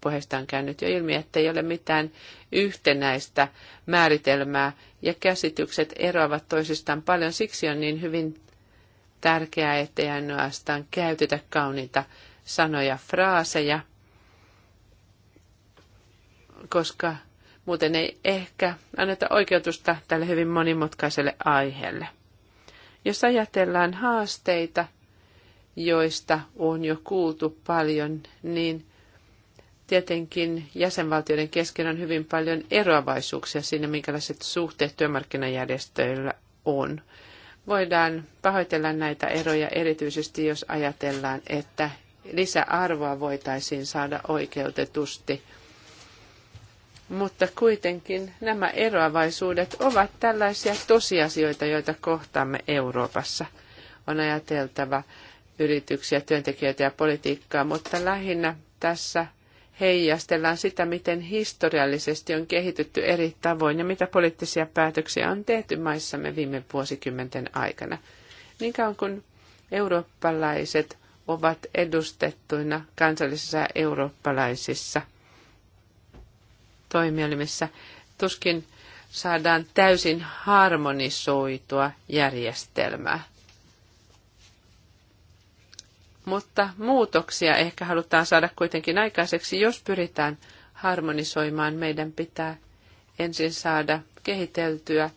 puheista on käynyt jo ilmi, että ei ole mitään yhtenäistä määritelmää ja käsitykset eroavat toisistaan paljon. Siksi on niin hyvin tärkeää, ettei ainoastaan käytetä kauniita sanoja, fraaseja, koska muuten ei ehkä anneta oikeutusta tälle hyvin monimutkaiselle aiheelle. Jos ajatellaan haasteita, joista on jo kuultu paljon, niin tietenkin jäsenvaltioiden kesken on hyvin paljon eroavaisuuksia siinä, minkälaiset suhteet työmarkkinajärjestöillä on voidaan pahoitella näitä eroja erityisesti, jos ajatellaan, että lisäarvoa voitaisiin saada oikeutetusti. Mutta kuitenkin nämä eroavaisuudet ovat tällaisia tosiasioita, joita kohtaamme Euroopassa. On ajateltava yrityksiä, työntekijöitä ja politiikkaa, mutta lähinnä tässä heijastellaan sitä, miten historiallisesti on kehitytty eri tavoin ja mitä poliittisia päätöksiä on tehty maissamme viime vuosikymmenten aikana. Niin kauan kuin eurooppalaiset ovat edustettuina kansallisissa eurooppalaisissa toimielimissä, tuskin saadaan täysin harmonisoitua järjestelmää mutta muutoksia ehkä halutaan saada kuitenkin aikaiseksi. Jos pyritään harmonisoimaan, meidän pitää ensin saada kehiteltyä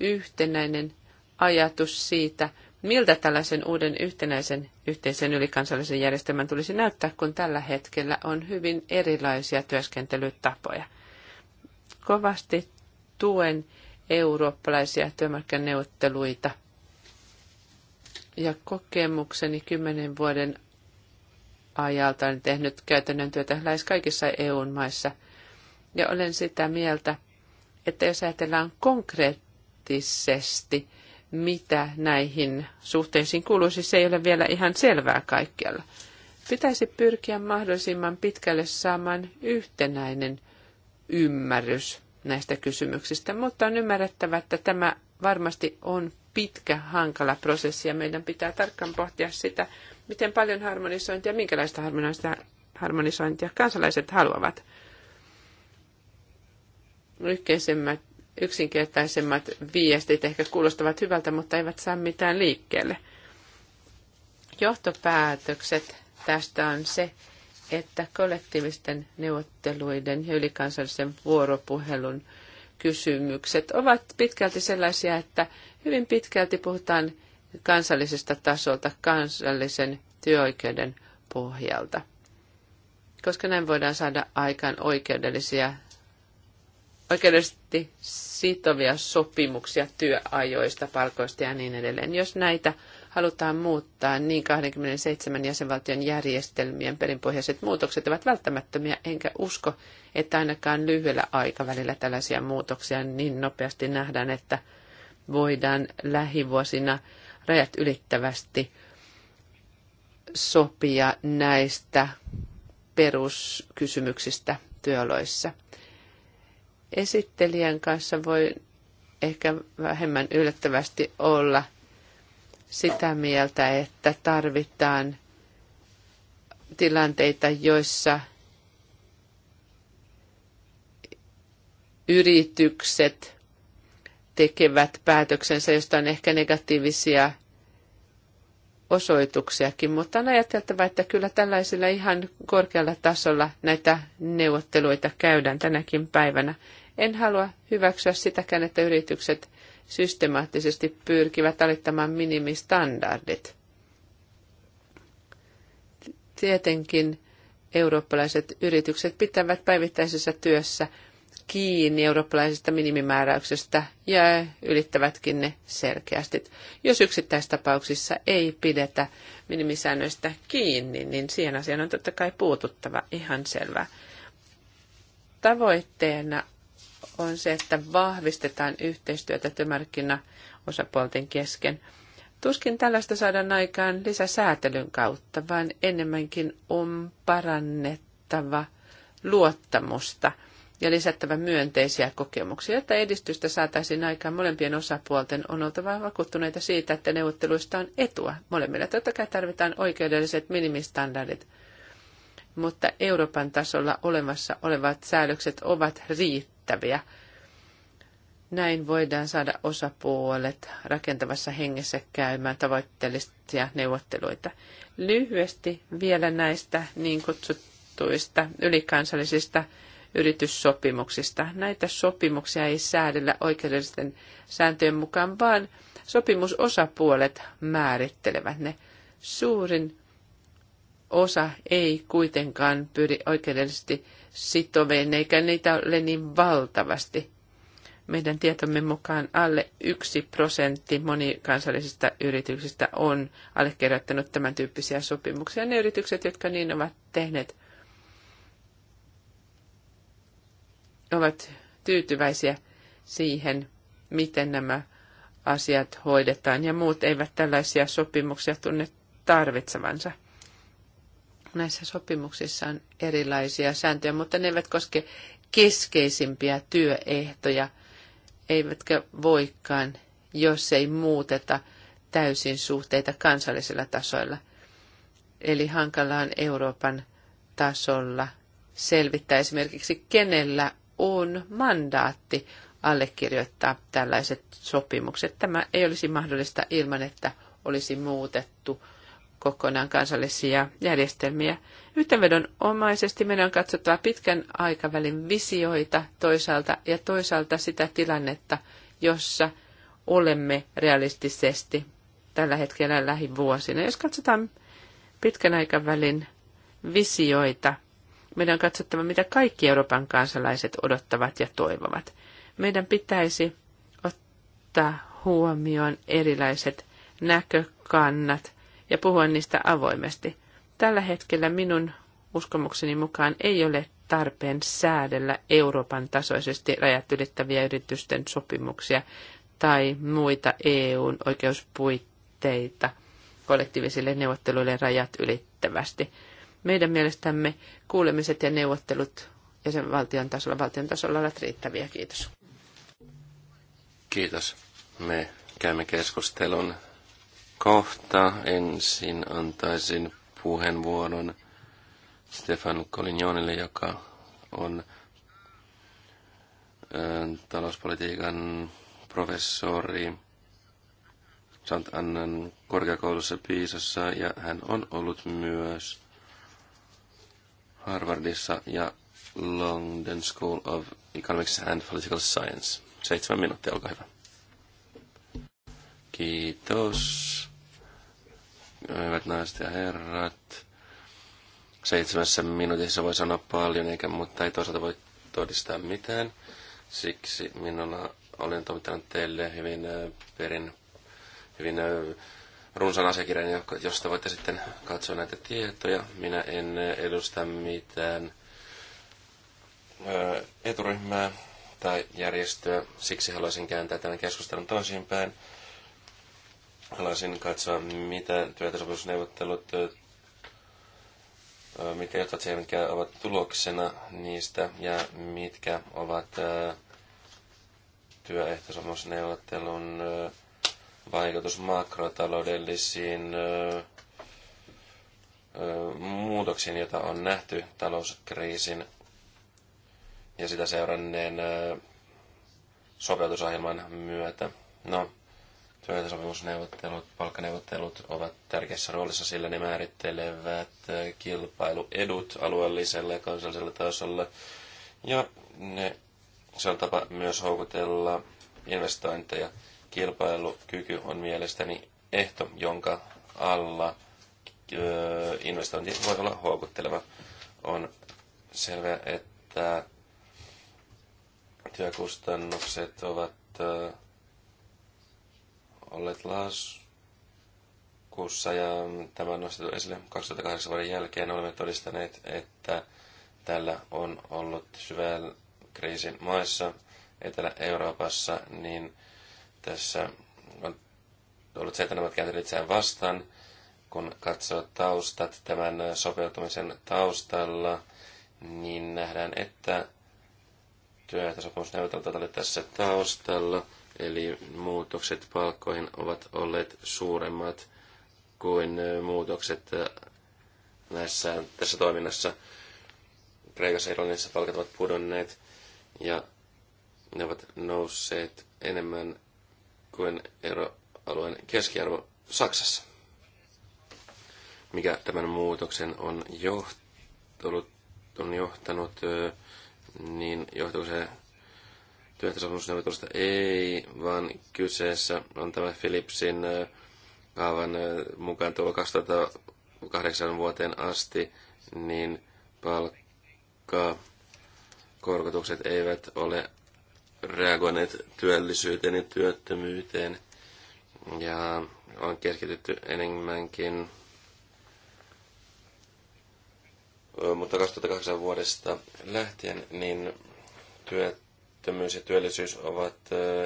yhtenäinen ajatus siitä, miltä tällaisen uuden yhtenäisen yhteisen ylikansallisen järjestelmän tulisi näyttää, kun tällä hetkellä on hyvin erilaisia työskentelytapoja. Kovasti tuen eurooppalaisia työmarkkinaneuvotteluita – ja kokemukseni kymmenen vuoden ajalta olen tehnyt käytännön työtä lähes kaikissa EUn maissa. Ja olen sitä mieltä, että jos ajatellaan konkreettisesti, mitä näihin suhteisiin kuuluu, siis se ei ole vielä ihan selvää kaikkialla. Pitäisi pyrkiä mahdollisimman pitkälle saamaan yhtenäinen ymmärrys näistä kysymyksistä, mutta on ymmärrettävä, että tämä varmasti on pitkä, hankala prosessi ja meidän pitää tarkkaan pohtia sitä, miten paljon harmonisointia, minkälaista harmonisointia kansalaiset haluavat. Yhteisemmät yksinkertaisemmat viestit ehkä kuulostavat hyvältä, mutta eivät saa mitään liikkeelle. Johtopäätökset tästä on se, että kollektiivisten neuvotteluiden ja ylikansallisen vuoropuhelun kysymykset ovat pitkälti sellaisia, että hyvin pitkälti puhutaan kansallisesta tasolta kansallisen työoikeuden pohjalta, koska näin voidaan saada aikaan oikeudellisia, oikeudellisesti sitovia sopimuksia työajoista, palkoista ja niin edelleen. Jos näitä halutaan muuttaa, niin 27 jäsenvaltion järjestelmien perinpohjaiset muutokset ovat välttämättömiä, enkä usko, että ainakaan lyhyellä aikavälillä tällaisia muutoksia niin nopeasti nähdään, että voidaan lähivuosina rajat ylittävästi sopia näistä peruskysymyksistä työoloissa. Esittelijän kanssa voi ehkä vähemmän yllättävästi olla – sitä mieltä, että tarvitaan tilanteita, joissa yritykset tekevät päätöksensä, josta on ehkä negatiivisia osoituksiakin, mutta on ajateltava, että kyllä tällaisilla ihan korkealla tasolla näitä neuvotteluita käydään tänäkin päivänä. En halua hyväksyä sitäkään, että yritykset systemaattisesti pyrkivät alittamaan minimistandardit. Tietenkin eurooppalaiset yritykset pitävät päivittäisessä työssä kiinni eurooppalaisesta minimimääräyksestä ja ylittävätkin ne selkeästi. Jos yksittäistapauksissa ei pidetä minimisäännöistä kiinni, niin siihen asiaan on totta kai puututtava ihan selvä. Tavoitteena on se, että vahvistetaan yhteistyötä työmarkkinaosapuolten kesken. Tuskin tällaista saadaan aikaan lisäsäätelyn kautta, vaan enemmänkin on parannettava luottamusta ja lisättävä myönteisiä kokemuksia, jotta edistystä saataisiin aikaan molempien osapuolten on oltava vakuuttuneita siitä, että neuvotteluista on etua molemmille. Totta kai tarvitaan oikeudelliset minimistandardit – mutta Euroopan tasolla olemassa olevat säädökset ovat riittäviä. Näin voidaan saada osapuolet rakentavassa hengessä käymään tavoitteellisia neuvotteluita. Lyhyesti vielä näistä niin kutsuttuista ylikansallisista yrityssopimuksista. Näitä sopimuksia ei säädellä oikeudellisten sääntöjen mukaan, vaan sopimusosapuolet määrittelevät ne. Suurin osa ei kuitenkaan pyri oikeudellisesti sitoveen, eikä niitä ole niin valtavasti. Meidän tietomme mukaan alle yksi prosentti monikansallisista yrityksistä on allekirjoittanut tämän tyyppisiä sopimuksia. Ne yritykset, jotka niin ovat tehneet, ovat tyytyväisiä siihen, miten nämä asiat hoidetaan, ja muut eivät tällaisia sopimuksia tunne tarvitsevansa näissä sopimuksissa on erilaisia sääntöjä, mutta ne eivät koske keskeisimpiä työehtoja, eivätkä voikaan, jos ei muuteta täysin suhteita kansallisella tasoilla. Eli hankala on Euroopan tasolla selvittää esimerkiksi, kenellä on mandaatti allekirjoittaa tällaiset sopimukset. Tämä ei olisi mahdollista ilman, että olisi muutettu kokonaan kansallisia järjestelmiä. omaisesti meidän on katsottava pitkän aikavälin visioita toisaalta ja toisaalta sitä tilannetta, jossa olemme realistisesti tällä hetkellä lähivuosina. Jos katsotaan pitkän aikavälin visioita, meidän on katsottava, mitä kaikki Euroopan kansalaiset odottavat ja toivovat. Meidän pitäisi ottaa huomioon erilaiset näkökannat, ja puhua niistä avoimesti. Tällä hetkellä minun uskomukseni mukaan ei ole tarpeen säädellä Euroopan tasoisesti rajat ylittäviä yritysten sopimuksia tai muita EUn oikeuspuitteita kollektiivisille neuvotteluille rajat ylittävästi. Meidän mielestämme kuulemiset ja neuvottelut ja sen valtion tasolla, valtion tasolla ovat riittäviä. Kiitos. Kiitos. Me käymme keskustelun kohta. Ensin antaisin puheenvuoron Stefan Colignonille, joka on ähm, talouspolitiikan professori Sant Annan korkeakoulussa Piisassa ja hän on ollut myös Harvardissa ja London School of Economics and Political Science. Seitsemän minuuttia, olkaa hyvä. Kiitos hyvät naiset ja herrat. Seitsemässä minuutissa voi sanoa paljon, eikä, mutta ei toisaalta voi todistaa mitään. Siksi minulla olen toimittanut teille hyvin perin, hyvin runsaan asiakirjan, josta voitte sitten katsoa näitä tietoja. Minä en edusta mitään eturyhmää tai järjestöä, siksi haluaisin kääntää tämän keskustelun toisinpäin. Haluaisin katsoa, mitä työehtosopimusneuvottelut, mitkä johtavat siihen, mitkä ovat tuloksena niistä ja mitkä ovat työehtosopimusneuvottelun vaikutus makrotaloudellisiin muutoksiin, jota on nähty talouskriisin ja sitä seuranneen sopeutusohjelman myötä. No, Työehtosopimusneuvottelut, palkkaneuvottelut ovat tärkeässä roolissa, sillä ne määrittelevät kilpailuedut alueelliselle ja kansalliselle tasolle, Ja ne, se on tapa myös houkutella investointeja. Kilpailukyky on mielestäni ehto, jonka alla investointi voi olla houkutteleva. On selvää, että työkustannukset ovat olleet laskussa ja tämä on nostettu esille 2008 vuoden jälkeen. Olemme todistaneet, että tällä on ollut syvän kriisin maissa Etelä-Euroopassa, niin tässä on ollut se, että nämä kääntyvät itseään vastaan. Kun katsoo taustat tämän sopeutumisen taustalla, niin nähdään, että työehtosopimusneuvottelut oli tässä taustalla. Eli muutokset palkkoihin ovat olleet suuremmat kuin muutokset näissä, tässä toiminnassa. Kreikassa ja Irlannissa palkat ovat pudonneet ja ne ovat nousseet enemmän kuin euroalueen keskiarvo Saksassa. Mikä tämän muutoksen on johtanut, on johtanut niin johtuu se työehtosopimusneuvottelusta ei, vaan kyseessä on tämä Philipsin äh, kaavan äh, mukaan tulo 2008 vuoteen asti, niin palkka korkotukset eivät ole reagoineet työllisyyteen ja työttömyyteen. Ja on keskitytty enemmänkin mutta 2008 vuodesta lähtien niin työt työttömyys ja työllisyys ovat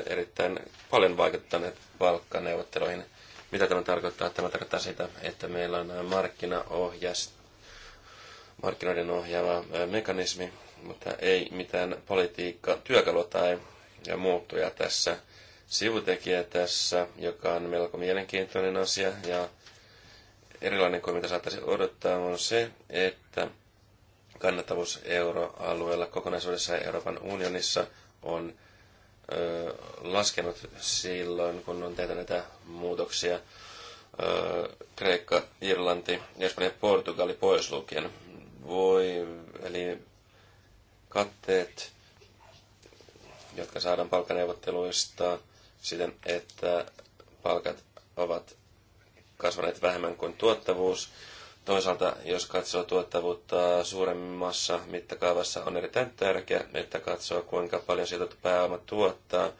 erittäin paljon vaikuttaneet palkkaneuvotteluihin. Mitä tämä tarkoittaa? Tämä tarkoittaa sitä, että meillä on markkinaohjas, markkinoiden ohjaava mekanismi, mutta ei mitään politiikka, työkalu tai ja muuttuja tässä. Sivutekijä tässä, joka on melko mielenkiintoinen asia ja erilainen kuin mitä saattaisi odottaa, on se, että kannattavuus euroalueella kokonaisuudessa Euroopan unionissa on ö, laskenut silloin, kun on tehty näitä muutoksia. Ö, Kreikka, Irlanti, Espanja, Portugali pois lukien. Voi, eli katteet, jotka saadaan palkaneuvotteluista siten, että palkat ovat kasvaneet vähemmän kuin tuottavuus Toisaalta, jos katsoo tuottavuutta suuremmassa mittakaavassa, on erittäin tärkeää, että katsoo, kuinka paljon sieltä pääoma tuottaa.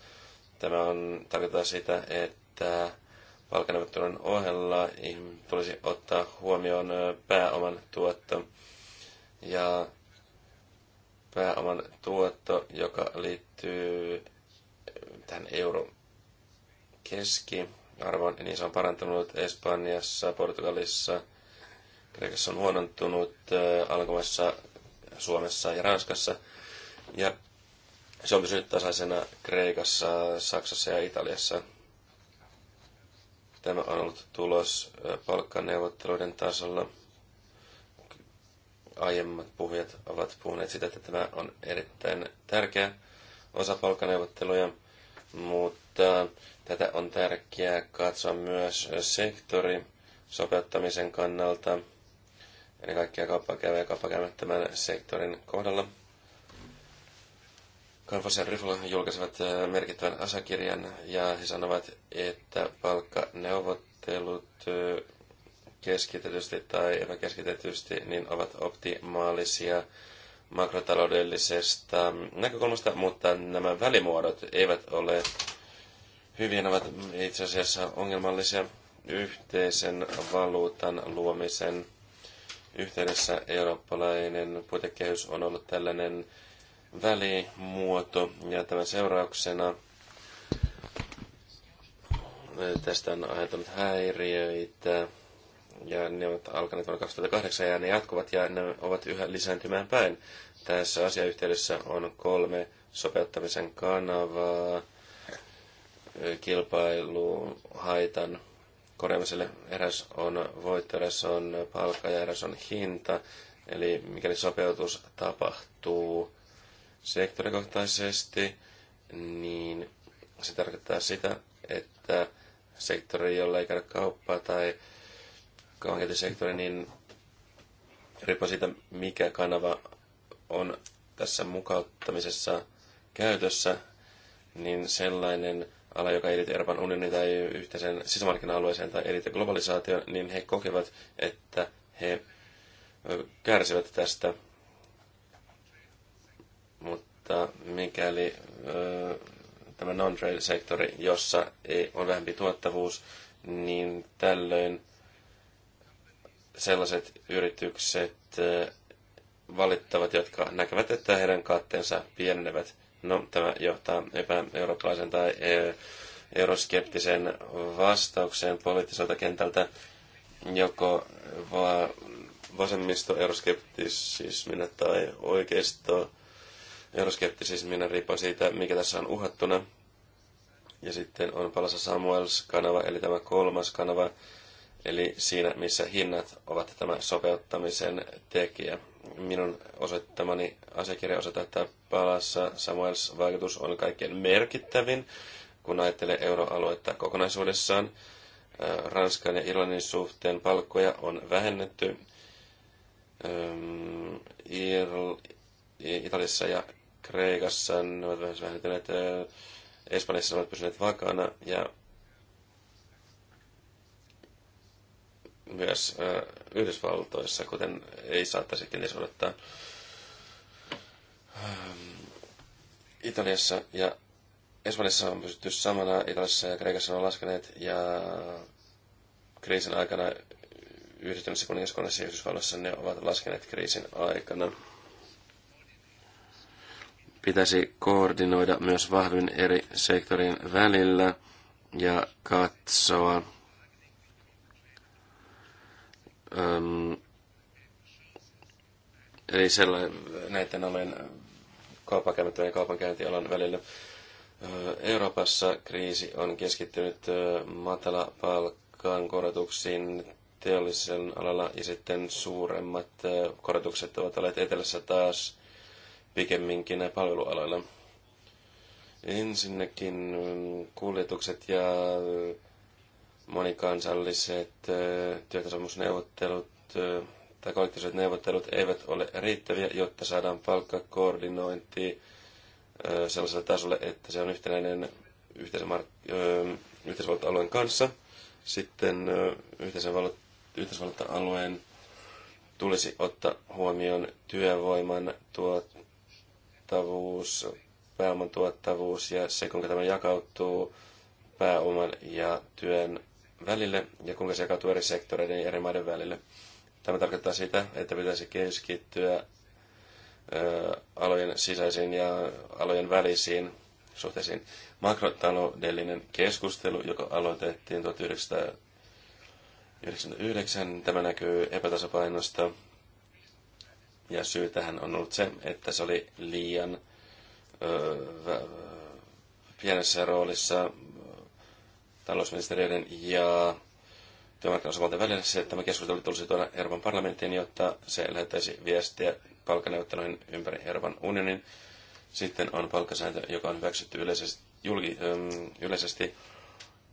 Tämä on, tarkoittaa sitä, että palkanneuvottelun ohella tulisi ottaa huomioon pääoman tuotto ja pääoman tuotto, joka liittyy tähän euron keskiarvoon, niin se on parantunut Espanjassa, Portugalissa – Kreikassa on huonontunut, alkamassa Suomessa ja Ranskassa. Ja se on pysynyt tasaisena Kreikassa, Saksassa ja Italiassa. Tämä on ollut tulos palkkaneuvotteluiden tasolla. Aiemmat puhujat ovat puhuneet sitä, että tämä on erittäin tärkeä osa palkkaneuvotteluja, mutta tätä on tärkeää katsoa myös sektori sopeuttamisen kannalta – ennen kaikkea kauppakäyvä ja kauppakäymättömän sektorin kohdalla. Kanfas ja Rifle julkaisivat äh, merkittävän asakirjan ja he sanovat, että palkkaneuvottelut äh, keskitetysti tai epäkeskitetysti niin ovat optimaalisia makrotaloudellisesta näkökulmasta, mutta nämä välimuodot eivät ole hyvin, ovat itse asiassa ongelmallisia yhteisen valuutan luomisen yhteydessä eurooppalainen puitekehys on ollut tällainen välimuoto ja tämän seurauksena eh, tästä on aiheutunut häiriöitä ja ne ovat alkaneet vuonna 2008 ja ne jatkuvat ja ne ovat yhä lisääntymään päin. Tässä asiayhteydessä on kolme sopeuttamisen kanavaa, eh, kilpailuhaitan korjaamiselle. Eräs on voitto, eräs on palkka ja eräs on hinta. Eli mikäli sopeutus tapahtuu sektorikohtaisesti, niin se tarkoittaa sitä, että sektori, jolla ei käydä kauppaa tai kaupankäyntisektori, niin riippuu siitä, mikä kanava on tässä mukauttamisessa käytössä, niin sellainen – ala, joka ei liity Euroopan unionin tai yhteiseen sisämarkkina-alueeseen tai ei globalisaatioon, niin he kokevat, että he kärsivät tästä. Mutta mikäli tämä non-trade-sektori, jossa ei, on vähempi tuottavuus, niin tällöin sellaiset yritykset valittavat, jotka näkevät, että heidän katteensa pienenevät. No, tämä johtaa epäeurooppalaisen tai e, euroskeptisen vastaukseen poliittiselta kentältä joko va- vasemmisto euroskeptisisminä tai oikeisto euroskeptisisminä riippuu siitä, mikä tässä on uhattuna. Ja sitten on palassa Samuels-kanava, eli tämä kolmas kanava, Eli siinä, missä hinnat ovat tämä sopeuttamisen tekijä. Minun osoittamani asiakirja osoittaa, että palassa Samuels vaikutus on kaikkein merkittävin, kun ajattelee euroaluetta kokonaisuudessaan. Ranskan ja Irlannin suhteen palkkoja on vähennetty. Italiassa ja Kreikassa ne ovat vähentyneet. Espanjassa ne ovat pysyneet vakana ja myös Yhdysvaltoissa, kuten ei saattaisi kenties odottaa Italiassa ja Espanjassa on pysytty samana, Italiassa ja Kreikassa on laskeneet ja kriisin aikana yhdistyneessä kuningaskunnassa ja Yhdysvalloissa ne ovat laskeneet kriisin aikana. Pitäisi koordinoida myös vahvin eri sektorien välillä ja katsoa, Öm, ähm, eli sellainen, näiden alojen kaupankäynti ja kaupankäyntialan välillä. Euroopassa kriisi on keskittynyt palkkaan korotuksiin teollisen alalla ja sitten suuremmat korotukset ovat olleet etelässä taas pikemminkin palvelualoilla. Ensinnäkin mm, kuljetukset ja monikansalliset työtasomusneuvottelut tai kollektiiviset neuvottelut eivät ole riittäviä, jotta saadaan palkkakoordinointi sellaiselle tasolle, että se on yhtenäinen yhteismark- yhteisvaluutta-alueen kanssa. Sitten yhteisvaluutta-alueen tulisi ottaa huomioon työvoiman tuottavuus, pääoman tuottavuus ja se, kuinka tämä jakautuu pääoman ja työn välille ja kuinka se jakautuu eri sektoreiden ja eri maiden välille. Tämä tarkoittaa sitä, että pitäisi keskittyä alojen sisäisiin ja alojen välisiin suhteisiin. Makrotaloudellinen keskustelu, joka aloitettiin 1999, tämä näkyy epätasapainosta. Ja syy tähän on ollut se, että se oli liian ö, pienessä roolissa talousministeriöiden ja työmarkkinaosapuolten välillä se, että tämä keskustelu tulisi tuoda Euroopan parlamenttiin, jotta se lähettäisi viestiä palkkaneuvotteluihin ympäri Euroopan unionin. Sitten on palkkasääntö, joka on hyväksytty yleisesti, julki, yleisesti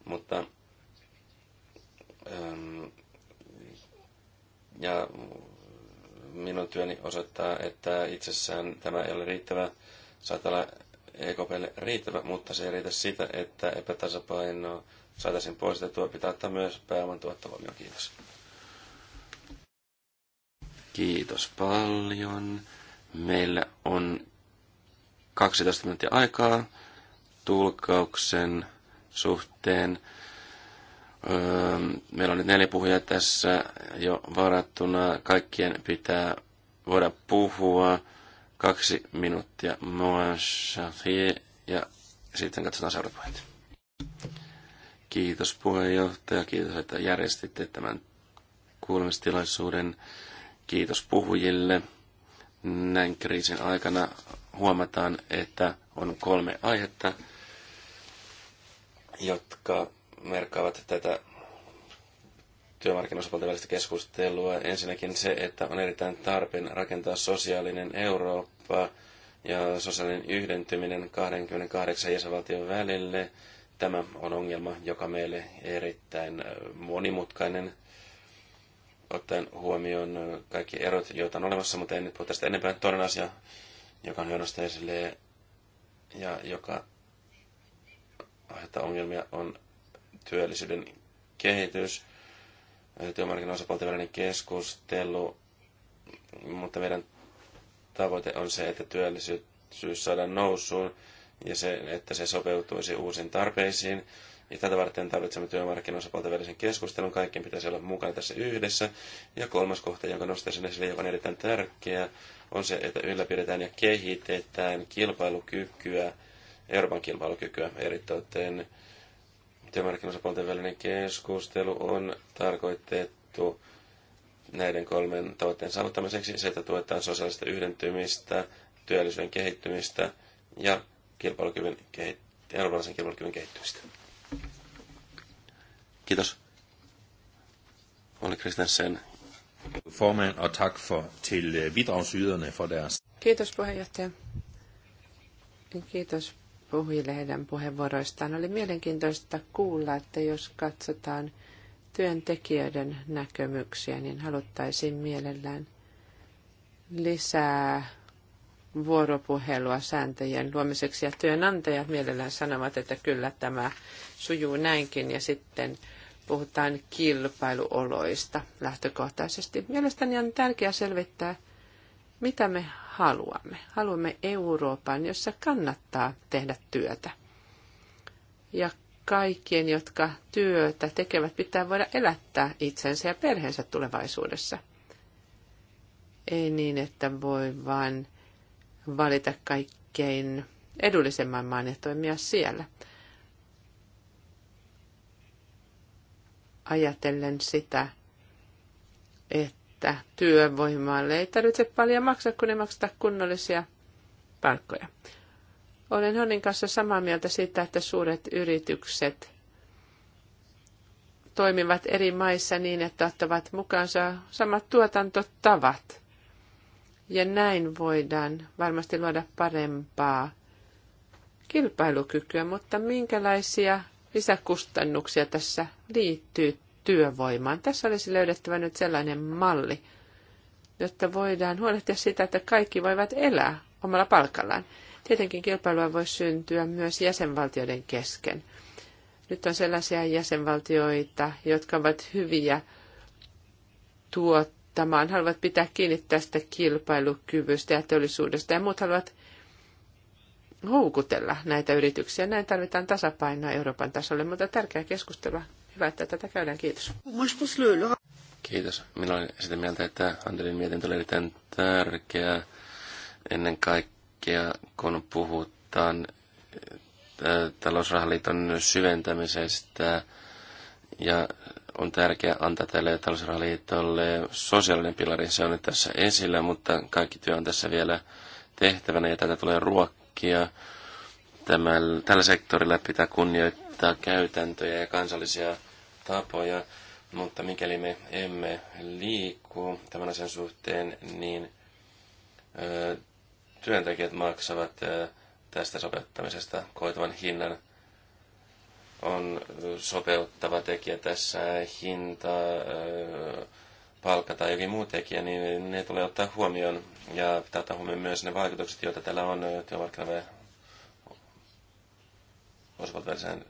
mutta ja minun työni osoittaa, että itsessään tämä ei ole riittävä. Saattaa olla EKPlle riittävä, mutta se ei riitä sitä, että epätasapaino saataisiin poistettua, pitää ottaa myös pääoman tuottovalio. Kiitos. Kiitos paljon. Meillä on 12 minuuttia aikaa tulkauksen suhteen. Öö, meillä on nyt neljä puhujaa tässä jo varattuna. Kaikkien pitää voida puhua. Kaksi minuuttia Moa ja sitten katsotaan seuraavat puheet. Kiitos puheenjohtaja, kiitos, että järjestitte tämän kuulemistilaisuuden. Kiitos puhujille. Näin kriisin aikana huomataan, että on kolme aihetta, jotka merkkaavat tätä työmarkkinoisapuolten välistä keskustelua. Ensinnäkin se, että on erittäin tarpeen rakentaa sosiaalinen Eurooppa ja sosiaalinen yhdentyminen 28 jäsenvaltion välille – Tämä on ongelma, joka meille erittäin äh, monimutkainen, ottaen huomioon äh, kaikki erot, joita on olemassa, mutta en nyt puhu tästä enempää. Toinen asia, joka on hyönnosta esille ja joka aiheuttaa ongelmia, on työllisyyden kehitys, äh, työmarkkinaosapuolten välinen keskustelu, mutta meidän tavoite on se, että työllisyys saadaan nousuun ja se, että se sopeutuisi uusiin tarpeisiin. Ja tätä varten tarvitsemme työmarkkinoisapuolten välisen keskustelun. Kaikkien pitäisi olla mukana tässä yhdessä. Ja kolmas kohta, jonka nostaisin esille, joka on erittäin tärkeä, on se, että ylläpidetään ja kehitetään kilpailukykyä, Euroopan kilpailukykyä eritoten. Työmarkkinoisapuolten välinen keskustelu on tarkoitettu näiden kolmen tavoitteen saavuttamiseksi. Se, että tuetaan sosiaalista yhdentymistä, työllisyyden kehittymistä ja kilpailukyvyn kehit- kilpailukyvyn kehittymistä. Kiitos. Oli Kristensen. Formen og tak for, til øh, bidragsyderne for deres. Kiitos puheenjohtaja. Kiitos puhujille heidän puheenvuoroistaan. Oli mielenkiintoista kuulla, että jos katsotaan työntekijöiden näkemyksiä, niin haluttaisiin mielellään lisää vuoropuhelua sääntöjen luomiseksi ja työnantajat mielellään sanovat, että kyllä tämä sujuu näinkin ja sitten puhutaan kilpailuoloista lähtökohtaisesti. Mielestäni on tärkeää selvittää, mitä me haluamme. Haluamme Euroopan, jossa kannattaa tehdä työtä. Ja kaikkien, jotka työtä tekevät, pitää voida elättää itsensä ja perheensä tulevaisuudessa. Ei niin, että voi vain valita kaikkein edullisemman maan ja toimia siellä. Ajatellen sitä, että työvoimalle ei tarvitse paljon maksaa, kun ei makseta kunnollisia palkkoja. Olen Honin kanssa samaa mieltä siitä, että suuret yritykset toimivat eri maissa niin, että ottavat mukaansa samat tuotantotavat – ja näin voidaan varmasti luoda parempaa kilpailukykyä, mutta minkälaisia lisäkustannuksia tässä liittyy työvoimaan? Tässä olisi löydettävä nyt sellainen malli, jotta voidaan huolehtia sitä, että kaikki voivat elää omalla palkallaan. Tietenkin kilpailua voi syntyä myös jäsenvaltioiden kesken. Nyt on sellaisia jäsenvaltioita, jotka ovat hyviä tuot auttamaan, haluavat pitää kiinni tästä kilpailukyvystä ja teollisuudesta ja muut haluavat houkutella näitä yrityksiä. Näin tarvitaan tasapainoa Euroopan tasolle, mutta tärkeä keskustelua. Hyvä, että tätä käydään. Kiitos. Kiitos. Minä olen sitä mieltä, että Antelin mietintö oli erittäin tärkeä ennen kaikkea, kun puhutaan talousrahaliiton syventämisestä ja on tärkeää antaa tälle talousrahaliitolle sosiaalinen pilari. Se on nyt tässä esillä, mutta kaikki työ on tässä vielä tehtävänä ja tätä tulee ruokkia. tämä tällä sektorilla pitää kunnioittaa käytäntöjä ja kansallisia tapoja, mutta mikäli me emme liiku tämän asian suhteen, niin ö, työntekijät maksavat ö, tästä sopeuttamisesta koituvan hinnan on sopeuttava tekijä tässä, hinta, palkka tai jokin muu tekijä, niin ne tulee ottaa huomioon. Ja pitää ottaa huomioon myös ne vaikutukset, joita täällä on ja osavaltaiseen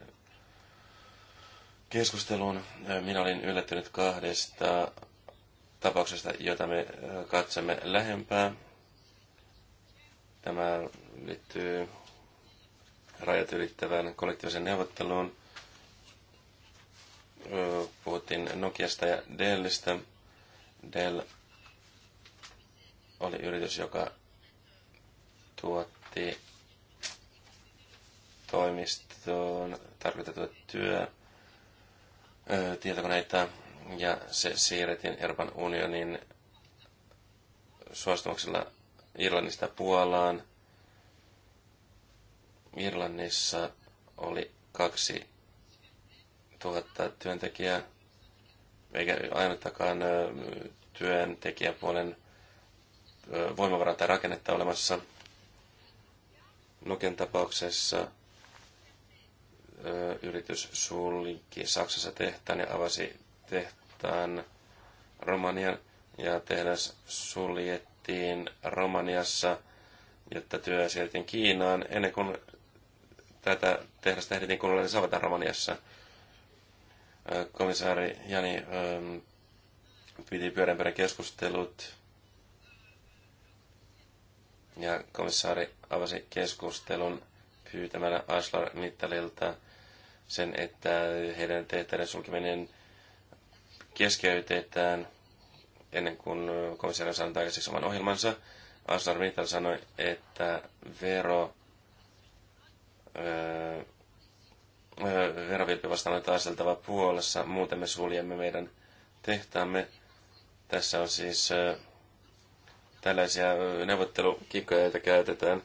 keskusteluun. Minä olin yllättynyt kahdesta tapauksesta, jota me katsomme lähempää. Tämä liittyy rajat ylittävään kollektiiviseen neuvotteluun. Puhuttiin Nokiasta ja Dellistä. Dell oli yritys, joka tuotti toimistoon tarkoitettua työ, tietokoneita ja se siirrettiin Euroopan unionin suostumuksella Irlannista Puolaan – Irlannissa oli kaksi tuhatta työntekijää, eikä ainuttakaan työntekijäpuolen voimavaraa tai rakennetta olemassa. Nokian tapauksessa yritys sulki Saksassa tehtaan ja avasi tehtaan Romanian ja tehdas suljettiin Romaniassa, jotta työ siirrettiin Kiinaan ennen kuin tätä tehdasta ehdittiin niin savata Romaniassa. Komissaari Jani piti pyöränpyörän keskustelut ja komissaari avasi keskustelun pyytämällä Aslar Mittalilta sen, että heidän tehtäiden sulkeminen keskeytetään ennen kuin komissaari on saanut aikaiseksi oman ohjelmansa. Aslar Mittal sanoi, että vero verovilppi vastaanotto aseltava puolessa, muuten me suljemme meidän tehtaamme. Tässä on siis tällaisia neuvottelukikkoja, joita käytetään.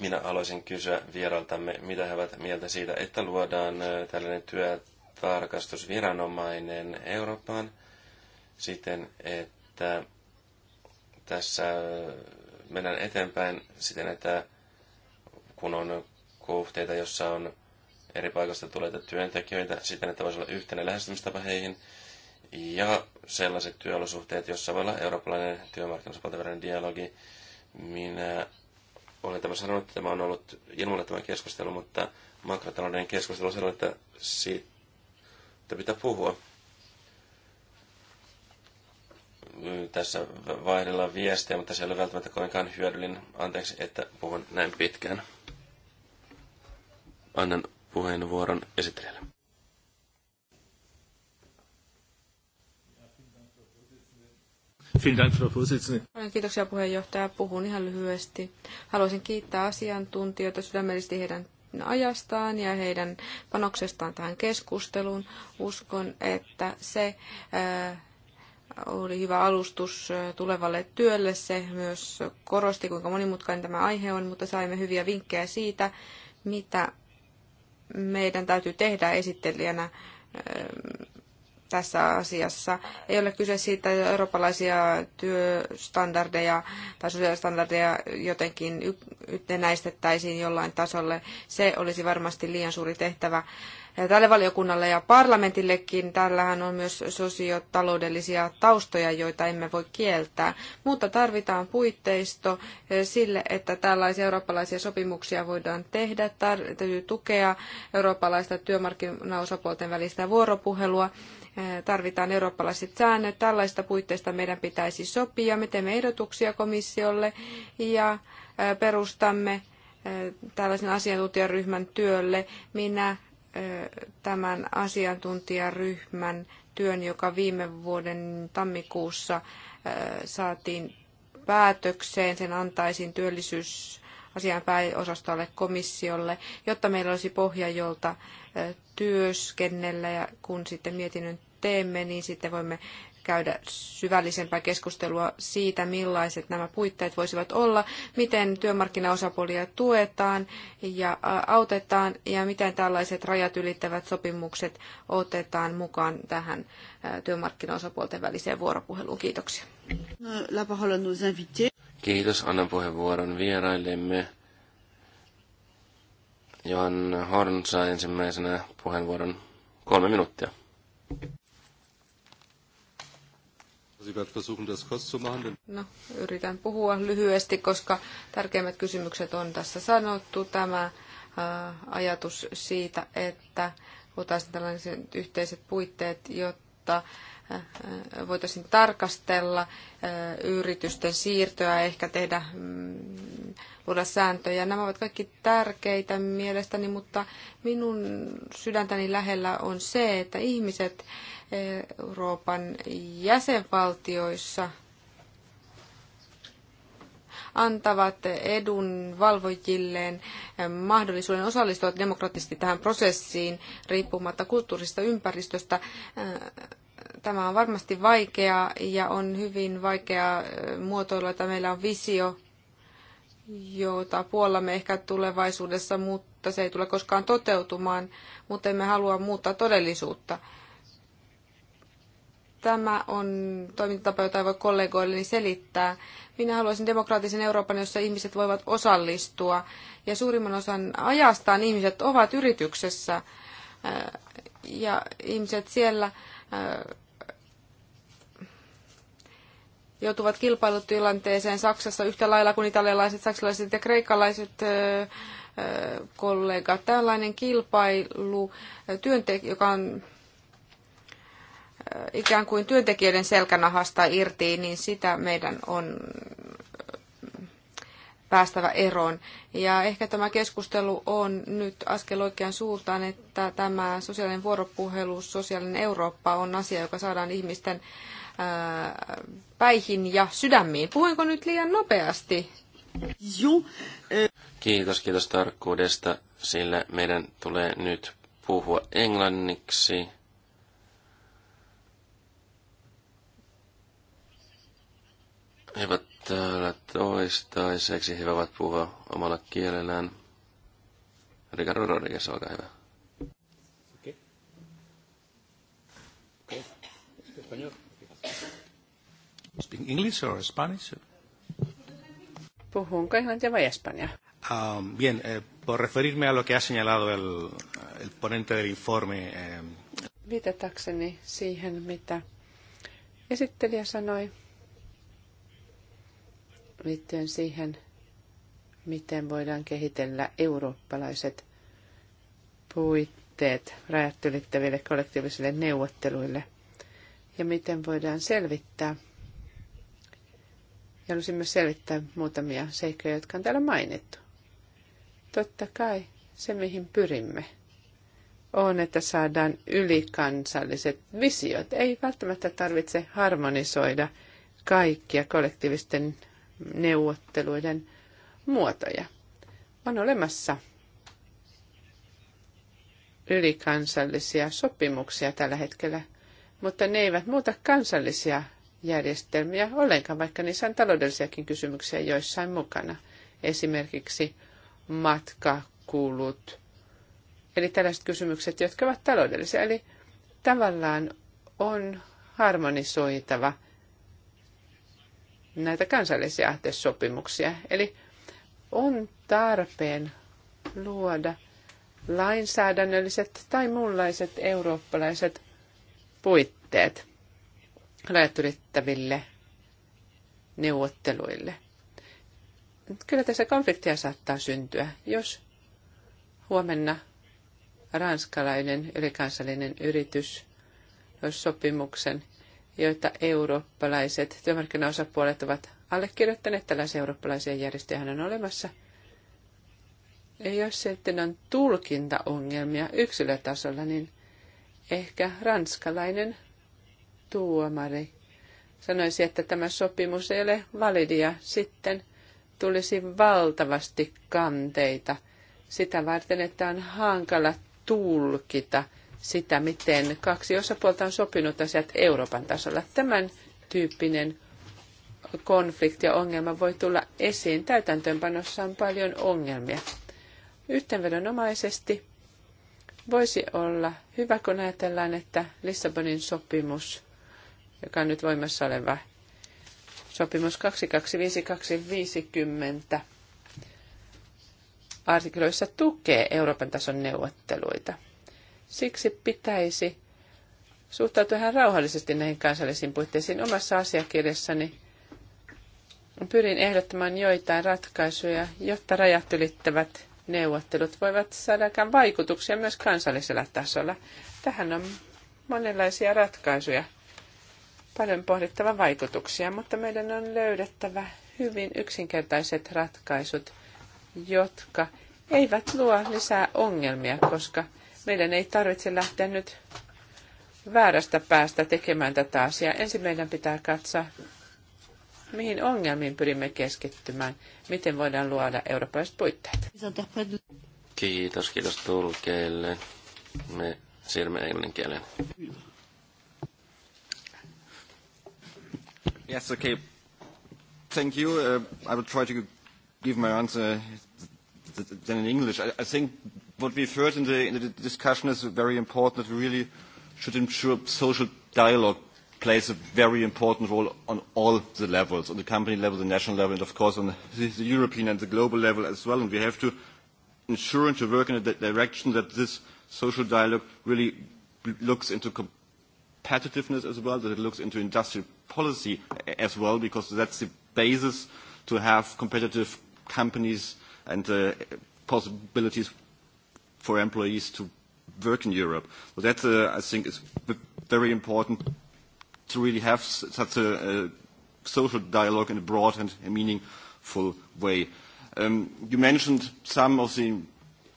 Minä haluaisin kysyä vieraltamme, mitä he ovat mieltä siitä, että luodaan tällainen työtarkastusviranomainen Eurooppaan siten, että tässä mennään eteenpäin siten, että kun on kohteita, jossa on eri paikasta tulee työntekijöitä siten, että voisi olla yhtenä lähestymistapa heihin, ja sellaiset työolosuhteet, joissa voi olla eurooppalainen työmarkkinoiden dialogi. Minä olen tämä sanonut, että tämä on ollut ilmoilla tämä keskustelu, mutta makrotalouden keskustelu on sellainen, että siitä pitää puhua. Tässä vaihdellaan viestejä, mutta se ei ole välttämättä kovinkaan hyödyllinen. Anteeksi, että puhun näin pitkään annan puheenvuoron esittelijälle. Kiitoksia puheenjohtaja. Puhun ihan lyhyesti. Haluaisin kiittää asiantuntijoita sydämellisesti heidän ajastaan ja heidän panoksestaan tähän keskusteluun. Uskon, että se äh, oli hyvä alustus äh, tulevalle työlle. Se myös korosti, kuinka monimutkainen tämä aihe on, mutta saimme hyviä vinkkejä siitä, mitä meidän täytyy tehdä esittelijänä ähm, tässä asiassa. Ei ole kyse siitä, että eurooppalaisia työstandardeja tai sosiaalistandardeja jotenkin yhtenäistettäisiin jollain tasolle. Se olisi varmasti liian suuri tehtävä tälle valiokunnalle ja parlamentillekin. Tällähän on myös sosiotaloudellisia taustoja, joita emme voi kieltää, mutta tarvitaan puitteisto eh, sille, että tällaisia eurooppalaisia sopimuksia voidaan tehdä. Täytyy tukea eurooppalaista työmarkkinaosapuolten välistä vuoropuhelua eh, tarvitaan eurooppalaiset säännöt. Tällaista puitteista meidän pitäisi sopia. Me teemme ehdotuksia komissiolle ja eh, perustamme tällaisen asiantuntijaryhmän työlle. Minä tämän asiantuntijaryhmän työn, joka viime vuoden tammikuussa saatiin päätökseen. Sen antaisin työllisyysasian pääosastolle komissiolle, jotta meillä olisi pohja, jolta työskennellä ja kun sitten mietinnön teemme, niin sitten voimme käydä syvällisempää keskustelua siitä, millaiset nämä puitteet voisivat olla, miten työmarkkinaosapuolia tuetaan ja autetaan ja miten tällaiset rajat ylittävät sopimukset otetaan mukaan tähän työmarkkinaosapuolten väliseen vuoropuheluun. Kiitoksia. No, Kiitos. Annan puheenvuoron vieraillemme. Johan Horn saa ensimmäisenä puheenvuoron kolme minuuttia. No, yritän puhua lyhyesti, koska tärkeimmät kysymykset on tässä sanottu. Tämä ajatus siitä, että otaisiin tällaiset yhteiset puitteet, jotta kautta äh, äh, voitaisiin tarkastella äh, yritysten siirtoa, ehkä tehdä, luoda mm, sääntöjä. Nämä ovat kaikki tärkeitä mielestäni, mutta minun sydäntäni lähellä on se, että ihmiset Euroopan jäsenvaltioissa – antavat edun valvojilleen mahdollisuuden osallistua demokraattisesti tähän prosessiin riippumatta kulttuurista ympäristöstä. Tämä on varmasti vaikeaa ja on hyvin vaikeaa muotoilla, että meillä on visio, jota puollamme ehkä tulevaisuudessa, mutta se ei tule koskaan toteutumaan, mutta emme halua muuttaa todellisuutta. Tämä on toimintatapa, jota ei voi kollegoilleni selittää. Minä haluaisin demokraattisen Euroopan, jossa ihmiset voivat osallistua. Ja suurimman osan ajastaan ihmiset ovat yrityksessä. Äh, ja ihmiset siellä äh, joutuvat kilpailutilanteeseen Saksassa yhtä lailla kuin italialaiset, saksalaiset ja kreikkalaiset äh, kollegat. Tällainen kilpailu, työnte- joka on Äh, ikään kuin työntekijöiden selkänahasta irti, niin sitä meidän on äh, päästävä eroon. Ja ehkä tämä keskustelu on nyt askel oikean suuntaan, että tämä sosiaalinen vuoropuhelu, sosiaalinen Eurooppa on asia, joka saadaan ihmisten äh, päihin ja sydämiin. Puhuinko nyt liian nopeasti? Kiitos, kiitos tarkkuudesta, sillä meidän tulee nyt puhua englanniksi. He ovat täällä toistaiseksi. He ovat puhua omalla kielellään. Ricardo Rodriguez, olkaa hyvä. Okay. Okay. Speak English or Spanish? Puhunko englantia vai espanjaa? Um, bien, eh, por referirme a lo que ha señalado el, el ponente del informe. Eh... Viitatakseni siihen, mitä esittelijä sanoi, liittyen siihen, miten voidaan kehitellä eurooppalaiset puitteet rajat ylittäville kollektiivisille neuvotteluille ja miten voidaan selvittää. Ja haluaisin myös selvittää muutamia seikkoja, jotka on täällä mainittu. Totta kai se, mihin pyrimme, on, että saadaan ylikansalliset visiot. Ei välttämättä tarvitse harmonisoida kaikkia kollektiivisten neuvotteluiden muotoja. On olemassa ylikansallisia sopimuksia tällä hetkellä, mutta ne eivät muuta kansallisia järjestelmiä ollenkaan, vaikka niissä on taloudellisiakin kysymyksiä joissain mukana. Esimerkiksi matkakulut, eli tällaiset kysymykset, jotka ovat taloudellisia. Eli tavallaan on harmonisoitava – näitä kansallisia sopimuksia. Eli on tarpeen luoda lainsäädännölliset tai muunlaiset eurooppalaiset puitteet rajat ylittäville neuvotteluille. Kyllä tässä konfliktia saattaa syntyä, jos huomenna ranskalainen ylikansallinen yritys sopimuksen joita eurooppalaiset työmarkkinaosapuolet ovat allekirjoittaneet. Tällaisia eurooppalaisia järjestöjä on olemassa. Ja jos sitten on tulkintaongelmia yksilötasolla, niin ehkä ranskalainen tuomari sanoisi, että tämä sopimus ei ole validia. Sitten tulisi valtavasti kanteita sitä varten, että on hankala tulkita – sitä, miten kaksi osapuolta on sopinut asiat Euroopan tasolla. Tämän tyyppinen konflikti ja ongelma voi tulla esiin. Täytäntöönpanossa on paljon ongelmia. Yhteenvedonomaisesti voisi olla hyvä, kun ajatellaan, että Lissabonin sopimus, joka on nyt voimassa oleva sopimus 225250, artikloissa tukee Euroopan tason neuvotteluita – Siksi pitäisi suhtautua ihan rauhallisesti näihin kansallisiin puitteisiin. Omassa asiakirjassani pyrin ehdottamaan joitain ratkaisuja, jotta rajat ylittävät neuvottelut voivat saada vaikutuksia myös kansallisella tasolla. Tähän on monenlaisia ratkaisuja, paljon pohdittava vaikutuksia, mutta meidän on löydettävä hyvin yksinkertaiset ratkaisut, jotka eivät luo lisää ongelmia, koska meidän ei tarvitse lähteä nyt väärästä päästä tekemään tätä asiaa. Ensin meidän pitää katsoa, mihin ongelmiin pyrimme keskittymään, miten voidaan luoda eurooppalaiset puitteet. Kiitos, kiitos tulkeille. Me siirrymme englannin kieleen. Yes, okay. Thank you. Uh, I will try to give my answer then in English. I, I think what we've heard in the, in the discussion is very important that we really should ensure social dialogue plays a very important role on all the levels, on the company level, the national level, and of course on the, the European and the global level as well. And we have to ensure and to work in a direction that this social dialogue really looks into competitiveness as well, that it looks into industrial policy as well, because that's the basis to have competitive companies and uh, possibilities for employees to work in Europe. So that, uh, I think, is very important to really have such a, a social dialogue in a broad and a meaningful way. Um, you mentioned some of the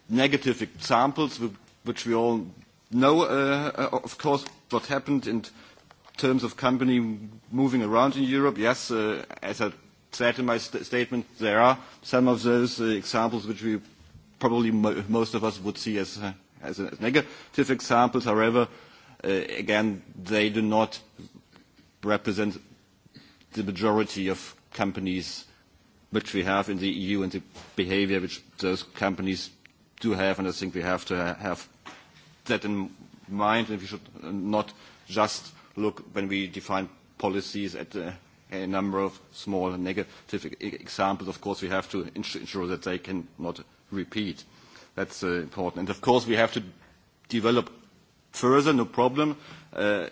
negative examples, which we all know, uh, uh, of course, what happened in terms of company moving around in Europe. Yes, uh, as I said in my st statement, there are some of those uh, examples which we probably most of us would see as, uh, as, as negative examples. However, uh, again, they do not represent the majority of companies which we have in the EU and the behavior which those companies do have, and I think we have to have that in mind, and we should not just look when we define policies at uh, a number of small negative e-, examples. Of course, we have to ensure that they cannot repeat. That's uh, important. And of course, we have to develop further, no problem. Uh,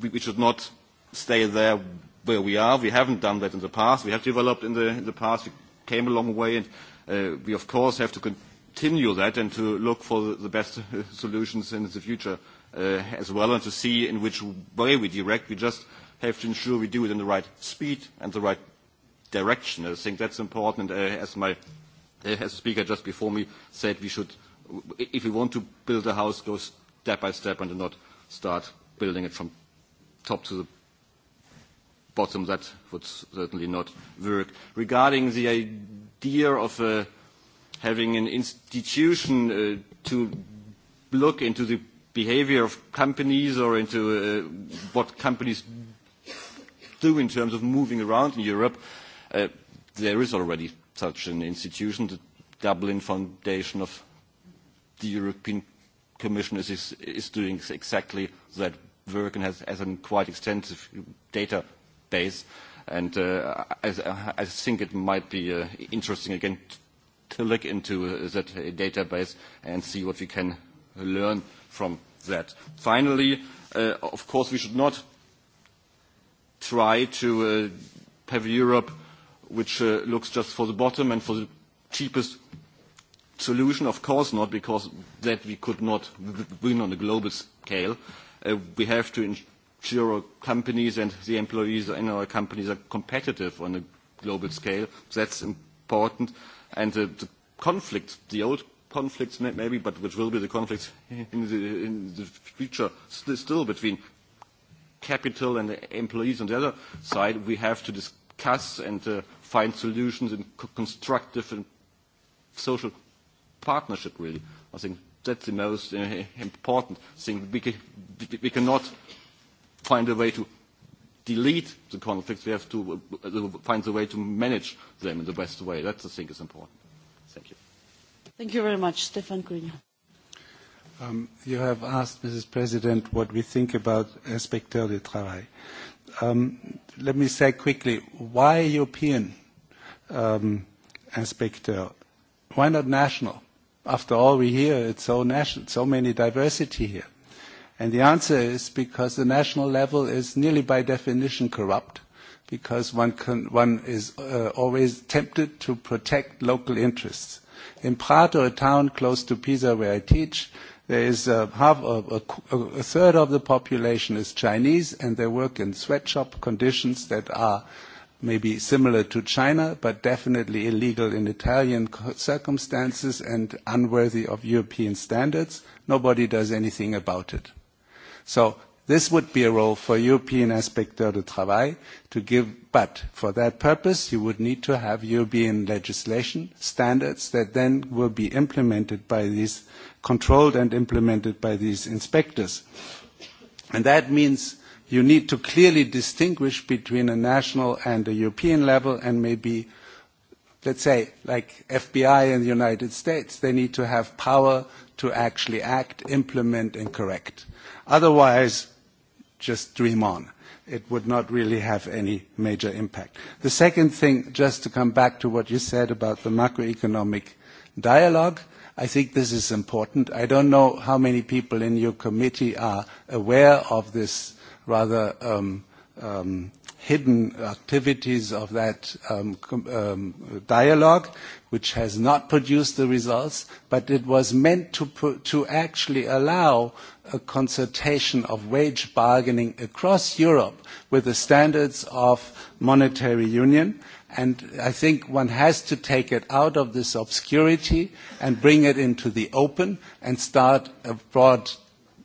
we, should not stay there where we are. We haven't done that in the past. We have developed in the, past. We came a long way, and uh, we, of course, have to continue that and to look for the, best solutions in the future as well, and to see in which way we direct. We just have to ensure we do it in the right speed and the right direction. I think that's important. as my as a speaker just before me said, we should, if we want to build a house, go step by step and not start building it from top to the bottom. That would certainly not work. Regarding the idea of uh, having an institution uh, to look into the behavior of companies or into uh, what companies do in terms of moving around in Europe, uh, there is already such an institution. The Dublin Foundation of the European Commission is, is, is doing exactly that work and has, has a quite extensive database. And uh, I, I think it might be uh, interesting again to look into uh, that database and see what we can learn from that. Finally, uh, of course, we should not try to uh, have Europe which uh, looks just for the bottom and for the cheapest solution? Of course not, because that we could not win on a global scale. Uh, we have to ensure our companies and the employees in our companies are competitive on a global scale. That's important. And uh, the conflicts, the old conflicts maybe, but which will be the conflicts in the, future still between capital and employees on the other side, we have to discuss and find solutions in constructive and social partnership, really. I think that's the most uh, important thing. We, can, we cannot find a way to delete the conflicts. We have to uh, uh, find a way to manage them in the best way. That I think is important. Thank you. Thank you very much. Stefan Grignon. Um, you have asked, Mrs. President, what we think about Inspecteur du Travail. Um, let me say quickly, why European? um, inspector. Why not national? After all, we hear it's so national, so many diversity here. And the answer is because the national level is nearly by definition corrupt, because one, can, one is uh, always tempted to protect local interests. In Prato, a town close to Pisa where I teach, there is a, half, a, a, a third of the population is Chinese, and they work in sweatshop conditions that are maybe similar to China, but definitely illegal in Italian circumstances and unworthy of European standards. Nobody does anything about it. So this would be a role for European Inspecteur du Travail to give, but for that purpose, you would need to have European legislation standards that then will be implemented by these, controlled and implemented by these inspectors. And that means you need to clearly distinguish between a national and a European level and maybe, let's say, like FBI in the United States, they need to have power to actually act, implement, and correct. Otherwise, just dream on. It would not really have any major impact. The second thing, just to come back to what you said about the macroeconomic dialogue, I think this is important. I don't know how many people in your committee are aware of this rather um, um, hidden activities of that um, um, dialogue, which has not produced the results, but it was meant to, put, to actually allow a consultation of wage bargaining across Europe with the standards of monetary union. And I think one has to take it out of this obscurity and bring it into the open and start a broad